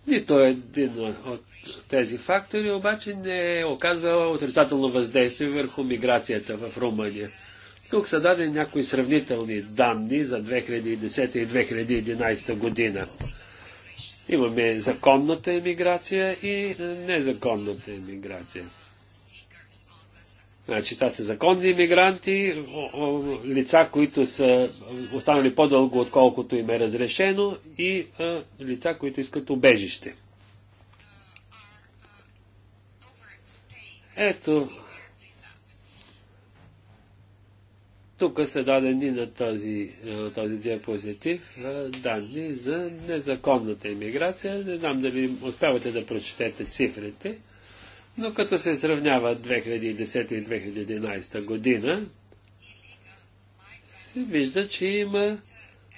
Нито един от тези фактори обаче не е оказва отрицателно въздействие върху миграцията в Румъния. Тук са дадени някои сравнителни данни за 2010 и 2011 година. Имаме законната емиграция и незаконната емиграция. Значи това са законни иммигранти, лица, които са останали по-дълго, отколкото им е разрешено и а, лица, които искат убежище. Ето, тук са дадени на този, на е, този диапозитив е, данни за незаконната иммиграция. Не знам дали успявате да прочетете цифрите. Но като се сравнява 2010 и 2011 година, се вижда, че има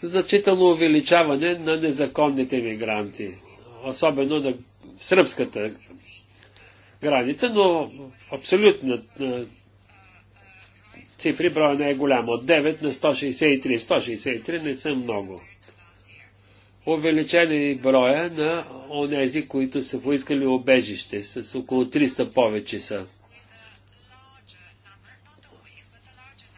значително увеличаване на незаконните мигранти. Особено на сръбската граница, но абсолютно цифри броя не е голяма. От 9 на 163. 163 не са много увеличени броя на онези, които са поискали обежище. С около 300 повече са.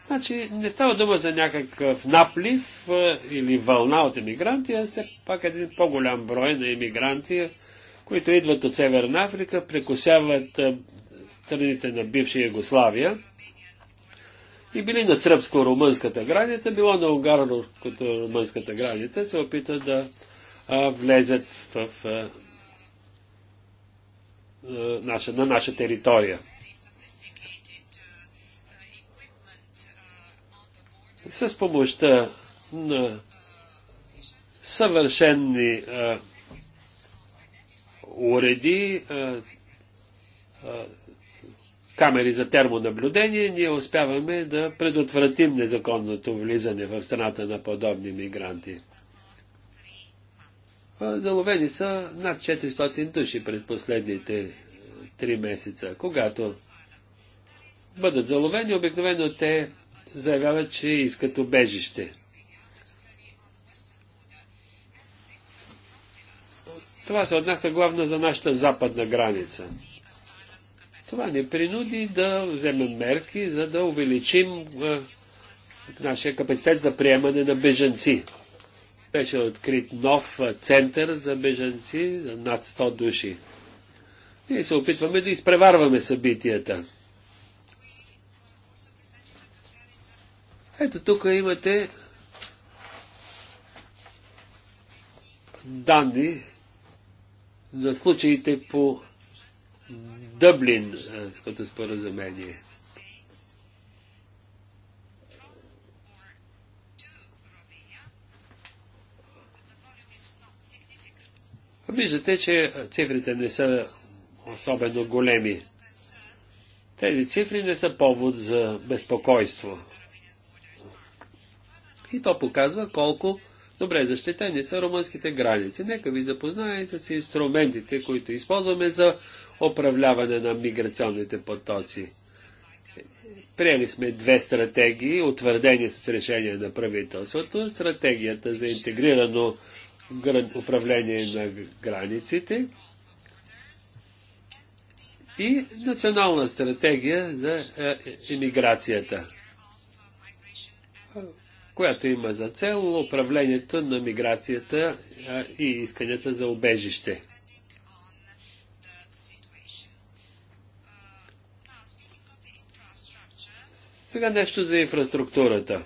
Значи не става дума за някакъв наплив или вълна от емигранти, а все пак един по-голям брой на емигранти, които идват от Северна Африка, прекусяват страните на бивша Югославия и били на сръбско-румънската граница, било на унгарно-румънската граница, се опитат да а, влезат в, а, наша, на наша територия. С помощта на съвършенни а, уреди, а, а, камери за термонаблюдение, ние успяваме да предотвратим незаконното влизане в страната на подобни мигранти. Заловени са над 400 души пред последните е, три месеца. Когато бъдат заловени, обикновено те заявяват, че искат убежище. Това се отнася главно за нашата западна граница. Това ни принуди да вземем мерки, за да увеличим а, нашия капацитет за приемане на беженци. Беше открит нов център за беженци за над 100 души. Ние се опитваме да изпреварваме събитията. Ето тук имате данни за случаите по Дъблин е, като е споразумение. Ами, виждате, че цифрите не са особено големи. Тези цифри не са повод за безпокойство. И то показва колко добре защитени са румънските граници. Нека ви запознаете с инструментите, които използваме за управляване на миграционните потоци. Приели сме две стратегии, утвърдени с решение на правителството. Стратегията за интегрирано управление на границите и национална стратегия за е, е, иммиграцията, която има за цел управлението на миграцията е, и исканията за убежище. Сега нещо за инфраструктурата.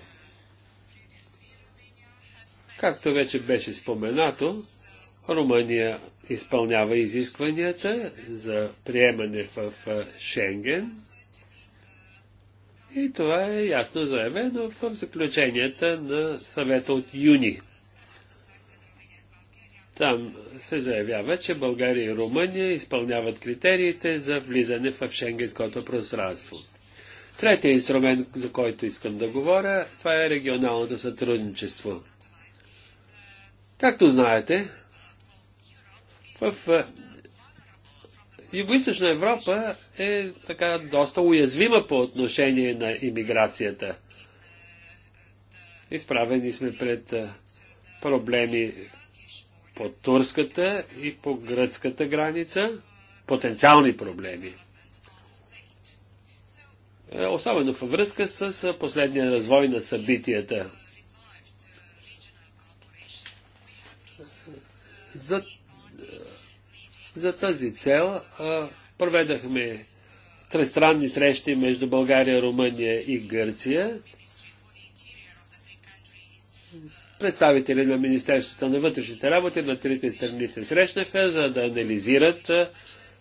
Както вече беше споменато, Румъния изпълнява изискванията за приемане в Шенген. И това е ясно заявено в заключенията на съвета от юни. Там се заявява, че България и Румъния изпълняват критериите за влизане в шенгенското пространство. Третия инструмент, за който искам да говоря, това е регионалното сътрудничество. Както знаете, в е, Юго-Источна Европа е така доста уязвима по отношение на иммиграцията. Изправени сме пред е, проблеми по турската и по гръцката граница, потенциални проблеми – е, особено във връзка с е, последния развой на събитията. За, за тази цел е, проведахме тристранни срещи между България, Румъния и Гърция. Представители на Министерството на вътрешните работи на трите страни се срещнаха, за да анализират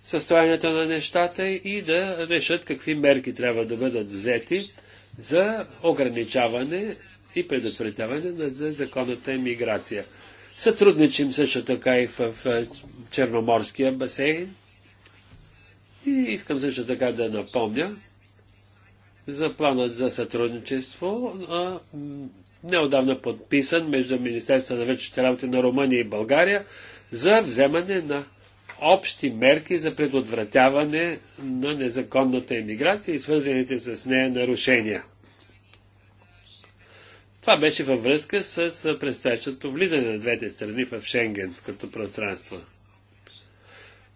състоянието на нещата и да решат какви мерки трябва да бъдат взети за ограничаване и предотвратяване на законната емиграция. Сътрудничим също така и в Черноморския басейн. И искам също така да напомня за планът за сътрудничество, неодавна подписан между Министерството на външните работи на Румъния и България за вземане на общи мерки за предотвратяване на незаконната иммиграция и свързаните с нея нарушения. Това беше във връзка с предстоящото влизане на двете страни в Шенгенското пространство.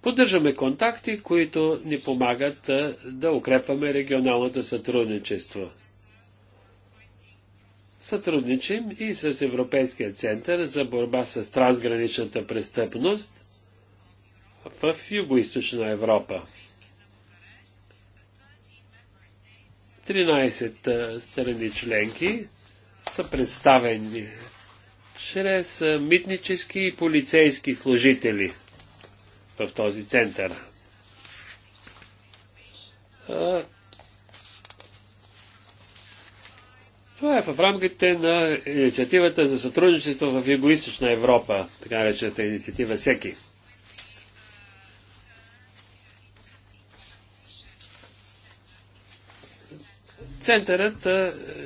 Поддържаме контакти, които ни помагат да укрепваме регионалното сътрудничество. Сътрудничим и с Европейския център за борба с трансграничната престъпност в Юго-Источна Европа. 13 страни членки са представени чрез митнически и полицейски служители в този център. Това е в рамките на инициативата за сътрудничество в Юго-Источна Европа, така наречената инициатива СЕКИ. Центърът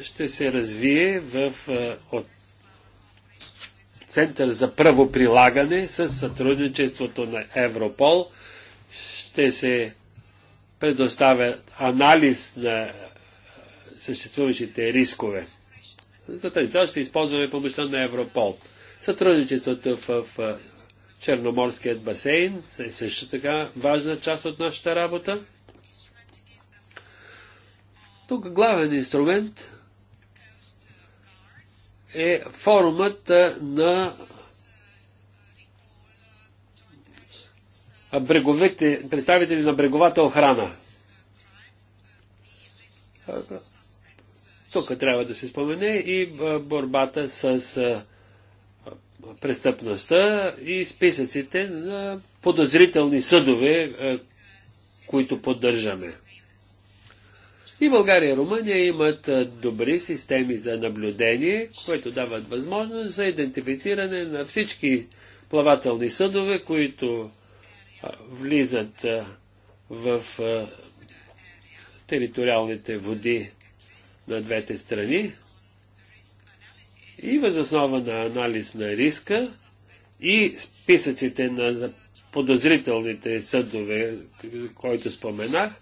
ще се развие в от Център за правоприлагане с сътрудничеството на Европол. Ще се предоставя анализ на съществуващите рискове. За тази цел ще използваме помощта на Европол. Сътрудничеството в Черноморският басейн е също така важна част от нашата работа. Тук главен инструмент е форумът на бреговите, представители на бреговата охрана. Тук трябва да се спомене и борбата с престъпността и списъците на подозрителни съдове, които поддържаме. И България и Румъния имат добри системи за наблюдение, които дават възможност за идентифициране на всички плавателни съдове, които влизат в териториалните води на двете страни и възоснова на анализ на риска и списъците на подозрителните съдове, които споменах,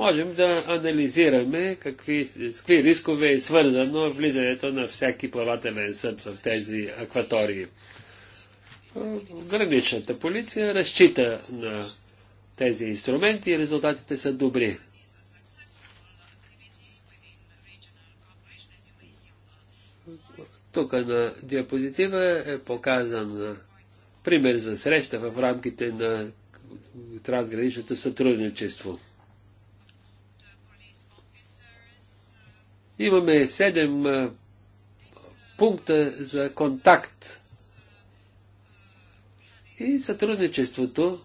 можем да анализираме какви, с какви рискове е свързано влизането на всяки плавателен съд в тези акватории. Граничната полиция разчита на тези инструменти и резултатите са добри. Тук на диапозитива е показан пример за среща в рамките на трансграничното сътрудничество. Имаме седем пункта за контакт и сътрудничеството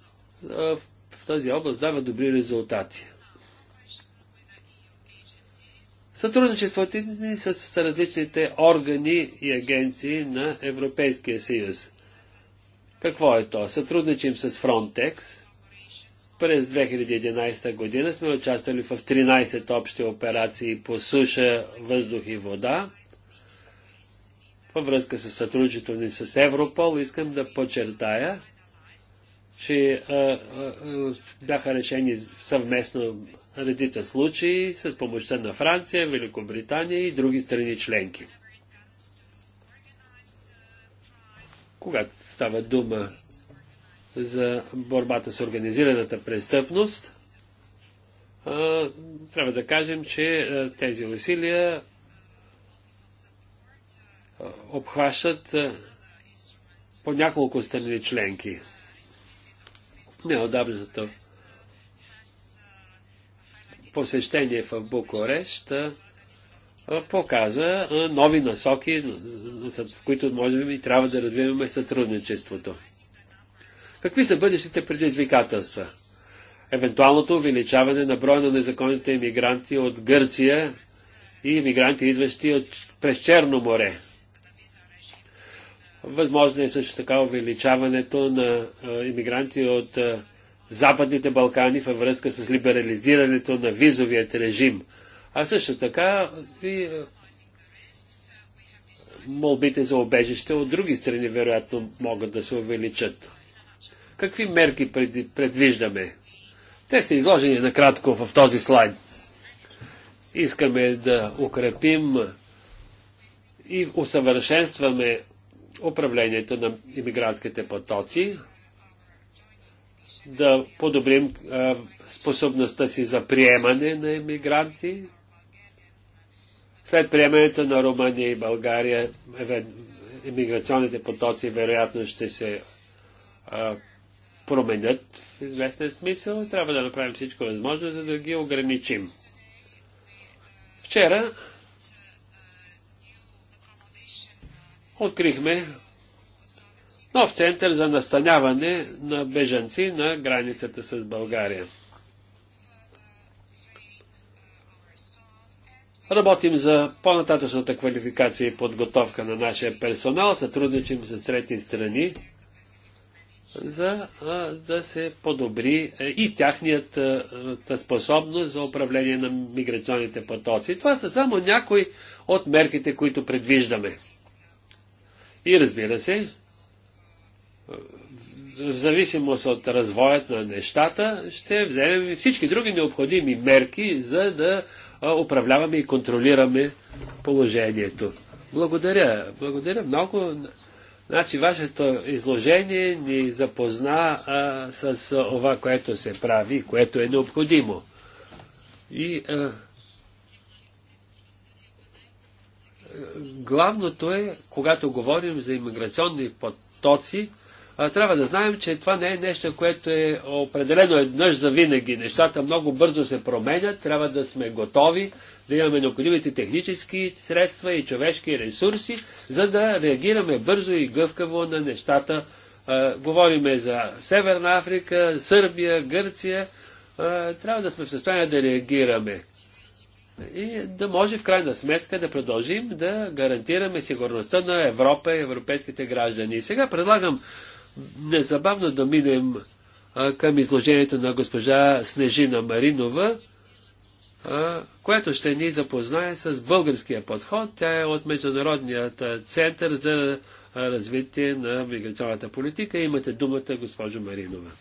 в тази област дава добри резултати. Сътрудничеството ни с, с различните органи и агенции на Европейския съюз. Какво е то? Сътрудничим с Frontex, през 2011 година сме участвали в 13 общи операции по суша, въздух и вода. Във връзка с сътрудничеството ни с Европол искам да подчертая, че а, а, а, бяха решени съвместно редица случаи с помощта на Франция, Великобритания и други страни членки. Когато става дума за борбата с организираната престъпност, трябва да кажем, че тези усилия обхващат по няколко страни членки. Неодавното посещение в Букурещ показа нови насоки, в които можем и трябва да развиваме сътрудничеството. Какви са бъдещите предизвикателства? Евентуалното увеличаване на броя на незаконните иммигранти от Гърция и иммигранти, идващи от, през Черно море. Възможно е също така увеличаването на а, иммигранти от Западните Балкани във връзка с либерализирането на визовият режим. А също така и молбите за обежище от други страни вероятно могат да се увеличат. Какви мерки предвиждаме? Те са изложени накратко в този слайд. Искаме да укрепим и усъвършенстваме управлението на иммигрантските потоци, да подобрим способността си за приемане на иммигранти. След приемането на Румъния и България, иммиграционните потоци вероятно ще се а, променят в известен смисъл, трябва да направим всичко възможно, за да ги ограничим. Вчера открихме нов център за настаняване на бежанци на границата с България. Работим за по-нататъчната квалификация и подготовка на нашия персонал, сътрудничим с трети страни за а, да се подобри а, е, и тяхният а, е, е, способност за управление на миграционните потоци. Това са само някои от мерките, които предвиждаме. И разбира се, в зависимост от развоят на нещата, ще вземем всички други необходими мерки, за да управляваме и контролираме положението. Благодаря. Благодаря много Значи, вашето изложение ни запозна а, с това, което се прави, което е необходимо. И а, главното е, когато говорим за иммиграционни потоци, а, трябва да знаем, че това не е нещо, което е определено еднъж за винаги. Нещата много бързо се променят, трябва да сме готови да имаме необходимите технически средства и човешки ресурси, за да реагираме бързо и гъвкаво на нещата. говориме за Северна Африка, Сърбия, Гърция. трябва да сме в състояние да реагираме и да може в крайна сметка да продължим да гарантираме сигурността на Европа и европейските граждани. И сега предлагам незабавно да минем към изложението на госпожа Снежина Маринова, която ще ни запознае с българския подход. Тя е от Международният център за развитие на миграционната политика. Имате думата, госпожо Маринова.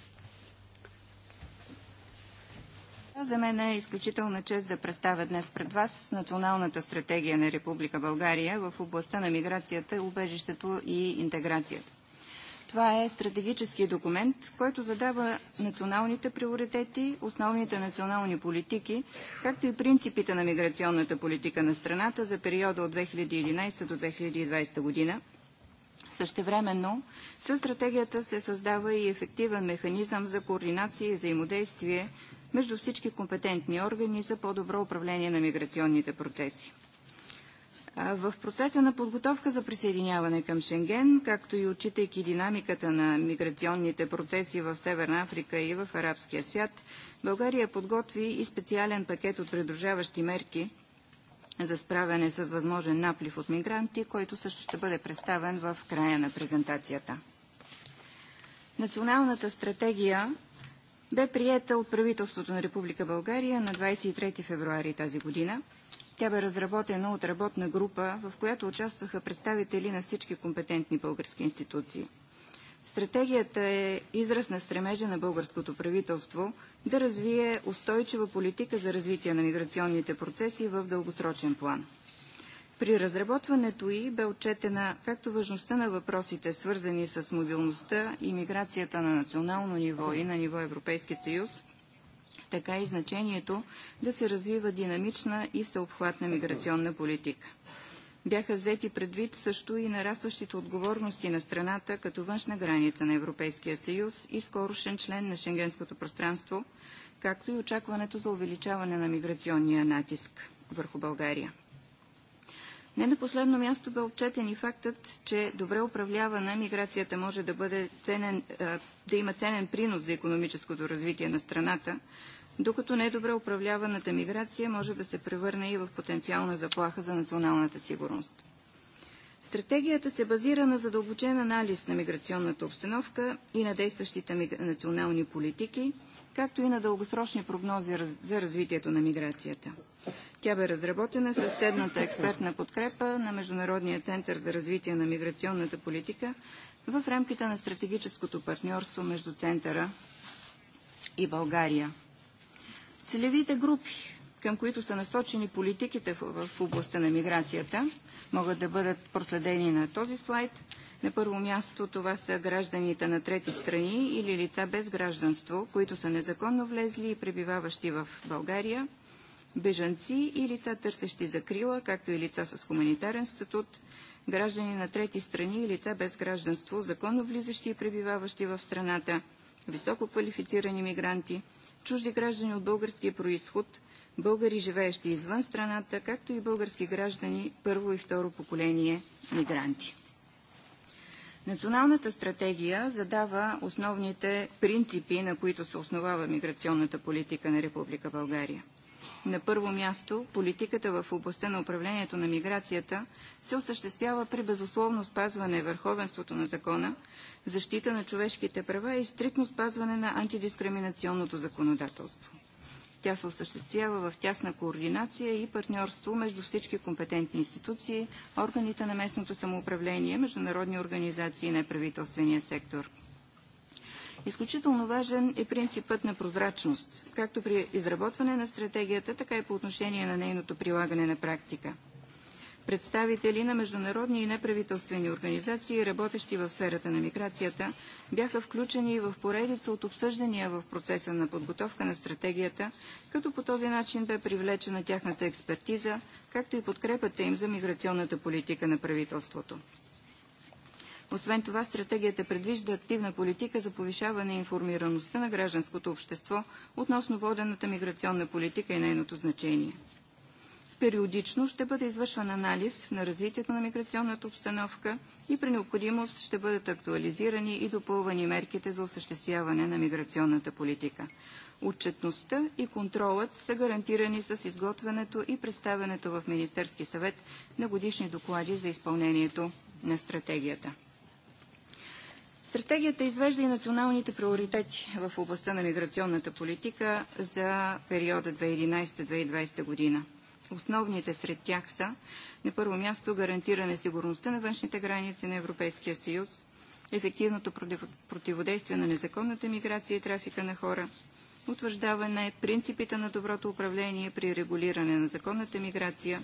За мен е изключителна чест да представя днес пред вас Националната стратегия на Република България в областта на миграцията, убежището и интеграцията. Това е стратегически документ, който задава националните приоритети, основните национални политики, както и принципите на миграционната политика на страната за периода от 2011 до 2020 година. Същевременно, със стратегията се създава и ефективен механизъм за координация и взаимодействие между всички компетентни органи за по-добро управление на миграционните процеси. В процеса на подготовка за присъединяване към Шенген, както и отчитайки динамиката на миграционните процеси в Северна Африка и в арабския свят, България подготви и специален пакет от придружаващи мерки за справяне с възможен наплив от мигранти, който също ще бъде представен в края на презентацията. Националната стратегия бе приета от правителството на Република България на 23 февруари тази година – тя бе разработена от работна група, в която участваха представители на всички компетентни български институции. Стратегията е израз на стремежа на българското правителство да развие устойчива политика за развитие на миграционните процеси в дългосрочен план. При разработването и бе отчетена както важността на въпросите, свързани с мобилността и миграцията на национално ниво и на ниво Европейски съюз, така и значението да се развива динамична и всеобхватна миграционна политика. Бяха взети предвид също и нарастващите отговорности на страната като външна граница на Европейския съюз и скорошен член на Шенгенското пространство, както и очакването за увеличаване на миграционния натиск върху България. Не на последно място бе отчетен и фактът, че добре управлявана миграцията може да, бъде ценен, да има ценен принос за економическото развитие на страната, докато недобре е управляваната миграция може да се превърне и в потенциална заплаха за националната сигурност. Стратегията се базира на задълбочен анализ на миграционната обстановка и на действащите национални политики, както и на дългосрочни прогнози за развитието на миграцията. Тя бе разработена с седната експертна подкрепа на Международния център за развитие на миграционната политика в рамките на стратегическото партньорство между Центъра и България – Целевите групи, към които са насочени политиките в областта на миграцията, могат да бъдат проследени на този слайд. На първо място това са гражданите на трети страни или лица без гражданство, които са незаконно влезли и пребиваващи в България, бежанци и лица търсещи закрила, както и лица с хуманитарен статут, граждани на трети страни и лица без гражданство, законно влизащи и пребиваващи в страната, високо квалифицирани мигранти – чужди граждани от български происход, българи, живеещи извън страната, както и български граждани първо и второ поколение мигранти. Националната стратегия задава основните принципи, на които се основава миграционната политика на Република България. На първо място, политиката в областта на управлението на миграцията се осъществява при безусловно спазване върховенството на закона, защита на човешките права и стриктно спазване на антидискриминационното законодателство. Тя се осъществява в тясна координация и партньорство между всички компетентни институции, органите на местното самоуправление, международни организации и неправителствения сектор. Изключително важен е принципът на прозрачност, както при изработване на стратегията, така и по отношение на нейното прилагане на практика – Представители на международни и неправителствени организации, работещи в сферата на миграцията, бяха включени в поредица от обсъждания в процеса на подготовка на стратегията, като по този начин бе привлечена тяхната експертиза, както и подкрепата им за миграционната политика на правителството. Освен това, стратегията предвижда активна политика за повишаване информираността на гражданското общество относно водената миграционна политика и нейното значение – Периодично ще бъде извършван анализ на развитието на миграционната обстановка и при необходимост ще бъдат актуализирани и допълвани мерките за осъществяване на миграционната политика. Отчетността и контролът са гарантирани с изготвянето и представянето в Министерски съвет на годишни доклади за изпълнението на стратегията. Стратегията извежда и националните приоритети в областта на миграционната политика за периода 2011-2020 година. Основните сред тях са на първо място гарантиране сигурността на външните граници на Европейския съюз, ефективното противодействие на незаконната миграция и трафика на хора, утвърждаване принципите на доброто управление при регулиране на законната миграция,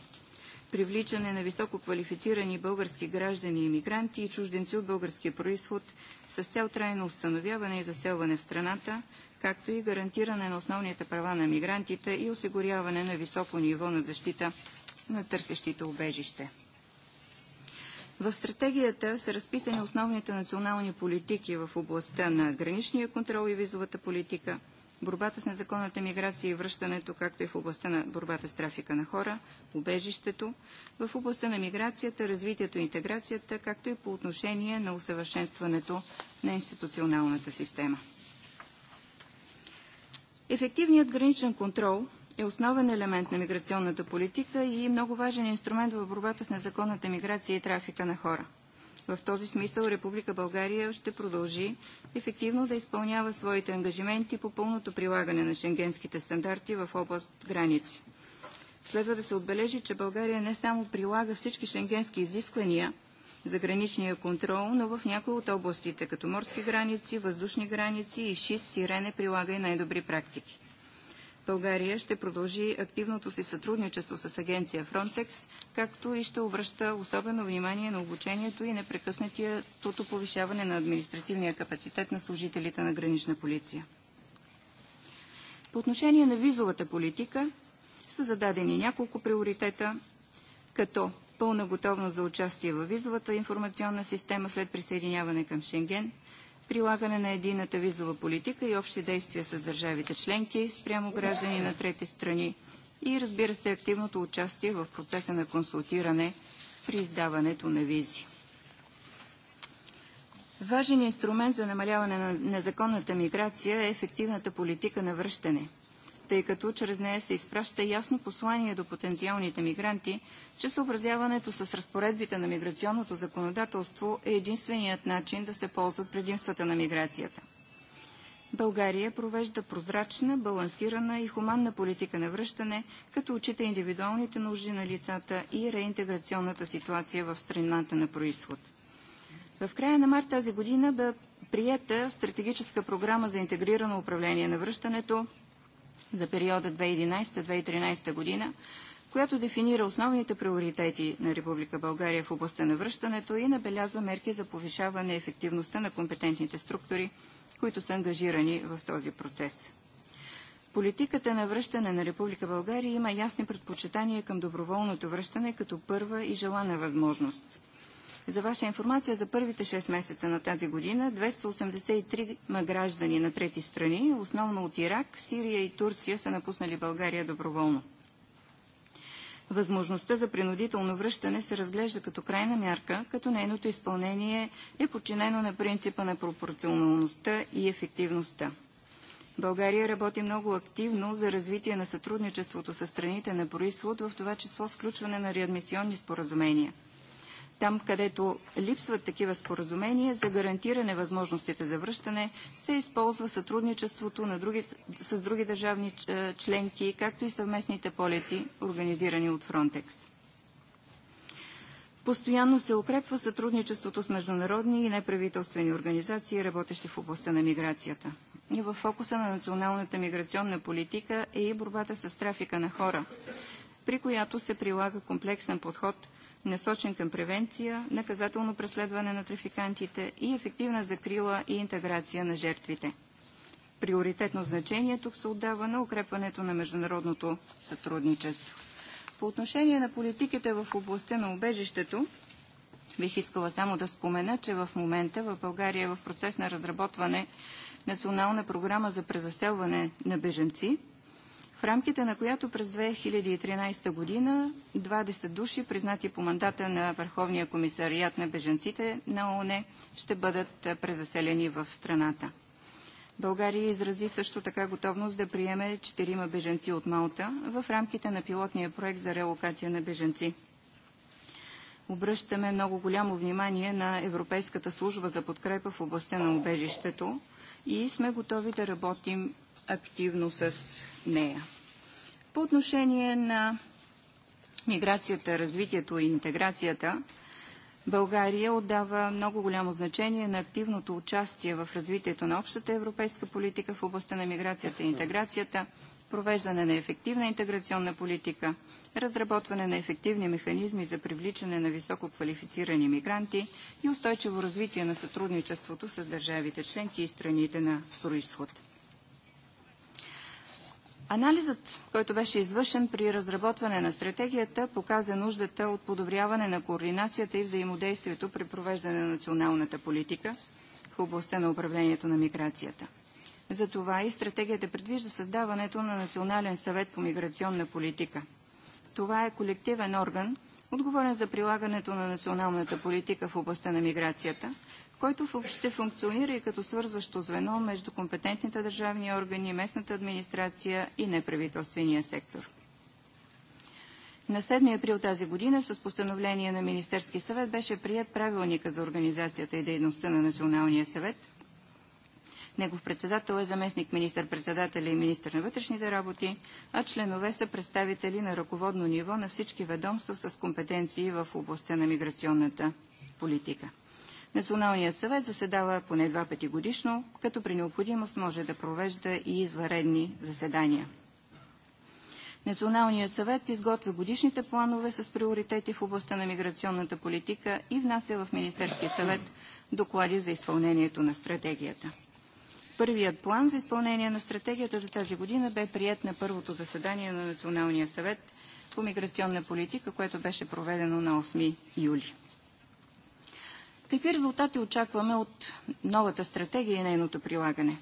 привличане на високо квалифицирани български граждани и мигранти и чужденци от български происход с цел трайно установяване и заселване в страната, както и гарантиране на основните права на мигрантите и осигуряване на високо ниво на защита на търсещите убежище. В стратегията са разписани основните национални политики в областта на граничния контрол и визовата политика, борбата с незаконната миграция и връщането, както и в областта на борбата с трафика на хора, убежището, в областта на миграцията, развитието и интеграцията, както и по отношение на усъвършенстването на институционалната система. Ефективният граничен контрол е основен елемент на миграционната политика и е много важен инструмент в борбата с незаконната миграция и трафика на хора – в този смисъл Република България ще продължи ефективно да изпълнява своите ангажименти по пълното прилагане на шенгенските стандарти в област граници. Следва да се отбележи, че България не само прилага всички шенгенски изисквания за граничния контрол, но в някои от областите, като морски граници, въздушни граници и ШИС, Сирене, прилага и най-добри практики. България ще продължи активното си сътрудничество с агенция Frontex, както и ще обръща особено внимание на обучението и непрекъснатието повишаване на административния капацитет на служителите на гранична полиция. По отношение на визовата политика са зададени няколко приоритета, като пълна готовност за участие в визовата информационна система след присъединяване към Шенген – прилагане на едината визова политика и общи действия с държавите членки спрямо граждани на трети страни и разбира се активното участие в процеса на консултиране при издаването на визи. Важен инструмент за намаляване на незаконната миграция е ефективната политика на връщане – тъй като чрез нея се изпраща ясно послание до потенциалните мигранти, че съобразяването с разпоредбите на миграционното законодателство е единственият начин да се ползват предимствата на миграцията. България провежда прозрачна, балансирана и хуманна политика на връщане, като отчита индивидуалните нужди на лицата и реинтеграционната ситуация в страната на происход. В края на март тази година бе приета стратегическа програма за интегрирано управление на връщането, за периода 2011-2013 година, която дефинира основните приоритети на Република България в областта на връщането и набелязва мерки за повишаване ефективността на компетентните структури, които са ангажирани в този процес. Политиката на връщане на Република България има ясни предпочитания към доброволното връщане като първа и желана възможност. За ваша информация, за първите 6 месеца на тази година 283 граждани на трети страни, основно от Ирак, Сирия и Турция, са напуснали България доброволно. Възможността за принудително връщане се разглежда като крайна мярка, като нейното изпълнение е подчинено на принципа на пропорционалността и ефективността. България работи много активно за развитие на сътрудничеството с страните на происход, в това число сключване на реадмисионни споразумения – там, където липсват такива споразумения, за гарантиране възможностите за връщане се използва сътрудничеството на други, с други държавни е, членки, както и съвместните полети, организирани от Фронтекс. Постоянно се укрепва сътрудничеството с международни и неправителствени организации, работещи в областта на миграцията. И в фокуса на националната миграционна политика е и борбата с трафика на хора, при която се прилага комплексен подход – насочен към превенция, наказателно преследване на трафикантите и ефективна закрила и интеграция на жертвите. Приоритетно значение тук се отдава на укрепването на международното сътрудничество. По отношение на политиките в областта на убежището, бих искала само да спомена, че в момента в България е в процес на разработване национална програма за презаселване на беженци, в рамките на която през 2013 година 20 души, признати по мандата на Върховния комисариат на беженците на ООН, ще бъдат презаселени в страната. България изрази също така готовност да приеме 4 беженци от Малта в рамките на пилотния проект за релокация на беженци. Обръщаме много голямо внимание на Европейската служба за подкрепа в областта на убежището и сме готови да работим активно с нея. По отношение на миграцията, развитието и интеграцията, България отдава много голямо значение на активното участие в развитието на общата европейска политика в областта на миграцията и интеграцията, провеждане на ефективна интеграционна политика, разработване на ефективни механизми за привличане на високо квалифицирани мигранти и устойчиво развитие на сътрудничеството с държавите членки и страните на происход. Анализът, който беше извършен при разработване на стратегията, показа нуждата от подобряване на координацията и взаимодействието при провеждане на националната политика в областта на управлението на миграцията. Затова и стратегията предвижда създаването на Национален съвет по миграционна политика. Това е колективен орган, отговорен за прилагането на националната политика в областта на миграцията, който ще функционира и като свързващо звено между компетентните държавни органи, местната администрация и неправителствения сектор. На 7 април тази година с постановление на Министерски съвет беше прият правилника за организацията и дейността на Националния съвет. Негов председател е заместник министър-председателя и министър на вътрешните работи, а членове са представители на ръководно ниво на всички ведомства с компетенции в областта на миграционната политика. Националният съвет заседава поне два пъти годишно, като при необходимост може да провежда и извънредни заседания. Националният съвет изготвя годишните планове с приоритети в областта на миграционната политика и внася в Министерския съвет доклади за изпълнението на стратегията. Първият план за изпълнение на стратегията за тази година бе прият на първото заседание на Националния съвет по миграционна политика, което беше проведено на 8 юли. Какви резултати очакваме от новата стратегия и нейното прилагане?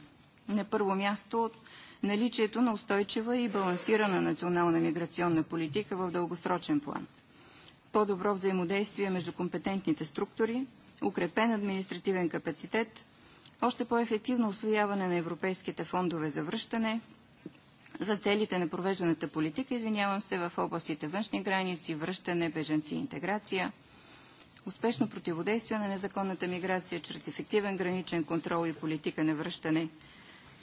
На първо място от наличието на устойчива и балансирана национална миграционна политика в дългосрочен план. По-добро взаимодействие между компетентните структури, укрепен административен капацитет, още по-ефективно освояване на европейските фондове за връщане, за целите на провежданата политика, извинявам се, в областите външни граници, връщане, беженци и интеграция – успешно противодействие на незаконната миграция чрез ефективен граничен контрол и политика на връщане.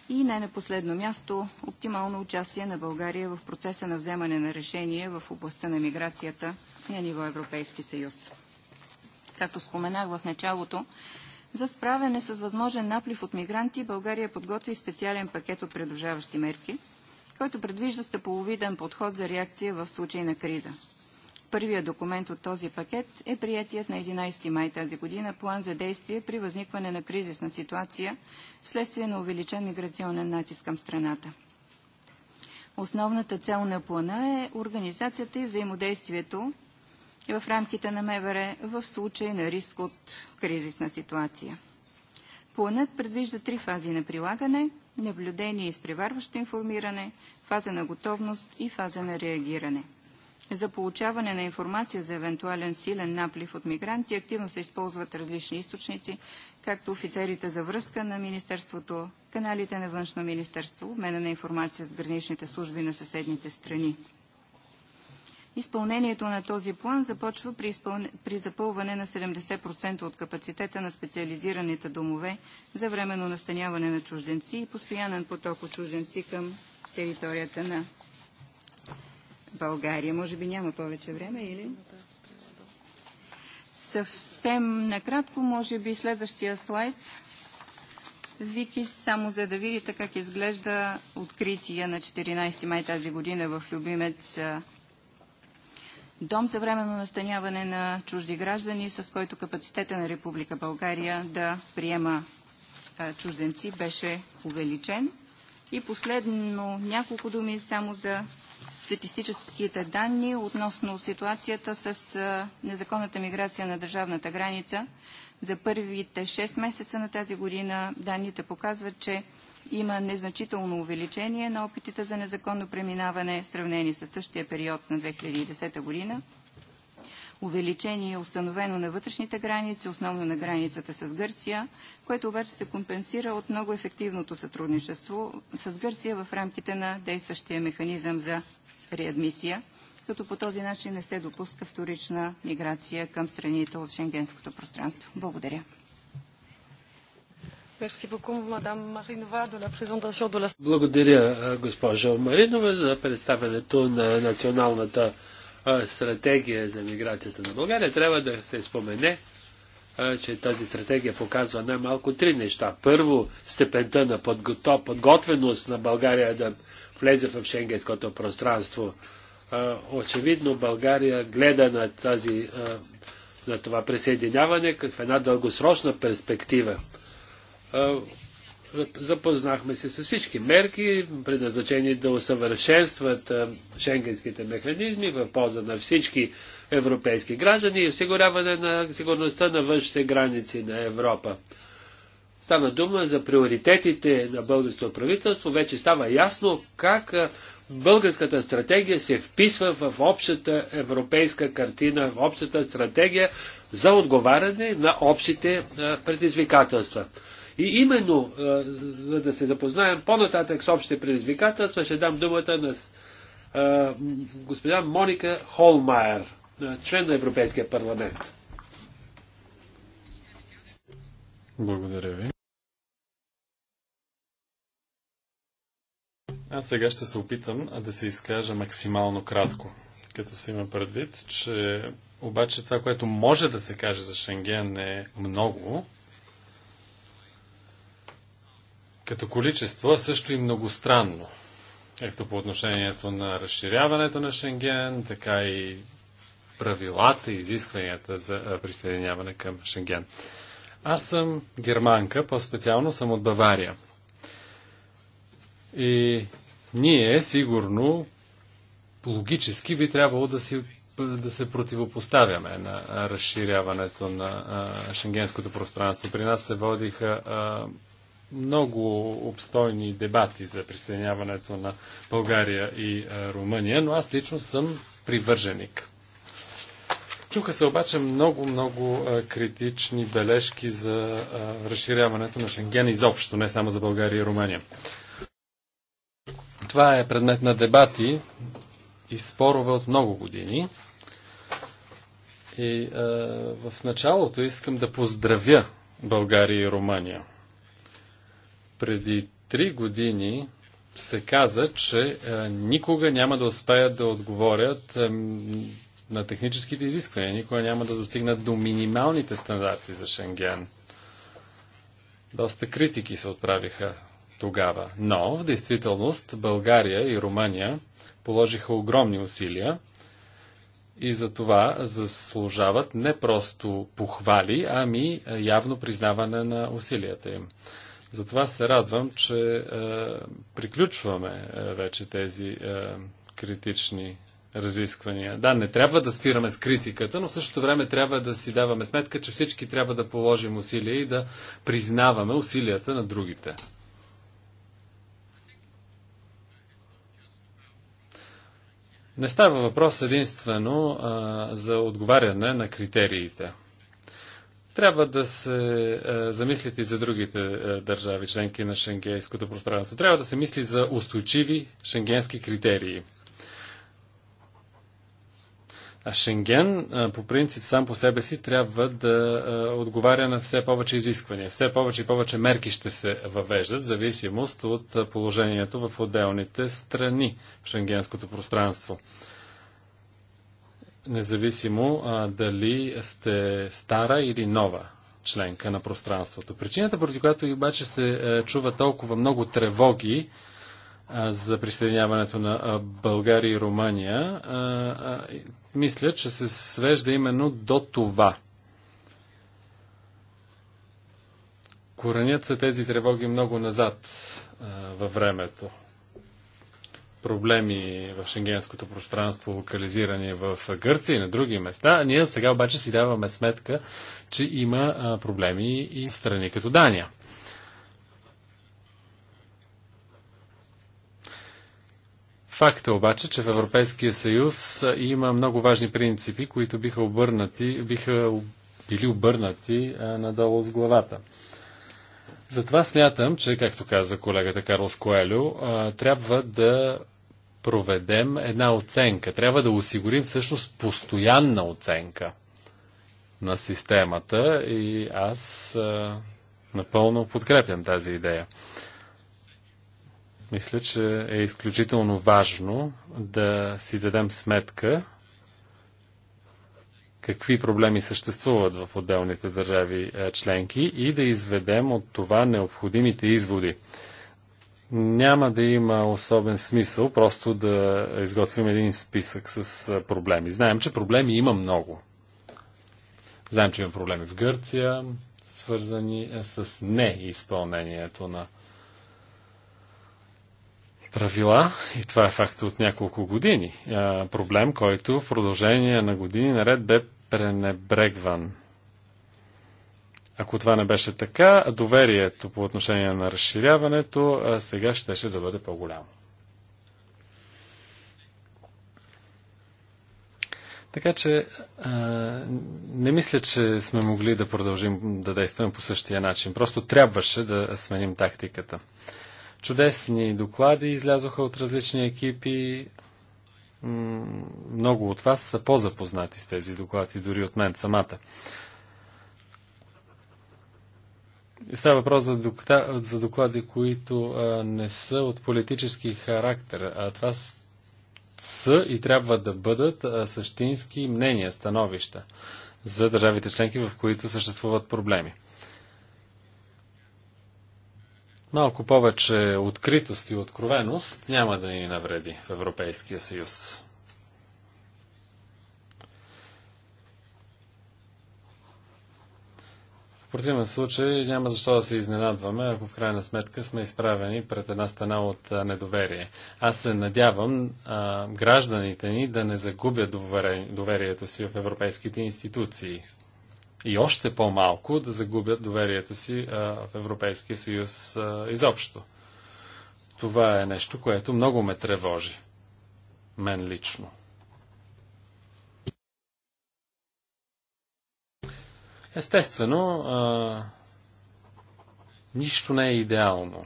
И не на последно място, оптимално участие на България в процеса на вземане на решение в областта на миграцията на ниво Европейски съюз. Както споменах в началото, за справяне с възможен наплив от мигранти България подготви специален пакет от предложаващи мерки, който предвижда стъполовиден подход за реакция в случай на криза. Първият документ от този пакет е приятият на 11 май тази година план за действие при възникване на кризисна ситуация вследствие на увеличен миграционен натиск към страната. Основната цел на плана е организацията и взаимодействието в рамките на МВР в случай на риск от кризисна ситуация. Планът предвижда три фази на прилагане – наблюдение и изпреварващо информиране, фаза на готовност и фаза на реагиране – за получаване на информация за евентуален силен наплив от мигранти активно се използват различни източници, както офицерите за връзка на Министерството, каналите на Външно министерство, обмена на информация с граничните служби на съседните страни. Изпълнението на този план започва при, изпъл... при запълване на 70% от капацитета на специализираните домове за временно настаняване на чужденци и постоянен поток от чужденци към територията на България. Може би няма повече време или? Съвсем накратко, може би следващия слайд. Вики, само за да видите как изглежда открития на 14 май тази година в Любимец дом за временно настаняване на чужди граждани, с който капацитета на Република България да приема чужденци беше увеличен. И последно няколко думи само за статистическите данни относно ситуацията с незаконната миграция на държавната граница. За първите 6 месеца на тази година данните показват, че има незначително увеличение на опитите за незаконно преминаване в сравнение с същия период на 2010 година. Увеличение е установено на вътрешните граници, основно на границата с Гърция, което обаче се компенсира от много ефективното сътрудничество с Гърция в рамките на действащия механизъм за реадмисия, като по този начин не се допуска вторична миграция към страните от шенгенското пространство. Благодаря. Благодаря, госпожо Маринова, за представянето на националната стратегия за миграцията на България. Трябва да се спомене, че тази стратегия показва най-малко три неща. Първо, степента на подготвеност на България да влезе в шенгенското пространство. Очевидно България гледа на, тази, на това присъединяване в една дългосрочна перспектива. Запознахме се с всички мерки, предназначени да усъвършенстват шенгенските механизми в полза на всички европейски граждани и осигуряване на сигурността на външните граници на Европа стана дума за приоритетите на българското правителство, вече става ясно как българската стратегия се вписва в общата европейска картина, в общата стратегия за отговаряне на общите предизвикателства. И именно, за да се запознаем по-нататък с общите предизвикателства, ще дам думата на господа Моника Холмайер, член на Европейския парламент. Благодаря ви. Аз сега ще се опитам да се изкажа максимално кратко, като се има предвид, че обаче това, което може да се каже за Шенген е много, като количество, а също и многостранно. Както по отношението на разширяването на Шенген, така и правилата и изискванията за присъединяване към Шенген. Аз съм германка, по-специално съм от Бавария. И ние сигурно логически би трябвало да, си, да се противопоставяме на разширяването на а, шенгенското пространство. При нас се водиха а, много обстойни дебати за присъединяването на България и а, Румъния, но аз лично съм привърженик. Чуха се обаче много, много а, критични бележки за а, разширяването на Шенген изобщо, не само за България и Румъния. Това е предмет на дебати и спорове от много години. И а, в началото искам да поздравя България и Румъния. Преди три години се каза, че а, никога няма да успеят да отговорят а, на техническите изисквания, никога няма да достигнат до минималните стандарти за Шенген. Доста критики се отправиха тогава. Но в действителност България и Румъния положиха огромни усилия и за това заслужават не просто похвали, ами явно признаване на усилията им. Затова се радвам, че е, приключваме е, вече тези е, критични разисквания. Да, не трябва да спираме с критиката, но в същото време трябва да си даваме сметка, че всички трябва да положим усилия и да признаваме усилията на другите. Не става въпрос единствено а, за отговаряне на критериите. Трябва да се а, замислите и за другите а, държави, членки на шенгенското пространство. Трябва да се мисли за устойчиви шенгенски критерии – а Шенген по принцип сам по себе си трябва да отговаря на все повече изисквания. Все повече и повече мерки ще се въвеждат в зависимост от положението в отделните страни в шенгенското пространство. Независимо дали сте стара или нова членка на пространството. Причината, поради която обаче се е, чува толкова много тревоги, за присъединяването на България и Румъния, мисля, че се свежда именно до това. Коренят се тези тревоги много назад във времето. Проблеми в шенгенското пространство, локализирани в Гърция и на други места. Ние сега обаче си даваме сметка, че има проблеми и в страни като Дания. Факт е обаче, че в Европейския съюз има много важни принципи, които биха, обърнати, биха били обърнати надолу с главата. Затова смятам, че, както каза колегата Карлос Коелю, трябва да проведем една оценка. Трябва да осигурим всъщност постоянна оценка на системата и аз напълно подкрепям тази идея. Мисля, че е изключително важно да си дадем сметка какви проблеми съществуват в отделните държави е, членки и да изведем от това необходимите изводи. Няма да има особен смисъл просто да изготвим един списък с е, проблеми. Знаем, че проблеми има много. Знаем, че има проблеми в Гърция, свързани е, с неизпълнението на правила, и това е факт от няколко години, проблем, който в продължение на години наред бе пренебрегван. Ако това не беше така, доверието по отношение на разширяването сега щеше да бъде по-голямо. Така че а, не мисля, че сме могли да продължим да действаме по същия начин. Просто трябваше да сменим тактиката. Чудесни доклади излязоха от различни екипи. Много от вас са по-запознати с тези доклади, дори от мен самата. Става въпрос за, докта, за доклади, които а, не са от политически характер, а това са и трябва да бъдат а, същински мнения, становища за държавите членки, в които съществуват проблеми. Малко повече откритост и откровеност няма да ни навреди в Европейския съюз. В противен случай няма защо да се изненадваме, ако в крайна сметка сме изправени пред една стена от недоверие. Аз се надявам а, гражданите ни да не загубят доверие, доверието си в европейските институции, и още по-малко да загубят доверието си а, в Европейския съюз а, изобщо. Това е нещо, което много ме тревожи. Мен лично. Естествено, а, нищо не е идеално.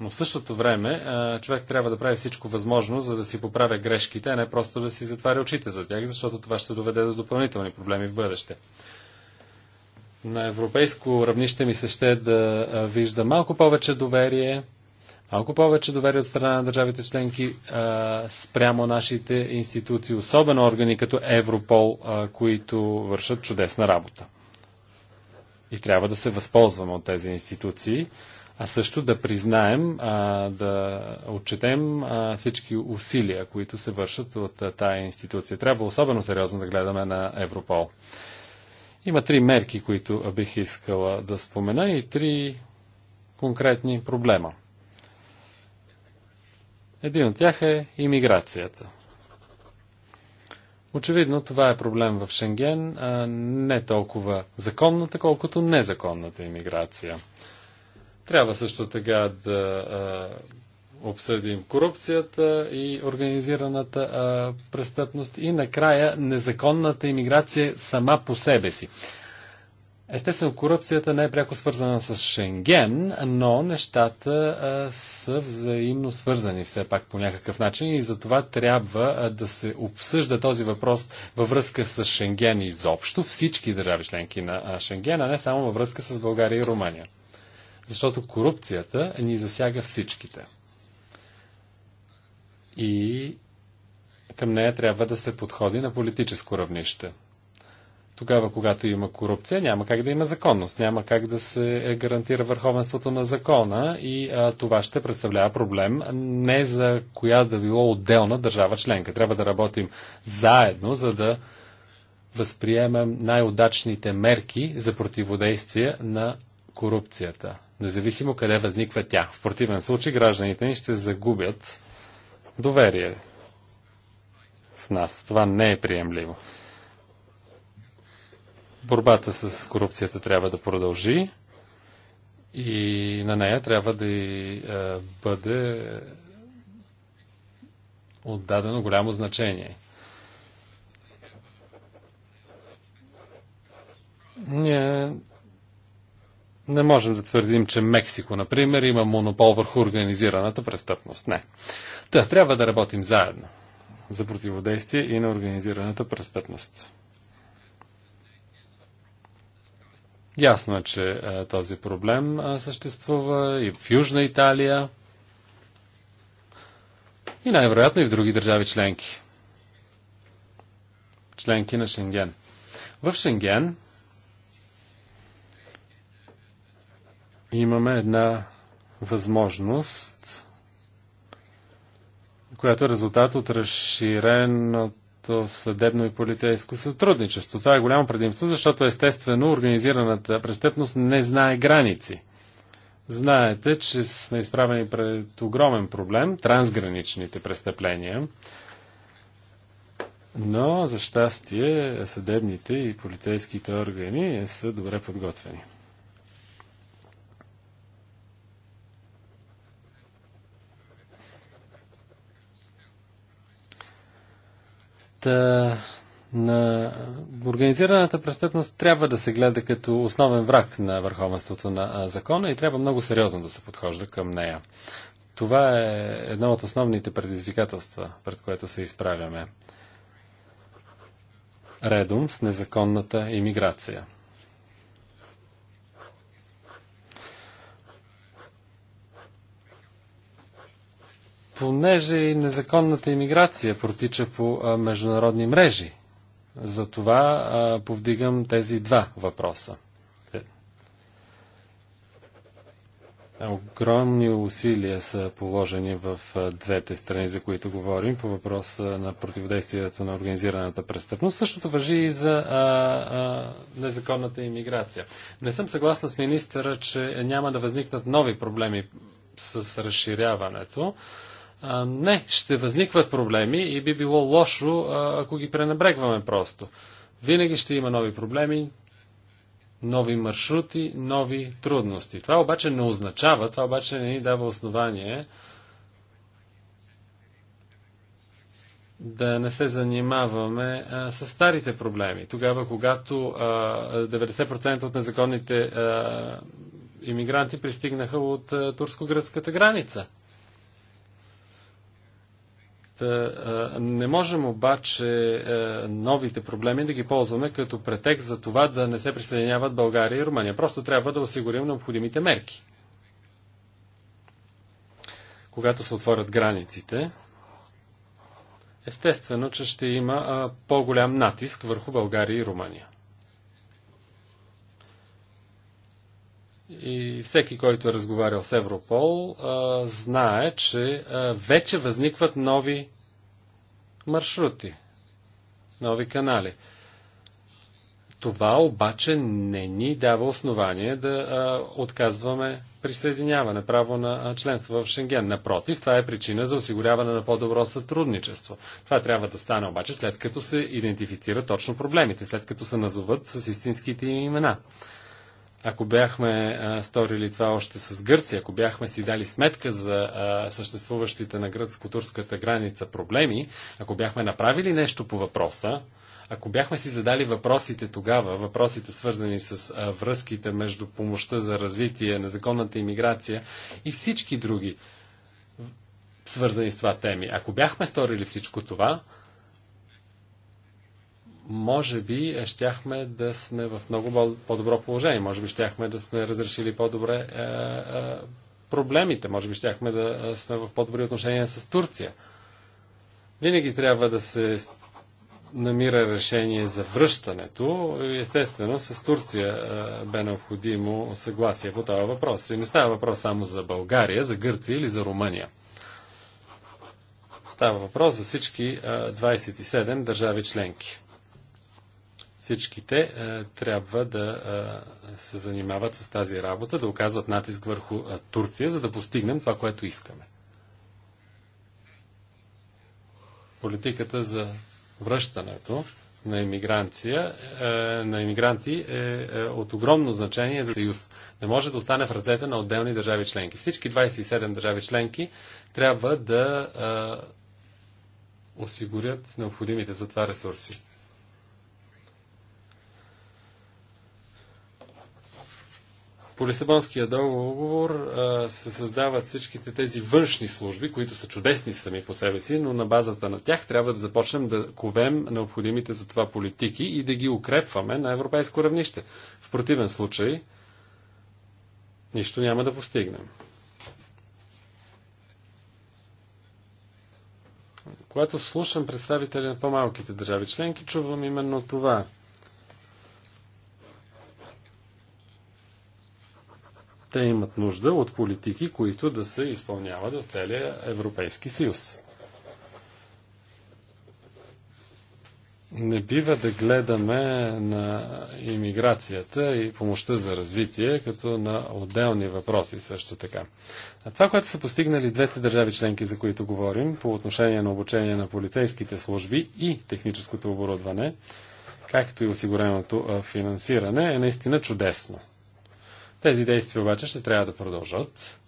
Но в същото време а, човек трябва да прави всичко възможно, за да си поправя грешките, а не просто да си затваря очите за тях, защото това ще доведе до допълнителни проблеми в бъдеще на европейско равнище ми се ще да вижда малко повече доверие, малко повече доверие от страна на държавите членки спрямо нашите институции, особено органи като Европол, които вършат чудесна работа. И трябва да се възползваме от тези институции, а също да признаем, да отчетем всички усилия, които се вършат от тая институция. Трябва особено сериозно да гледаме на Европол. Има три мерки, които бих искала да спомена и три конкретни проблема. Един от тях е имиграцията. Очевидно, това е проблем в Шенген, а не толкова законната, колкото незаконната иммиграция. Трябва също така да обсъдим корупцията и организираната а, престъпност и накрая незаконната иммиграция сама по себе си. Естествено, корупцията не е пряко свързана с Шенген, но нещата а, са взаимно свързани все пак по някакъв начин и за това трябва а, да се обсъжда този въпрос във връзка с Шенген изобщо всички държави членки на а, Шенген, а не само във връзка с България и Румъния. Защото корупцията ни засяга всичките и към нея трябва да се подходи на политическо равнище. Тогава, когато има корупция, няма как да има законност, няма как да се гарантира върховенството на закона и а, това ще представлява проблем не за коя да било отделна държава членка. Трябва да работим заедно, за да възприемем най-удачните мерки за противодействие на корупцията, независимо къде възниква тя. В противен случай гражданите ни ще загубят доверие в нас. Това не е приемливо. Борбата с корупцията трябва да продължи и на нея трябва да и, е, бъде отдадено голямо значение. Ние не можем да твърдим, че Мексико, например, има монопол върху организираната престъпност. Не. Та, трябва да работим заедно за противодействие и на организираната престъпност. Ясно е, че този проблем съществува и в Южна Италия, и най-вероятно и в други държави членки. Членки на Шенген. В Шенген имаме една възможност която е резултат от разширеното съдебно и полицейско сътрудничество. Това е голямо предимство, защото естествено организираната престъпност не знае граници. Знаете, че сме изправени пред огромен проблем трансграничните престъпления. Но, за щастие, съдебните и полицейските органи са добре подготвени. на организираната престъпност трябва да се гледа като основен враг на върховенството на закона и трябва много сериозно да се подхожда към нея. Това е едно от основните предизвикателства, пред което се изправяме. Редом с незаконната иммиграция. понеже и незаконната иммиграция протича по международни мрежи. Затова повдигам тези два въпроса. Огромни усилия са положени в двете страни, за които говорим, по въпроса на противодействието на организираната престъпност. Същото въжи и за а, а, незаконната иммиграция. Не съм съгласна с министъра, че няма да възникнат нови проблеми с разширяването не, ще възникват проблеми и би било лошо, ако ги пренебрегваме просто. Винаги ще има нови проблеми, нови маршрути, нови трудности. Това обаче не означава, това обаче не ни дава основание да не се занимаваме а, с старите проблеми. Тогава, когато а, 90% от незаконните а, иммигранти пристигнаха от а, турско-гръцката граница. Та, е, е, не можем обаче е, новите проблеми да ги ползваме като претекст за това да не се присъединяват България и Румъния. Просто трябва да осигурим необходимите мерки. Когато се отворят границите, естествено, че ще има по-голям натиск върху България и Румъния. И всеки, който е разговарял с Европол, а, знае, че а, вече възникват нови маршрути, нови канали. Това обаче не ни дава основание да а, отказваме присъединяване, право на членство в Шенген. Напротив, това е причина за осигуряване на по-добро сътрудничество. Това трябва да стане обаче след като се идентифицират точно проблемите, след като се назоват с истинските им имена. Ако бяхме а, сторили това още с Гърция, ако бяхме си дали сметка за а, съществуващите на гръцко-турската граница проблеми, ако бяхме направили нещо по въпроса, ако бяхме си задали въпросите тогава, въпросите свързани с а, връзките между помощта за развитие, незаконната иммиграция и всички други свързани с това теми, ако бяхме сторили всичко това, може би е, щяхме да сме в много по-добро положение. Може би щяхме да сме разрешили по-добре е, е, проблемите. Може би щяхме да е, сме в по-добри отношения с Турция. Винаги трябва да се намира решение за връщането. Естествено, с Турция е, бе необходимо съгласие по този въпрос. И не става въпрос само за България, за Гърция или за Румъния. Става въпрос за всички 27 е, държави членки. Всичките е, трябва да е, се занимават с тази работа, да оказват натиск върху е, Турция, за да постигнем това, което искаме. Политиката за връщането на емиграция, е, на емигранти е, е от огромно значение за Съюз. Не може да остане в ръцете на отделни държави членки. Всички 27 държави членки трябва да е, осигурят необходимите за това ресурси. По Лисабонския договор а, се създават всичките тези външни служби, които са чудесни сами по себе си, но на базата на тях трябва да започнем да ковем необходимите за това политики и да ги укрепваме на европейско равнище. В противен случай нищо няма да постигнем. Когато слушам представители на по-малките държави членки, чувам именно това – Те имат нужда от политики, които да се изпълняват в целия Европейски съюз. не бива да гледаме на иммиграцията и помощта за развитие като на отделни въпроси също така. А това, което са постигнали двете държави членки, за които говорим, по отношение на обучение на полицейските служби и техническото оборудване, както и осигуреното финансиране, е наистина чудесно. Тези действия обаче ще трябва да продължат.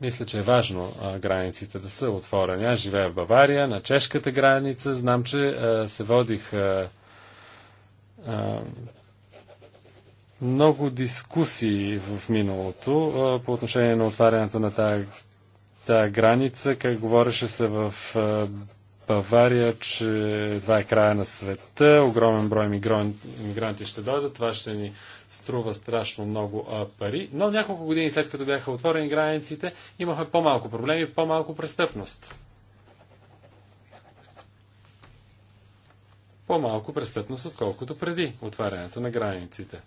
Мисля, че е важно а, границите да са отворени. Аз живея в Бавария, на чешката граница. Знам, че а, се водих а, а, много дискусии в миналото а, по отношение на отварянето на тази граница. Как говореше се в а, Бавария, че това е края на света, огромен брой мигранти ще дойдат, това ще ни струва страшно много пари. Но няколко години след като бяха отворени границите, имахме по-малко проблеми, по-малко престъпност. По-малко престъпност, отколкото преди отварянето на границите.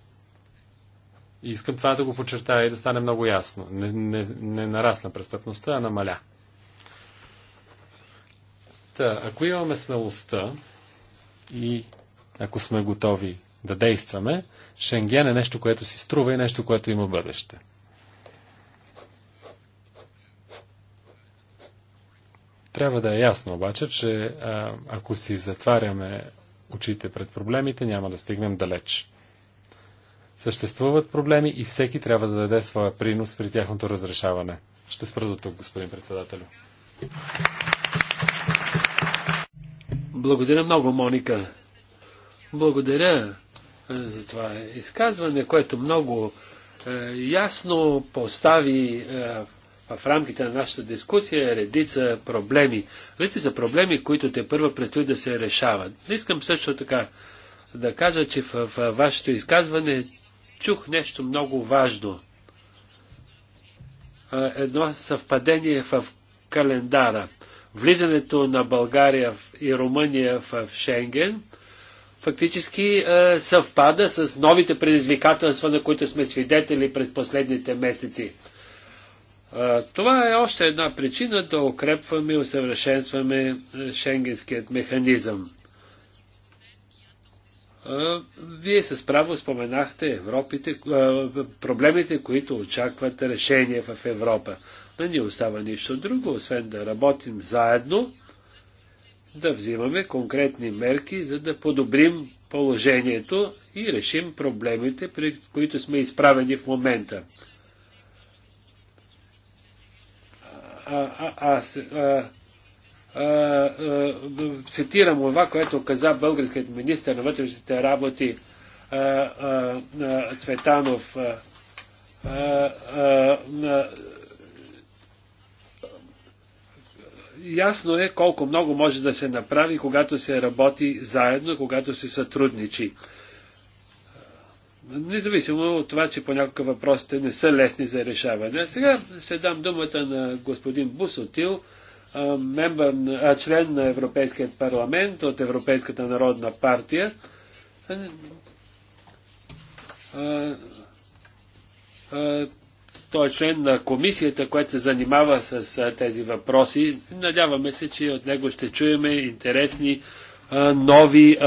И искам това да го подчертая и да стане много ясно. Не, не, не нарасна престъпността, а намаля. Та, ако имаме смелостта и ако сме готови да действаме, Шенген е нещо, което си струва и нещо, което има бъдеще. Трябва да е ясно обаче, че а, ако си затваряме очите пред проблемите, няма да стигнем далеч. Съществуват проблеми и всеки трябва да даде своя принос при тяхното разрешаване. Ще спра до тук, господин председател. Благодаря много, Моника. Благодаря е, за това изказване, което много е, ясно постави е, в рамките на нашата дискусия редица проблеми. Редица проблеми, които те първа предстои да се решават. Искам също така да кажа, че в, в вашето изказване чух нещо много важно. Е, едно съвпадение в календара влизането на България и Румъния в Шенген фактически съвпада с новите предизвикателства, на които сме свидетели през последните месеци. това е още една причина да укрепваме и усъвършенстваме шенгенският механизъм. вие с право споменахте Европите, проблемите, които очакват решение в Европа не ни остава нищо друго, освен да работим заедно, да взимаме конкретни мерки, за да подобрим положението и решим проблемите, при които сме изправени в момента. А, а, аз а, а, а, цитирам това, което каза българският министр на вътрешните работи а, а, а, Цветанов. А, а, а, ясно е колко много може да се направи, когато се работи заедно, когато се сътрудничи. Независимо от това, че понякога въпросите не са лесни за решаване. сега ще дам думата на господин Бусотил, мембър, член на Европейския парламент от Европейската народна партия. А, а, той е член на комисията, която се занимава с тези въпроси. Надяваме се, че от него ще чуеме интересни нови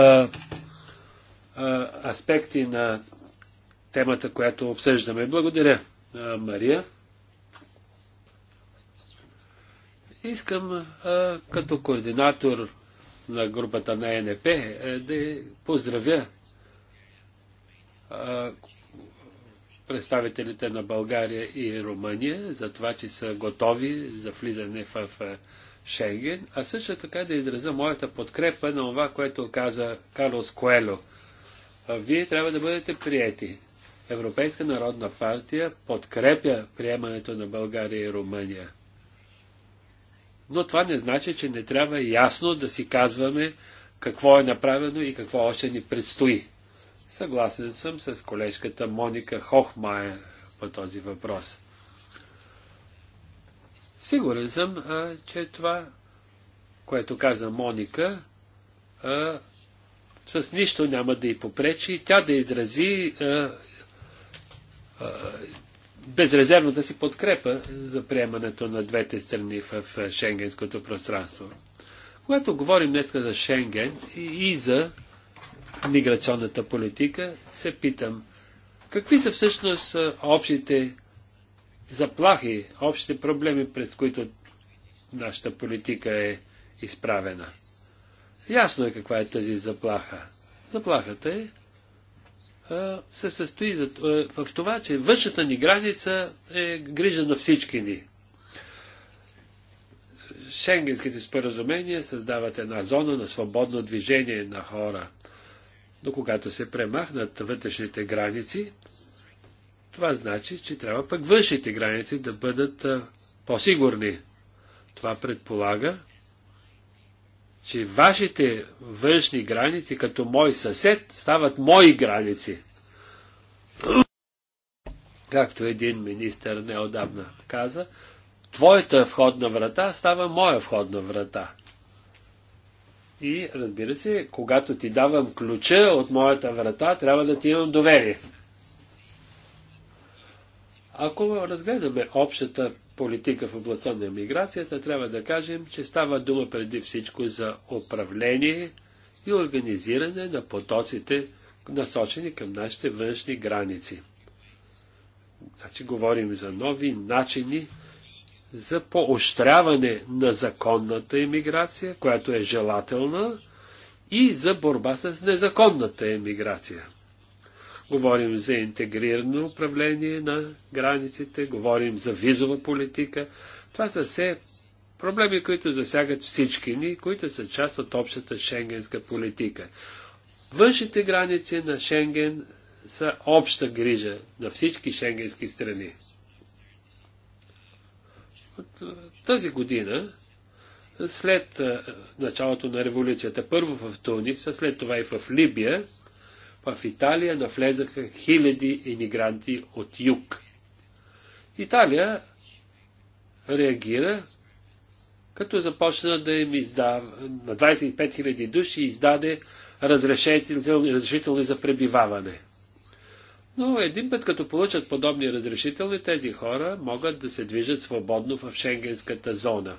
аспекти на темата, която обсъждаме. Благодаря, Мария. Искам като координатор на групата на ЕНП е, да поздравя представителите на България и Румъния за това, че са готови за влизане в Шенген, а също така да изразя моята подкрепа на това, което каза Карлос Коело. Вие трябва да бъдете приети. Европейска народна партия подкрепя приемането на България и Румъния. Но това не значи, че не трябва ясно да си казваме какво е направено и какво още ни предстои. Съгласен съм с колежката Моника Хохмайер по този въпрос. Сигурен съм, а, че това, което каза Моника, а, с нищо няма да й попречи тя да изрази а, а, безрезервната си подкрепа за приемането на двете страни в шенгенското пространство. Когато говорим днес за Шенген и за миграционната политика, се питам, какви са всъщност общите заплахи, общите проблеми, пред които нашата политика е изправена? Ясно е каква е тази заплаха. Заплахата е се състои в това, че външната ни граница е грижа на всички ни. Шенгенските споразумения създават една зона на свободно движение на хора – но когато се премахнат вътрешните граници, това значи, че трябва пък външните граници да бъдат по-сигурни. Това предполага, че вашите външни граници, като мой съсед, стават мои граници. Както един министър неодавна каза, твоята входна врата става моя входна врата. И разбира се, когато ти давам ключа от моята врата, трябва да ти имам доверие. Ако разгледаме общата политика в областта на миграцията, трябва да кажем, че става дума преди всичко за управление и организиране на потоците, насочени към нашите външни граници. Значи говорим за нови начини за поощряване на законната иммиграция, която е желателна, и за борба с незаконната емиграция. Говорим за интегрирано управление на границите, говорим за визова политика. Това са все проблеми, които засягат всички ни, които са част от общата шенгенска политика. Външните граници на Шенген са обща грижа на всички шенгенски страни. От тази година, след началото на революцията, първо в Тунис, а след това и в Либия, в Италия навлезаха хиляди иммигранти от юг. Италия реагира, като започна да им издава, на 25 000 души издаде разрешителни за пребиваване. Но един път, като получат подобни разрешителни, тези хора могат да се движат свободно в шенгенската зона.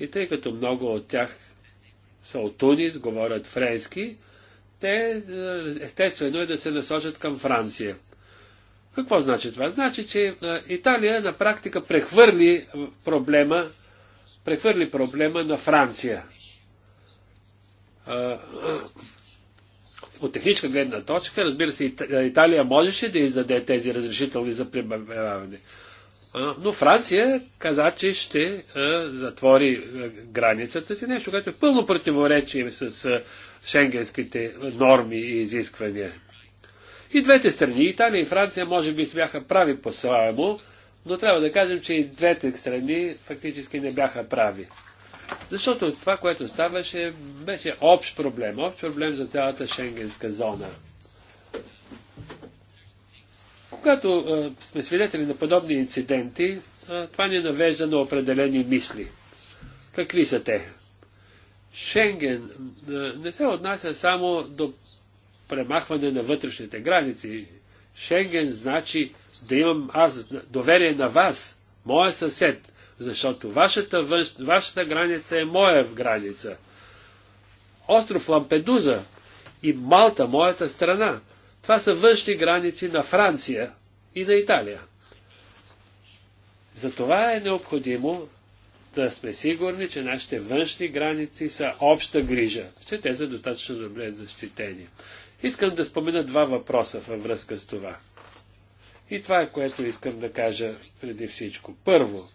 И тъй като много от тях са от Тунис, говорят френски, те е, естествено е да се насочат към Франция. Какво значи това? Значи, че е, Италия на практика прехвърли е, проблема, прехвърли проблема на Франция от техническа гледна точка, разбира се, е, Италия можеше да издаде тези разрешителни за прибавяване. Но Франция каза, че ще затвори границата си, нещо, което е пълно противоречие с шенгенските норми и изисквания. И двете страни, Италия и Франция, може би бяха прави по-своему, но трябва да кажем, че и двете страни фактически не бяха прави. Защото това, което ставаше, беше общ проблем. Общ проблем за цялата шенгенска зона. Когато а, сме свидетели на подобни инциденти, а, това ни навежда на определени мисли. Какви са те? Шенген а, не се отнася само до премахване на вътрешните граници. Шенген значи да имам аз доверие на вас, моя съсед, защото вашата, външ... вашата граница е моя в граница. Остров Лампедуза и Малта, моята страна, това са външни граници на Франция и на Италия. Затова е необходимо да сме сигурни, че нашите външни граници са обща грижа, че те са достатъчно добре защитени. Искам да спомена два въпроса във връзка с това. И това е което искам да кажа преди всичко. Първо,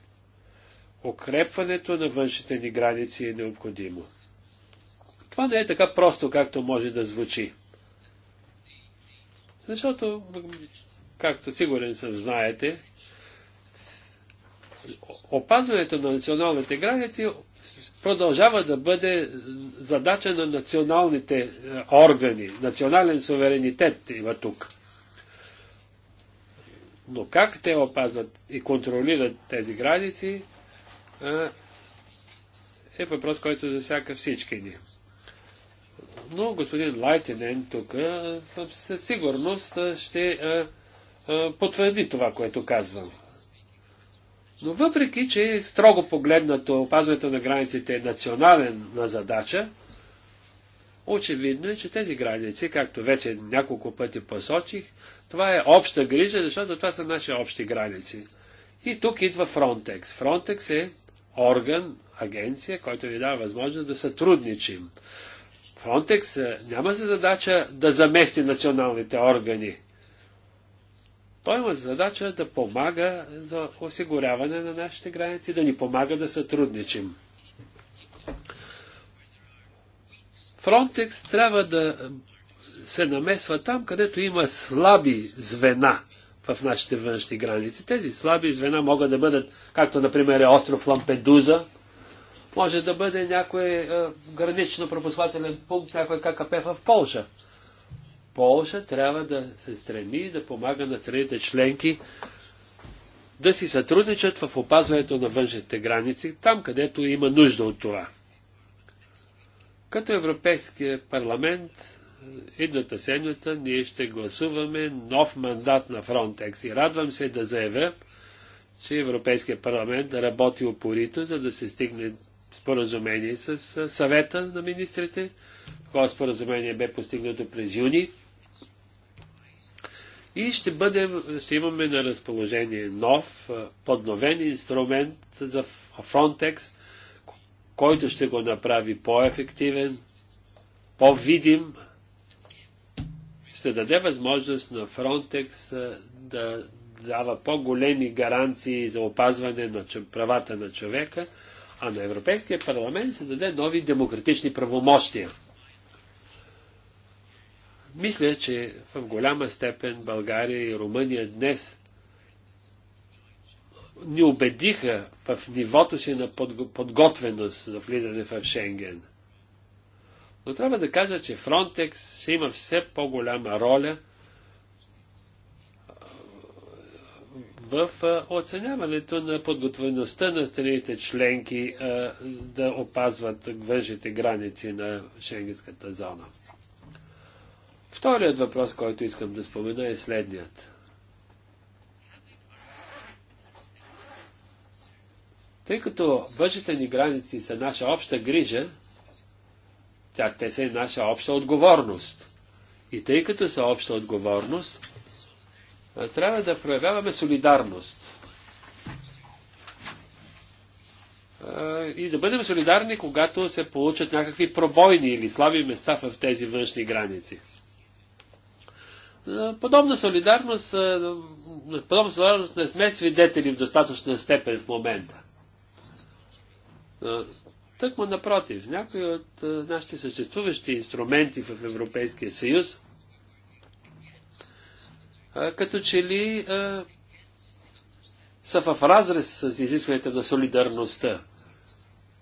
укрепването на външните ни граници е необходимо. Това не е така просто, както може да звучи. Защото, както сигурен съм, знаете, опазването на националните граници продължава да бъде задача на националните е, органи. Национален суверенитет има тук. Но как те опазват и контролират тези граници, е въпрос, който засяга всички ни. Но господин Лайтенен тук със сигурност ще потвърди това, което казвам. Но въпреки, че строго погледнато опазването на границите е национална задача, очевидно е, че тези граници, както вече няколко пъти посочих, това е обща грижа, защото това са наши общи граници. И тук идва Фронтекс. Фронтекс е орган, агенция, който ни дава възможност да сътрудничим. Фронтекс е, няма за задача да замести националните органи. Той има задача да помага за осигуряване на нашите граници, да ни помага да сътрудничим. Фронтекс трябва да се намесва там, където има слаби звена в нашите външни граници. Тези слаби звена могат да бъдат, както например е остров Лампедуза, може да бъде някой е, гранично пропускателен пункт, някой ККП в Полша. Полша трябва да се стреми да помага на страните членки да си сътрудничат в опазването на външните граници, там където има нужда от това. Като Европейския парламент идната седмица ние ще гласуваме нов мандат на Фронтекс. И радвам се да заявя, че Европейския парламент работи упорито, за да се стигне споразумение с съвета на министрите. Такова споразумение бе постигнато през юни. И ще, бъдем, ще имаме на разположение нов, подновен инструмент за Фронтекс, който ще го направи по-ефективен, по-видим, се даде възможност на Фронтекс да дава по-големи гаранции за опазване на правата на човека, а на Европейския парламент се даде нови демократични правомощия. Мисля, че в голяма степен България и Румъния днес ни убедиха в нивото си на подготвеност за влизане в Шенген – но трябва да кажа, че Фронтекс ще има все по-голяма роля в оценяването на подготвеността на страните членки да опазват външните граници на Шенгенската зона. Вторият въпрос, който искам да спомена е следният. Тъй като външните ни граници са наша обща грижа, тя, те са и наша обща отговорност. И тъй като са обща отговорност, трябва да проявяваме солидарност. И да бъдем солидарни, когато се получат някакви пробойни или слаби места в тези външни граници. Подобна солидарност, подобна солидарност не сме свидетели в достатъчна степен в момента. Тъкмо напротив, някои от нашите съществуващи инструменти в Европейския съюз, като че ли са в разрез с изискването на солидарността,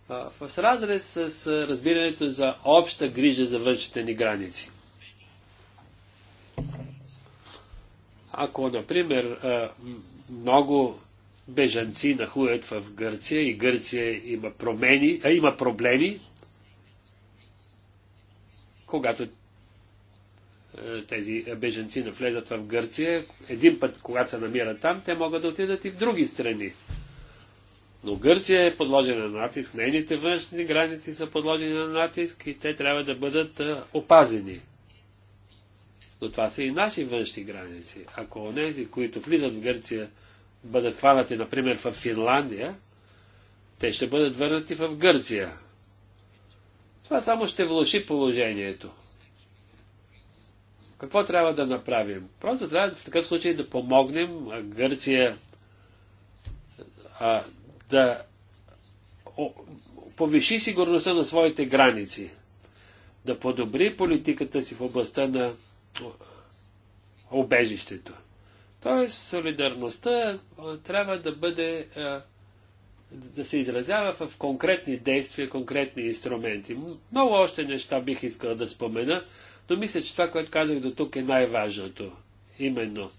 в разрез с разбирането за обща грижа за външните ни граници. Ако, например, много бежанци нахуят в Гърция и Гърция има, промени, а, има проблеми, когато е, тези беженци навлезат в Гърция, един път, когато се намират там, те могат да отидат и в други страни. Но Гърция е подложена на натиск, нейните външни граници са подложени на натиск и те трябва да бъдат е, опазени. Но това са и наши външни граници. Ако онези, които влизат в Гърция, бъдат хванати, например, в Финландия, те ще бъдат върнати в Гърция. Това само ще влуши положението. Какво трябва да направим? Просто трябва в такъв случай да помогнем Гърция а, да о, повиши сигурността на своите граници, да подобри политиката си в областта на обежището. Тоест, солидарността трябва да бъде, да се изразява в конкретни действия, конкретни инструменти. Много още неща бих искал да спомена, но мисля, че това, което казах до тук е най-важното. Именно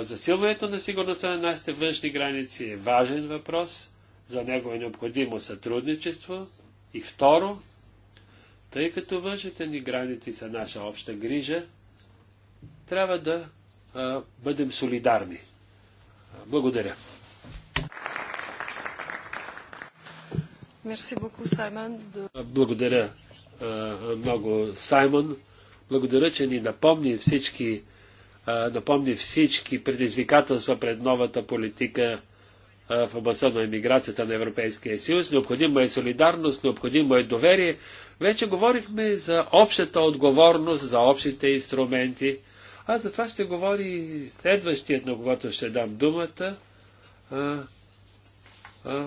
засилването на сигурността на нашите външни граници е важен въпрос. За него е необходимо сътрудничество. И второ, тъй като външните ни граници са наша обща грижа, трябва да бъдем солидарни. Благодаря. Благодаря много, Саймон. Благодаря, че ни напомни всички, напомни всички предизвикателства пред новата политика в областта на емиграцията на Европейския съюз. Необходимо е солидарност, необходимо е доверие. Вече говорихме за общата отговорност, за общите инструменти. Аз за това ще говори следващият, на когато ще дам думата. А, а,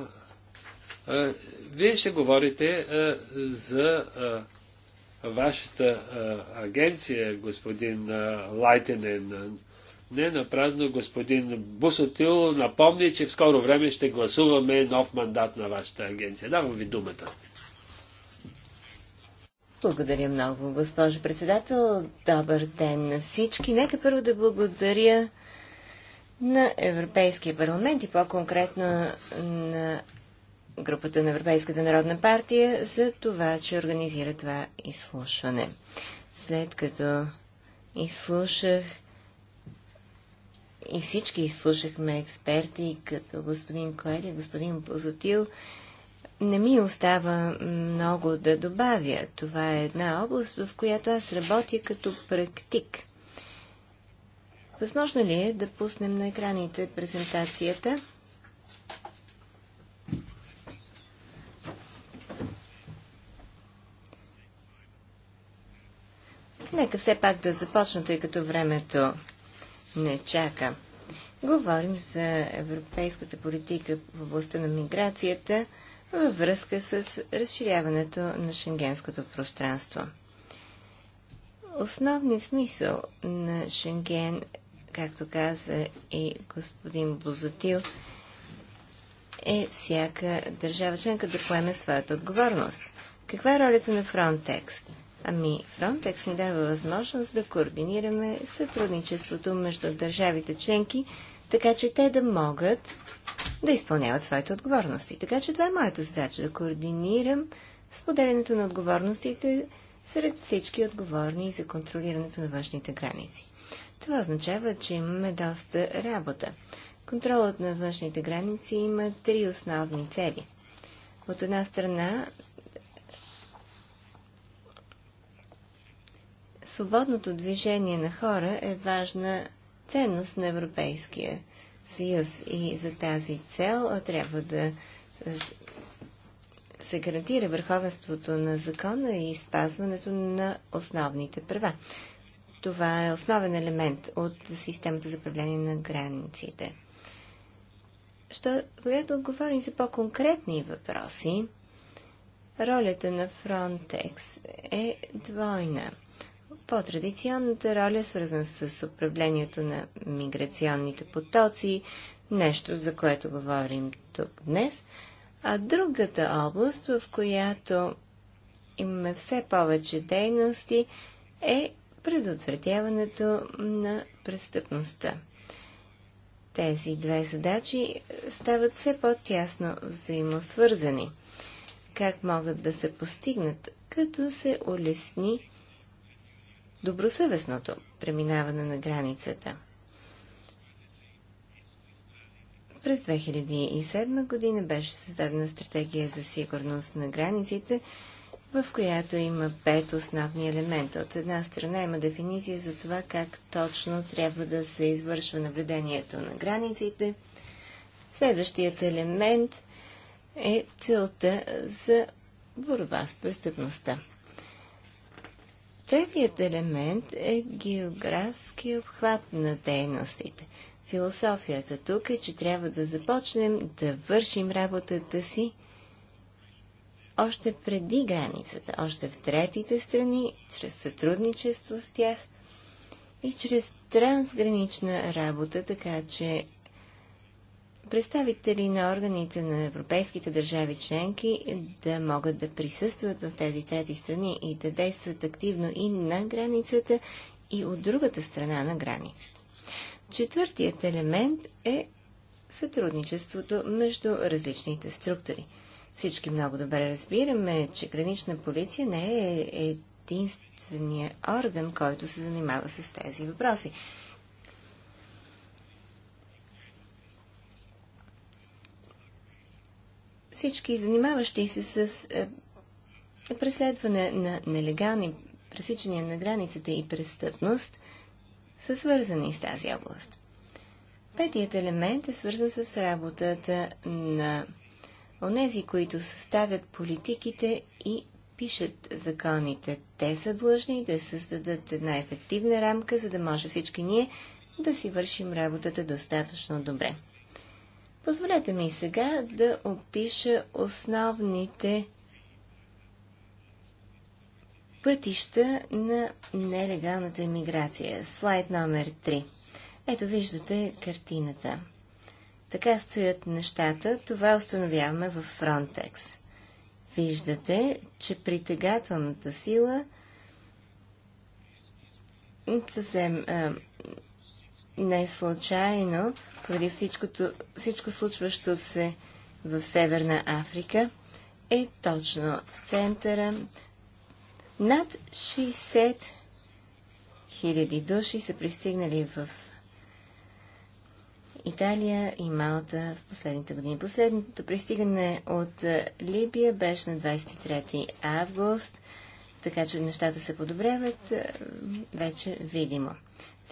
а, вие ще говорите а, за а, вашата а, агенция, господин а, Лайтенен. Не на празно господин Бусотил напомни, че в скоро време ще гласуваме нов мандат на вашата агенция. Давам ви думата. Благодаря много, госпожо председател. Добър ден на всички. Нека първо да благодаря на Европейския парламент и по-конкретно на групата на Европейската народна партия за това, че организира това изслушване. След като изслушах и всички изслушахме експерти, като господин Коели, господин Позотил, не ми остава много да добавя. Това е една област, в която аз работя като практик. Възможно ли е да пуснем на екраните презентацията? Нека все пак да започна, тъй като времето не чака. Говорим за европейската политика в областта на миграцията – във връзка с разширяването на шенгенското пространство. Основният смисъл на Шенген, както каза и господин Бозатил, е всяка държава членка да поеме своята отговорност. Каква е ролята на Frontex? Ами, Frontex ни дава възможност да координираме сътрудничеството между държавите членки, така че те да могат да изпълняват своите отговорности. Така че това е моята задача да координирам споделянето на отговорностите сред всички отговорни за контролирането на външните граници. Това означава, че имаме доста работа. Контролът на външните граници има три основни цели. От една страна, свободното движение на хора е важна ценност на Европейския съюз. И за тази цел трябва да се гарантира върховенството на закона и спазването на основните права. Това е основен елемент от системата за управление на границите. Що, когато говорим за по-конкретни въпроси, ролята на Frontex е двойна – по-традиционната роля, свързана с управлението на миграционните потоци, нещо, за което говорим тук днес, а другата област, в която имаме все повече дейности, е предотвратяването на престъпността. Тези две задачи стават все по-тясно взаимосвързани. Как могат да се постигнат, като се улесни добросъвестното преминаване на границата. През 2007 година беше създадена стратегия за сигурност на границите, в която има пет основни елемента. От една страна има дефиниция за това как точно трябва да се извършва наблюдението на границите. Следващият елемент е целта за борба с престъпността. Третият елемент е географски обхват на дейностите. Философията тук е, че трябва да започнем да вършим работата си още преди границата, още в третите страни, чрез сътрудничество с тях и чрез трансгранична работа, така че представители на органите на европейските държави членки да могат да присъстват в тези трети страни и да действат активно и на границата, и от другата страна на границата. Четвъртият елемент е сътрудничеството между различните структури. Всички много добре разбираме, че гранична полиция не е единствения орган, който се занимава с тези въпроси. всички занимаващи се с е, преследване на нелегални пресичания на границата и престъпност са свързани с тази област. Петият елемент е свързан с работата на онези, които съставят политиките и пишат законите. Те са длъжни да създадат една ефективна рамка, за да може всички ние да си вършим работата достатъчно добре. Позволете ми сега да опиша основните пътища на нелегалната миграция. Слайд номер 3. Ето виждате картината. Така стоят нещата. Това установяваме в Frontex. Виждате, че притегателната сила съвсем не случайно, поради всичкото, всичко случващо се в Северна Африка, е точно в центъра. Над 60 хиляди души са пристигнали в Италия и Малта в последните години. Последното пристигане от е, Либия беше на 23 август, така че нещата се подобряват е, вече видимо.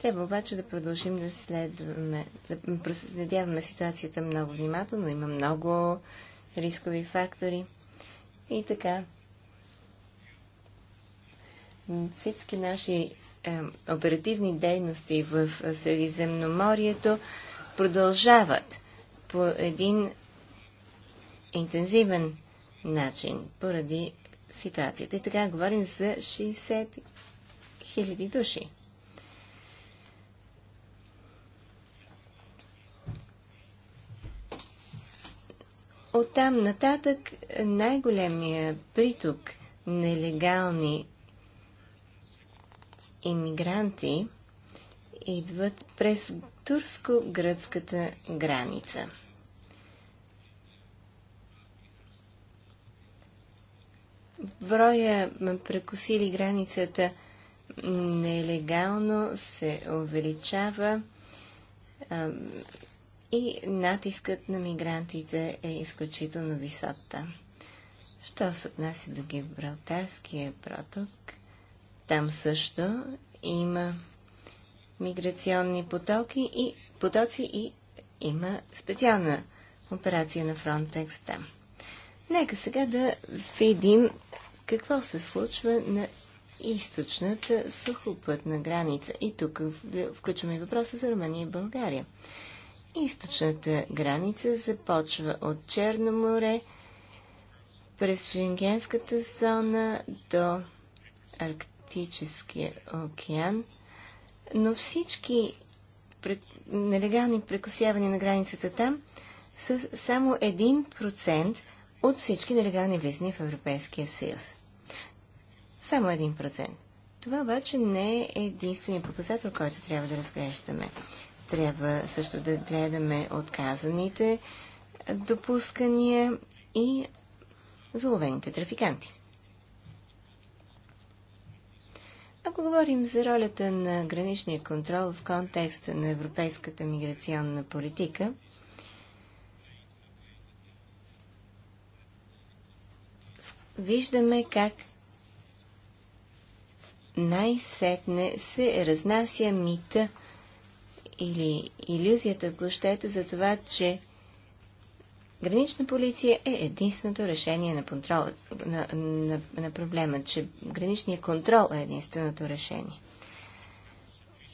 Трябва обаче да продължим да следваме, да проследяваме ситуацията много внимателно. Има много рискови фактори. И така. Всички наши е, оперативни дейности в Средиземноморието продължават по един интензивен начин поради ситуацията. И така говорим за 60 хиляди души. Оттам нататък най-големия приток нелегални иммигранти идват през турско-гръцката граница. Броя прекусили границата нелегално се увеличава и натискът на мигрантите е изключително висок там. Що се отнася до Гибралтарския проток, там също има миграционни потоки и потоци и има специална операция на Frontex там. Нека сега да видим какво се случва на източната сухопътна граница. И тук включваме въпроса за Румъния и България. Източната граница започва от Черно море, през Шенгенската зона до Арктическия океан, но всички нелегални прекосявания на границата там са само 1% от всички нелегални влизани в Европейския съюз. Само 1%. Това обаче не е единствения показател, който трябва да разглеждаме. Трябва също да гледаме отказаните допускания и заловените трафиканти. Ако говорим за ролята на граничния контрол в контекста на европейската миграционна политика, виждаме как най-сетне се разнася мита или иллюзията, ако щете, за това, че гранична полиция е единственото решение на, контрол, на, на, на проблема, че граничният контрол е единственото решение.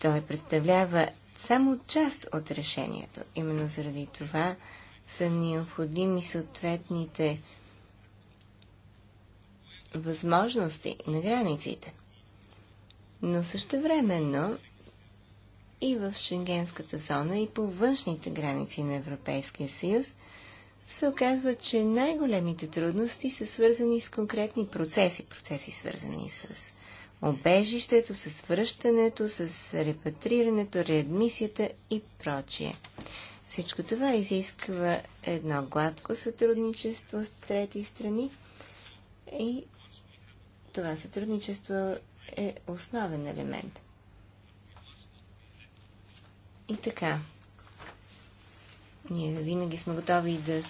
Той представлява само част от решението. Именно заради това са необходими съответните възможности на границите. Но същевременно и в Шенгенската зона, и по външните граници на Европейския съюз, се оказва, че най-големите трудности са свързани с конкретни процеси. Процеси свързани с обежището, с връщането, с репатрирането, реадмисията и прочие. Всичко това изисква едно гладко сътрудничество с трети страни и това сътрудничество е основен елемент. И така, ние винаги сме готови да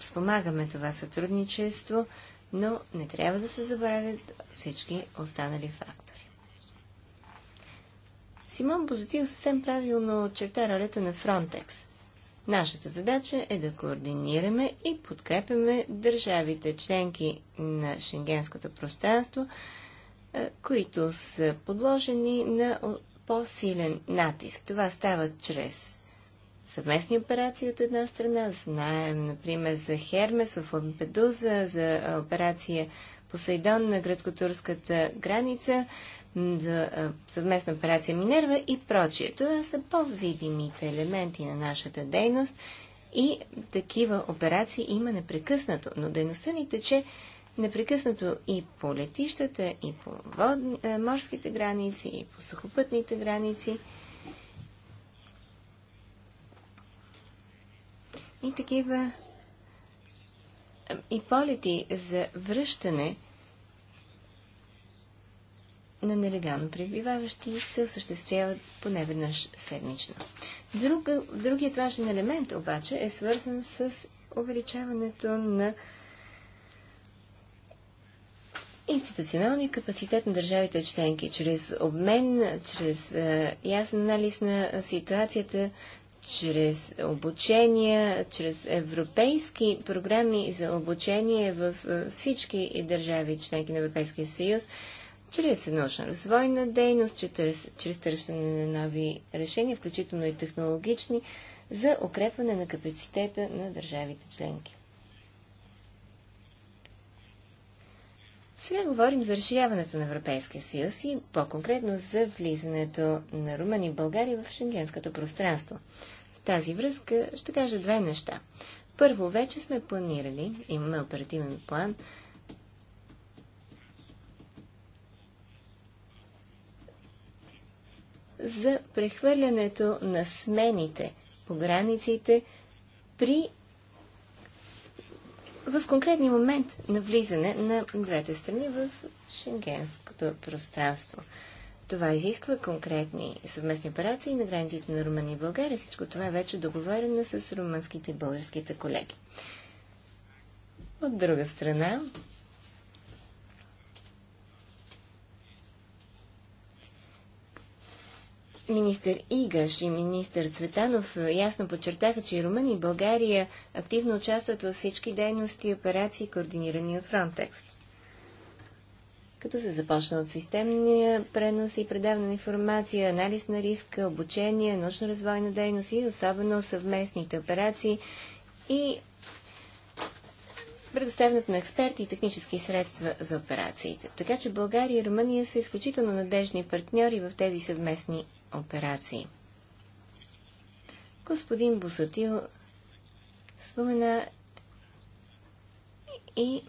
спомагаме това сътрудничество, но не трябва да се забравят всички останали фактори. Симон Бозотил съвсем правилно черта ролята на Фронтекс. Нашата задача е да координираме и подкрепяме държавите членки на шенгенското пространство, които са подложени на по-силен натиск. Това става чрез съвместни операции от една страна. Знаем, например, за Хермес в Лампедуза, за операция Посейдон на гръцко-турската граница, за съвместна операция Минерва и прочие. Това са по-видимите елементи на нашата дейност и такива операции има непрекъснато, но дейността ни тече непрекъснато и по летищата, и по водни, е, морските граници, и по сухопътните граници. И такива е, и полети за връщане на нелегално пребиваващи се осъществяват поне веднъж седмично. Друг, другият важен елемент обаче е свързан с увеличаването на институционалния капацитет на държавите членки, чрез обмен, чрез е, ясен анализ на ситуацията, чрез обучения, чрез европейски програми за обучение в е, всички държави членки на Европейския съюз, чрез научно-развойна дейност, чрез, чрез търсене на нови решения, включително и технологични, за укрепване на капацитета на държавите членки. Сега говорим за разширяването на Европейския съюз и по-конкретно за влизането на Румъния и България в шенгенското пространство. В тази връзка ще кажа две неща. Първо, вече сме планирали, имаме оперативен план, за прехвърлянето на смените по границите при в конкретния момент на влизане на двете страни в шенгенското пространство. Това изисква конкретни съвместни операции на границите на Румъния и България. Всичко това е вече договорено с румънските и българските колеги. От друга страна, Министър Игаш и министър Цветанов е, ясно подчертаха, че и Румъния и България активно участват във всички дейности и операции, координирани от Frontex. Като се започна от системния пренос и предаване на информация, анализ на риска, обучение, научно-развойна дейност и особено съвместните операции и предоставянето на експерти и технически средства за операциите. Така че България и Румъния са изключително надежни партньори в тези съвместни операции. Господин Босатил спомена и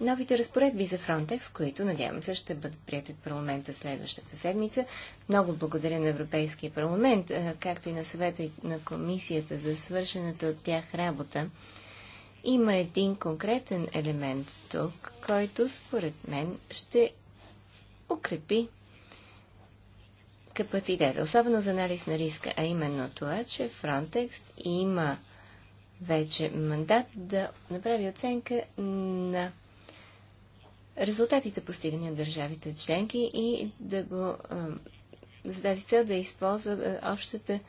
новите разпоредби за Фронтекс, които, надявам се, ще бъдат прияти от парламента следващата седмица. Много благодаря на Европейския парламент, както и на съвета и на комисията за свършената от тях работа. Има един конкретен елемент тук, който според мен ще укрепи капацитета, особено за анализ на риска, а именно това, че Frontex има вече мандат да направи оценка на резултатите постигани от държавите членки и да го за тази цел да използва общата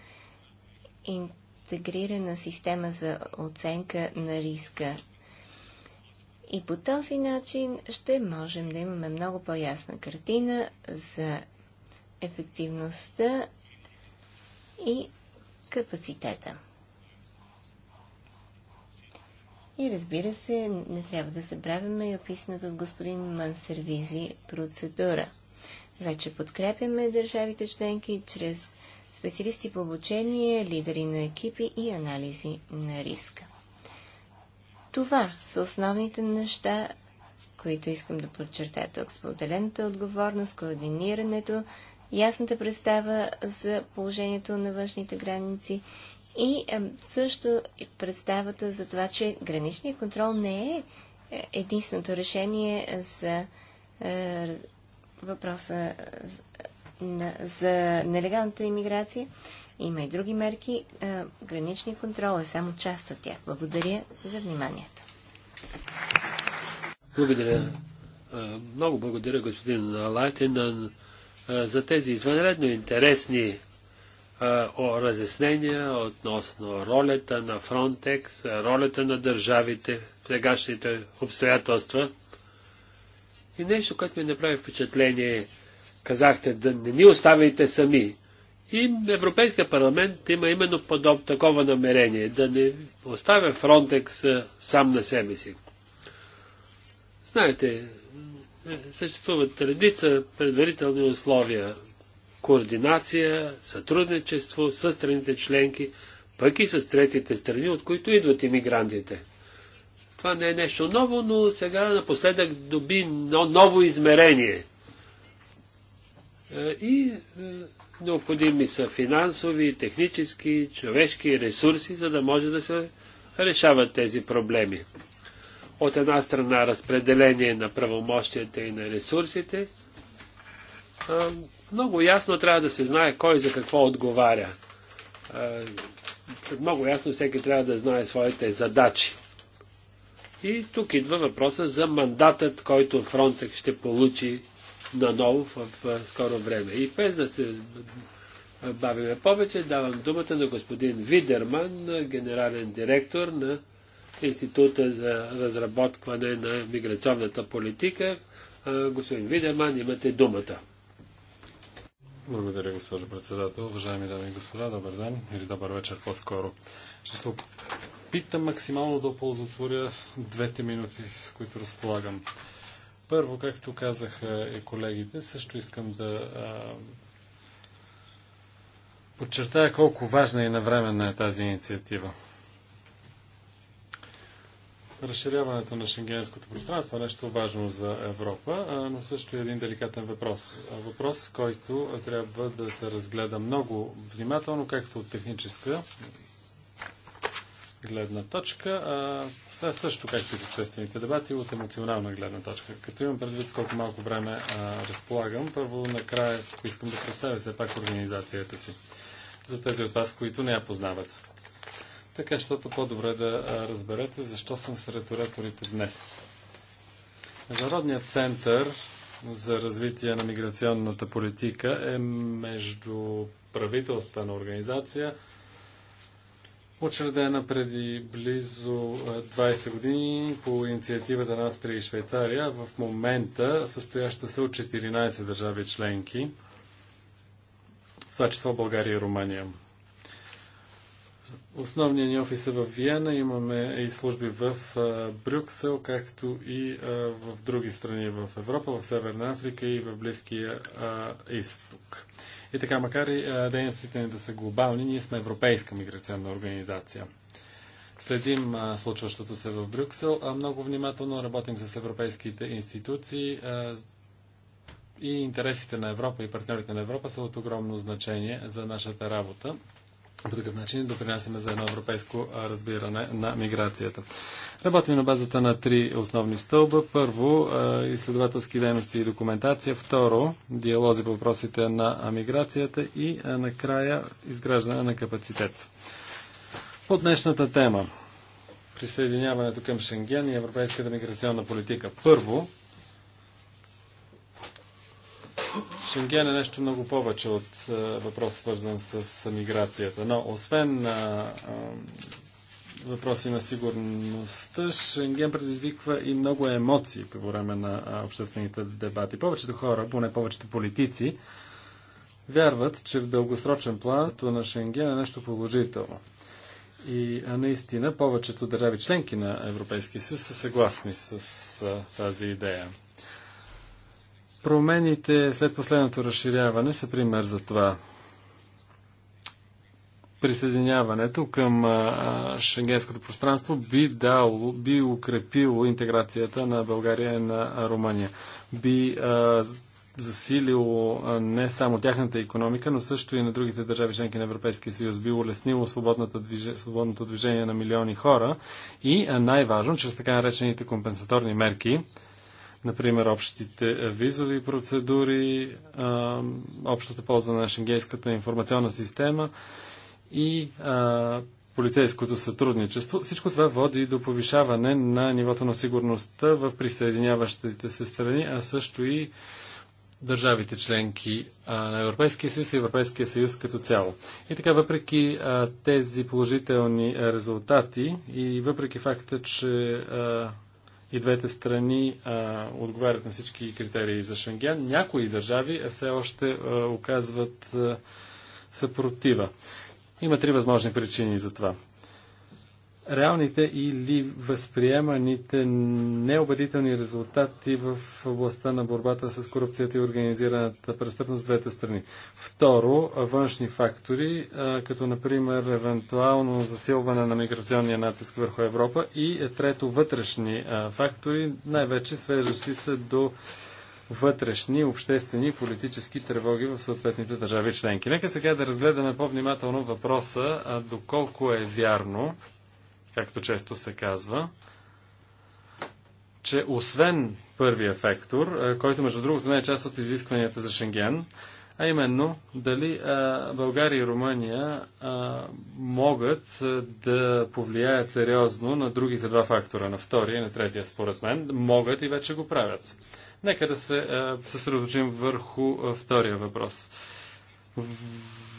интегрирана система за оценка на риска. И по този начин ще можем да имаме много по-ясна картина за ефективността и капацитета. И разбира се, не трябва да забравяме и описаната от господин Мансервизи процедура. Вече подкрепяме държавите членки чрез специалисти по обучение, лидери на екипи и анализи на риска. Това са основните неща, които искам да подчертая тук. Споделената отговорност, координирането, ясната представа за положението на външните граници и също представата за това, че граничният контрол не е, е единственото решение за е, въпроса е, на, за нелегалната иммиграция. Има и други мерки. Е, граничният контрол е само част от тях. Благодаря за вниманието. Благодаря. Е, много благодаря, господин Лайтен за тези извънредно интересни разяснения относно ролята на Фронтекс, ролята на държавите в сегашните обстоятелства. И нещо, което ми направи впечатление, казахте да не ни оставяйте сами. И Европейския парламент има именно подоб, такова намерение, да не оставя Фронтекс сам на себе си. Знаете, съществуват редица предварителни условия. Координация, сътрудничество с страните членки, пък и с третите страни, от които идват иммигрантите. Това не е нещо ново, но сега напоследък доби ново измерение. Е, и е, необходими са финансови, технически, човешки ресурси, за да може да се решават тези проблеми. От една страна разпределение на правомощията и на ресурсите. Много ясно трябва да се знае кой за какво отговаря. Много ясно всеки трябва да знае своите задачи. И тук идва въпроса за мандатът, който Фронтек ще получи наново в, в скоро време. И без да се бавиме повече, давам думата на господин Видерман, генерален директор на Института за разработване на миграционната политика. Господин Видеман, имате думата. Благодаря, госпожо председател. Уважаеми дами и господа, добър ден или добър вечер по-скоро. Ще се опитам максимално да оползотворя двете минути, с които разполагам. Първо, както казаха и колегите, също искам да а, подчертая колко важна и навременна е тази инициатива разширяването на шенгенското пространство е нещо важно за Европа, но също е един деликатен въпрос. Въпрос, който трябва да се разгледа много внимателно, както от техническа гледна точка, а също както и в обществените дебати, от емоционална гледна точка. Като имам предвид колко малко време а, разполагам, първо накрая искам да представя все пак организацията си за тези от вас, които не я познават така щото по-добре да разберете защо съм сред ораторите днес. Международният център за развитие на миграционната политика е между правителствена организация, учредена преди близо 20 години по инициативата на Австрия и Швейцария, в момента състояща се от 14 държави членки, в това число България и Румъния. Основният ни офис е в Виена, имаме и служби в Брюксел, както и в други страни в Европа, в Северна Африка и в Близкия изток. И така, макар и дейностите ни да са глобални, ние сме европейска миграционна организация. Следим случващото се в Брюксел, а много внимателно работим с европейските институции и интересите на Европа и партньорите на Европа са от огромно значение за нашата работа по такъв начин допринасяме за едно европейско разбиране на миграцията. Работим на базата на три основни стълба. Първо, изследователски дейности и документация. Второ, диалози по въпросите на миграцията. И накрая, изграждане на капацитет. По днешната тема присъединяването към Шенген и европейската миграционна политика. Първо, Шенген е нещо много повече от е, въпрос, свързан с миграцията. Но освен на е, е, въпроси на сигурността, Шенген предизвиква и много емоции по време на обществените дебати. Повечето хора, поне повечето политици, вярват, че в дългосрочен план на Шенген е нещо положително. И наистина повечето държави членки на Европейския съюз са съгласни с тази идея. Промените след последното разширяване са пример за това. Присъединяването към шенгенското пространство би, дало, би укрепило интеграцията на България и на Румъния. Би а, засилило не само тяхната економика, но също и на другите държави членки на Европейския съюз, би улеснило движение, свободното движение на милиони хора и най-важно, чрез така наречените компенсаторни мерки, Например, общите визови процедури, общото ползване на шенгейската информационна система и полицейското сътрудничество. Всичко това води до повишаване на нивото на сигурността в присъединяващите се страни, а също и държавите членки на Европейския съюз и Европейския съюз като цяло. И така, въпреки тези положителни резултати и въпреки факта, че и двете страни а, отговарят на всички критерии за Шенген. Някои държави е, все още а, оказват а, съпротива. Има три възможни причини за това реалните или възприеманите необедителни резултати в областта на борбата с корупцията и организираната престъпност в двете страни. Второ, външни фактори, като например евентуално засилване на миграционния натиск върху Европа. И е, трето, вътрешни фактори, най-вече свежащи се до вътрешни, обществени и политически тревоги в съответните държави членки. Нека сега да разгледаме по-внимателно въпроса, доколко е вярно, както често се казва, че освен първия фактор, е, който между другото не е част от изискванията за Шенген, а именно дали е, България и Румъния е, могат да повлияят сериозно на другите два фактора, на втория и на третия, според мен, могат и вече го правят. Нека да се съсредоточим върху втория въпрос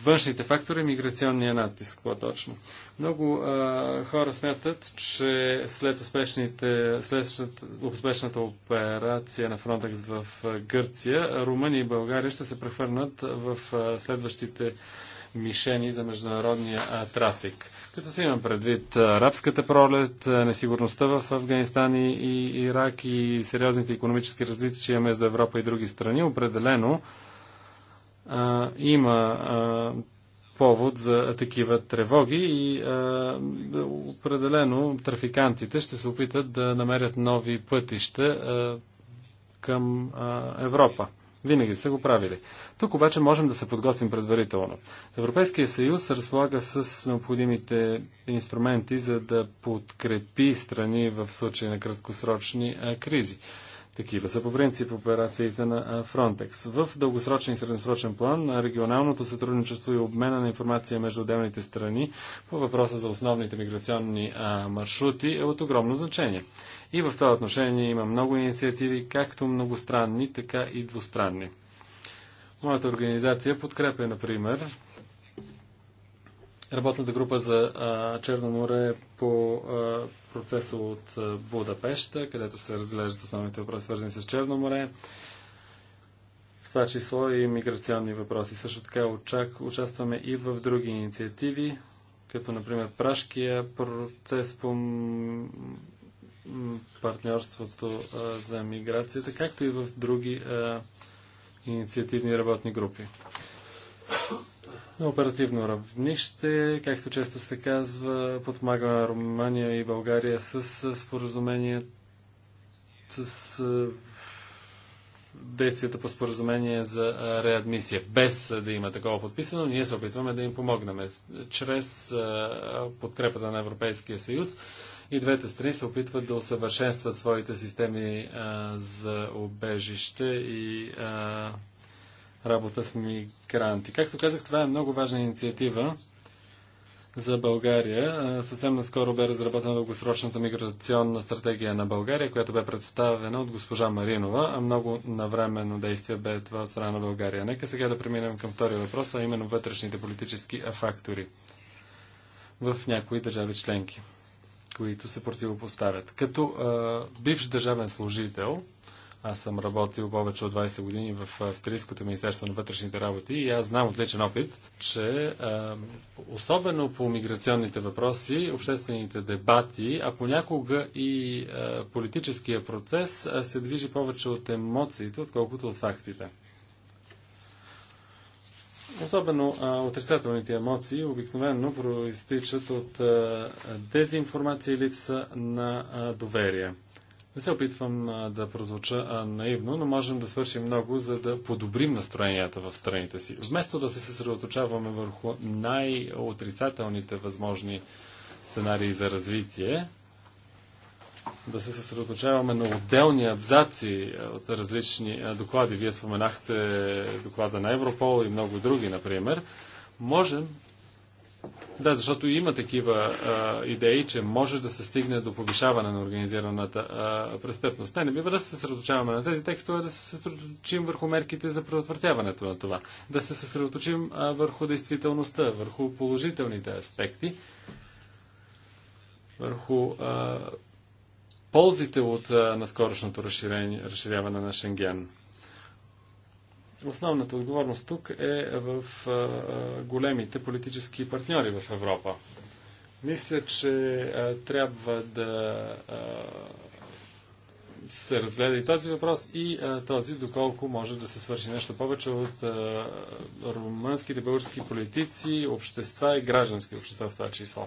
външните фактори, миграционния натиск по-точно. Много а, хора смятат, че след, успешните, след успешната операция на Фронтекс в Гърция, Румъния и България ще се прехвърнат в а, следващите мишени за международния а, трафик. Като си имам предвид арабската пролет, несигурността в Афганистан и, и Ирак и сериозните економически различия между Европа и други страни, определено а, има а, повод за такива тревоги и а, определено трафикантите ще се опитат да намерят нови пътища а, към а, Европа. Винаги са го правили. Тук обаче можем да се подготвим предварително. Европейския съюз разполага с необходимите инструменти, за да подкрепи страни в случай на краткосрочни кризи. Такива са по принцип операциите на Frontex. В дългосрочен и средносрочен план регионалното сътрудничество и обмена на информация между отделните страни по въпроса за основните миграционни маршрути е от огромно значение. И в това отношение има много инициативи, както многостранни, така и двустранни. Моята организация подкрепя, например, работната група за Черно море по процеса от Будапешта, където се разглеждат основните въпроси, свързани с Черно море. В това число и миграционни въпроси. Също така очак, участваме и в други инициативи, като например прашкия процес по партньорството за миграцията, както и в други инициативни работни групи на оперативно равнище, както често се казва, подпомага Румъния и България с споразумение, с действията по споразумение за реадмисия. Без да има такова подписано, ние се опитваме да им помогнем. Чрез подкрепата на Европейския съюз и двете страни се опитват да усъвършенстват своите системи за обежище и работа с мигранти. Както казах, това е много важна инициатива за България. Съвсем наскоро бе разработена дългосрочната миграционна стратегия на България, която бе представена от госпожа Маринова, а много навременно действие бе това от страна на България. Нека сега да преминем към втория въпрос, а именно вътрешните политически фактори в някои държави членки, които се противопоставят. Като а, бивш държавен служител, аз съм работил повече от 20 години в Австрийското министерство на вътрешните работи и аз знам от личен опит, че особено по миграционните въпроси, обществените дебати, а понякога и политическия процес се движи повече от емоциите, отколкото от фактите. Особено а, отрицателните емоции обикновено проистичат от а, дезинформация и липса на а, доверие. Не се опитвам а, да прозвуча а, наивно, но можем да свършим много, за да подобрим настроенията в страните си. Вместо да се съсредоточаваме върху най-отрицателните възможни сценарии за развитие, да се съсредоточаваме на отделни абзаци от различни доклади. Вие споменахте доклада на Европол и много други, например. Можем да, защото има такива а, идеи, че може да се стигне до повишаване на организираната а, престъпност. Не, не бива да се съсредоточаваме на тези текстове, да се съсредоточим върху мерките за предотвратяването на това. Да се съсредоточим а, върху действителността, върху положителните аспекти, върху а, ползите от а, наскорошното разширяване на Шенген. Основната отговорност тук е в големите политически партньори в Европа. Мисля, че трябва да се разгледа и този въпрос и този доколко може да се свърши нещо повече от румънските български политици, общества и граждански общества в това число.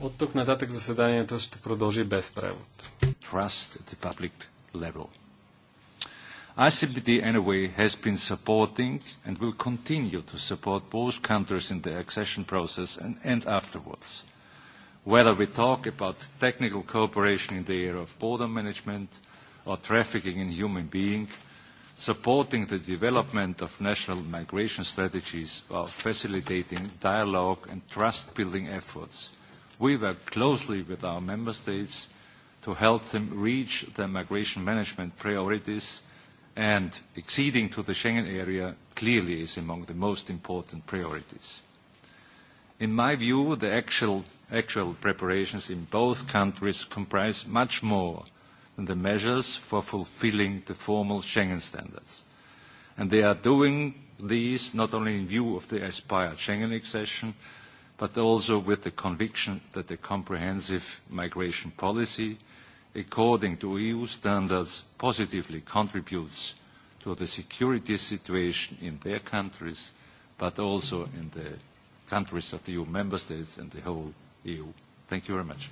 От тук нататък заседанието ще продължи без превод. Trust the public level. ICBD anyway has been supporting and will continue to support both countries in the accession process and, afterwards. Whether we talk about technical cooperation in the area of border management or trafficking in human beings, supporting the development of national migration strategies or facilitating dialogue and trust-building efforts. We work closely with our member states to help them reach their migration management priorities, and acceding to the Schengen area clearly is among the most important priorities. In my view, the actual preparations in both countries comprise much more than the measures for fulfilling the formal Schengen standards. and They are doing these not only in view of the aspired Schengen accession, but also with the conviction that a comprehensive migration policy according to EU standards, positively contributes to the security situation in their countries, but also in the countries of the EU member states and the whole EU. Thank you very much.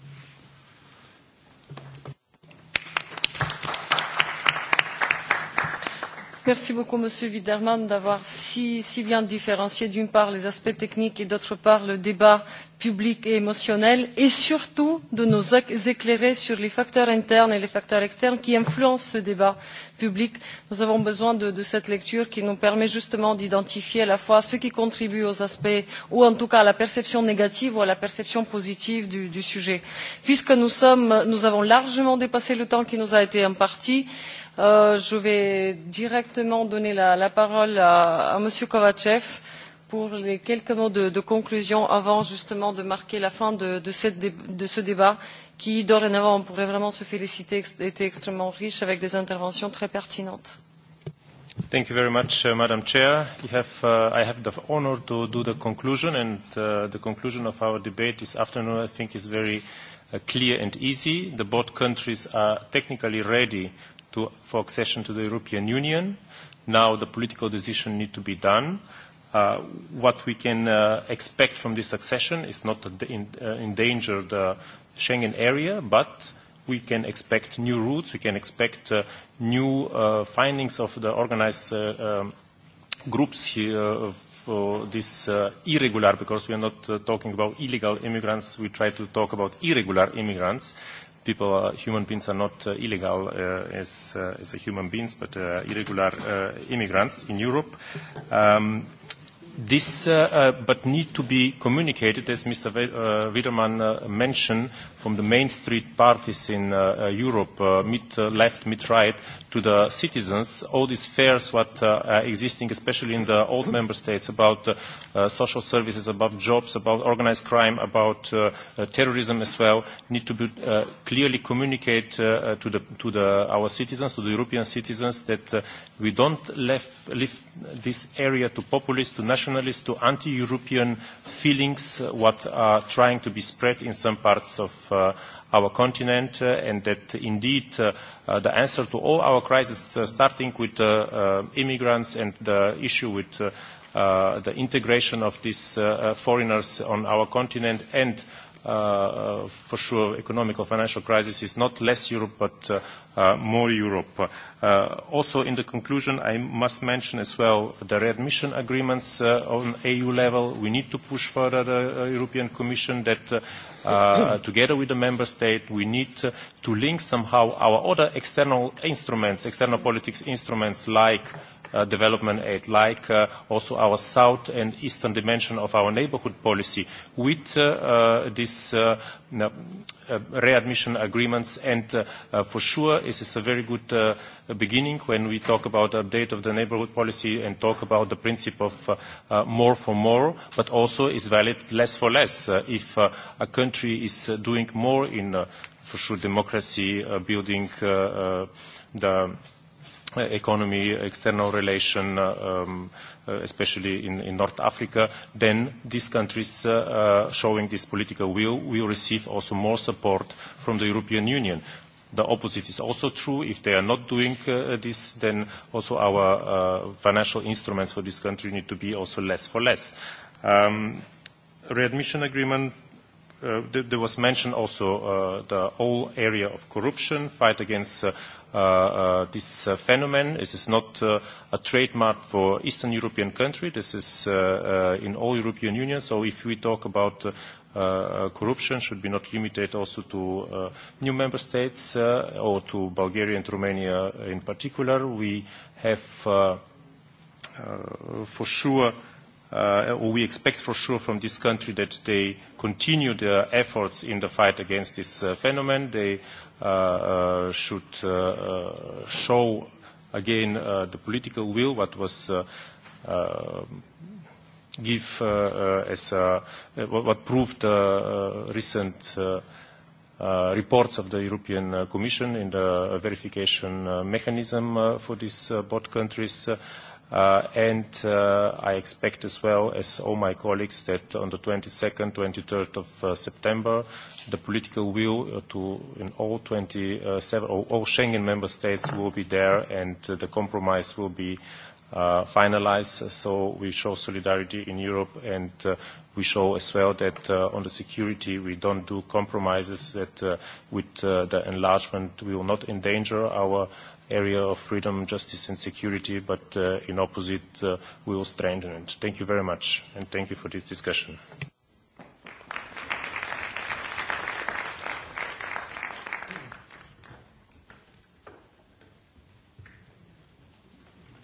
Merci beaucoup, Monsieur Widerman, d'avoir si, si bien différencié d'une part les aspects techniques et d'autre part le débat public et émotionnel et surtout de nous éclairer sur les facteurs internes et les facteurs externes qui influencent ce débat public. Nous avons besoin de, cette lecture qui nous permet justement d'identifier à la fois ce qui contribue aux aspects ou en tout cas à la perception négative ou à la perception positive du, sujet. Puisque nous, avons largement dépassé le temps qui nous a été imparti, je vais directement donner la, parole à, M. Kovachev pour les quelques mots de, conclusion avant justement de marquer la fin de, ce débat qui, dorénavant, on pourrait vraiment se féliciter, était extrêmement riche avec des interventions très pertinentes. Thank you very much, uh, Madam Chair. You have, uh, I have the honor to do the conclusion, and uh, the conclusion of our debate this afternoon, I think, is very uh, clear and easy. The both countries are technically ready to, for accession to the European Union. Now the political decision needs to be done. Uh, what we can uh, expect from this accession is not to in, uh, endanger the Schengen area, but we can expect new routes, we can expect uh, new uh, findings of the organized uh, um, groups here for this uh, irregular, because we are not uh, talking about illegal immigrants, we try to talk about irregular immigrants, people are, human beings are not uh, illegal uh, as, uh, as a human beings, but uh, irregular uh, immigrants in Europe. Um, this uh, uh, but need to be communicated, as Mr. Wiedermann uh, mentioned, from the main street parties in uh, Europe, uh, mid-left, mid-right, to the citizens, all these fears what uh, are existing, especially in the old member states, about uh, uh, social services, about jobs, about organized crime, about uh, uh, terrorism as well, need to be, uh, clearly communicate uh, to, the, to the, our citizens, to the European citizens, that uh, we don't left, live this area to populist, to nationalist, to anti-European feelings what are trying to be spread in some parts of uh, our continent uh, and that indeed uh, uh, the answer to all our crises, uh, starting with uh, uh, immigrants and the issue with uh, uh, the integration of these uh, uh, foreigners on our continent and uh, for sure economic or financial crisis is not less Europe but uh, uh, more Europe. Uh, also, in the conclusion, I must mention as well the readmission agreements uh, on EU level. We need to push further the uh, European Commission that uh, uh, together with the member state, we need to, to link somehow our other external instruments, external politics instruments like development aid, like uh, also our south and eastern dimension of our neighborhood policy, with uh, uh, this uh, readmission agreements and uh, uh, for sure this is a very good uh, beginning when we talk about update of the neighborhood policy and talk about the principle of uh, uh, more for more but also is valid less for less uh, if uh, a country is uh, doing more in uh, for sure democracy uh, building uh, uh, the economy, external relation, um, especially in, in North Africa, then these countries uh, uh, showing this political will will receive also more support from the European Union. The opposite is also true. If they are not doing uh, this, then also our uh, financial instruments for this country need to be also less for less. Um, readmission agreement uh, there was mentioned also uh, the whole area of corruption, fight against uh, uh, this uh, phenomenon. This is not uh, a trademark for Eastern European country. This is uh, uh, in all European Union. So if we talk about uh, uh, corruption should be not limited also to uh, new member states uh, or to Bulgaria and Romania in particular. We have uh, uh, for sure uh, or we expect for sure from this country that they continue their efforts in the fight against this uh, phenomenon. They should show again uh the political will what was uh give uh as uh what proved uh recent uh uh reports of the European Commission in the verification mechanism uh for these uh both countries. uh And uh I expect as well as all my colleagues that on the 22nd, 23rd of September, the political will to in all 27 all, all Schengen member states will be there and uh, the compromise will be uh, finalized so we show solidarity in Europe and uh, we show as well that uh, on the security we don't do compromises that uh, with uh, the enlargement we will not endanger our area of freedom, justice and security, but uh, in opposite uh, we will strengthen it. Thank you very much and thank you for this discussion.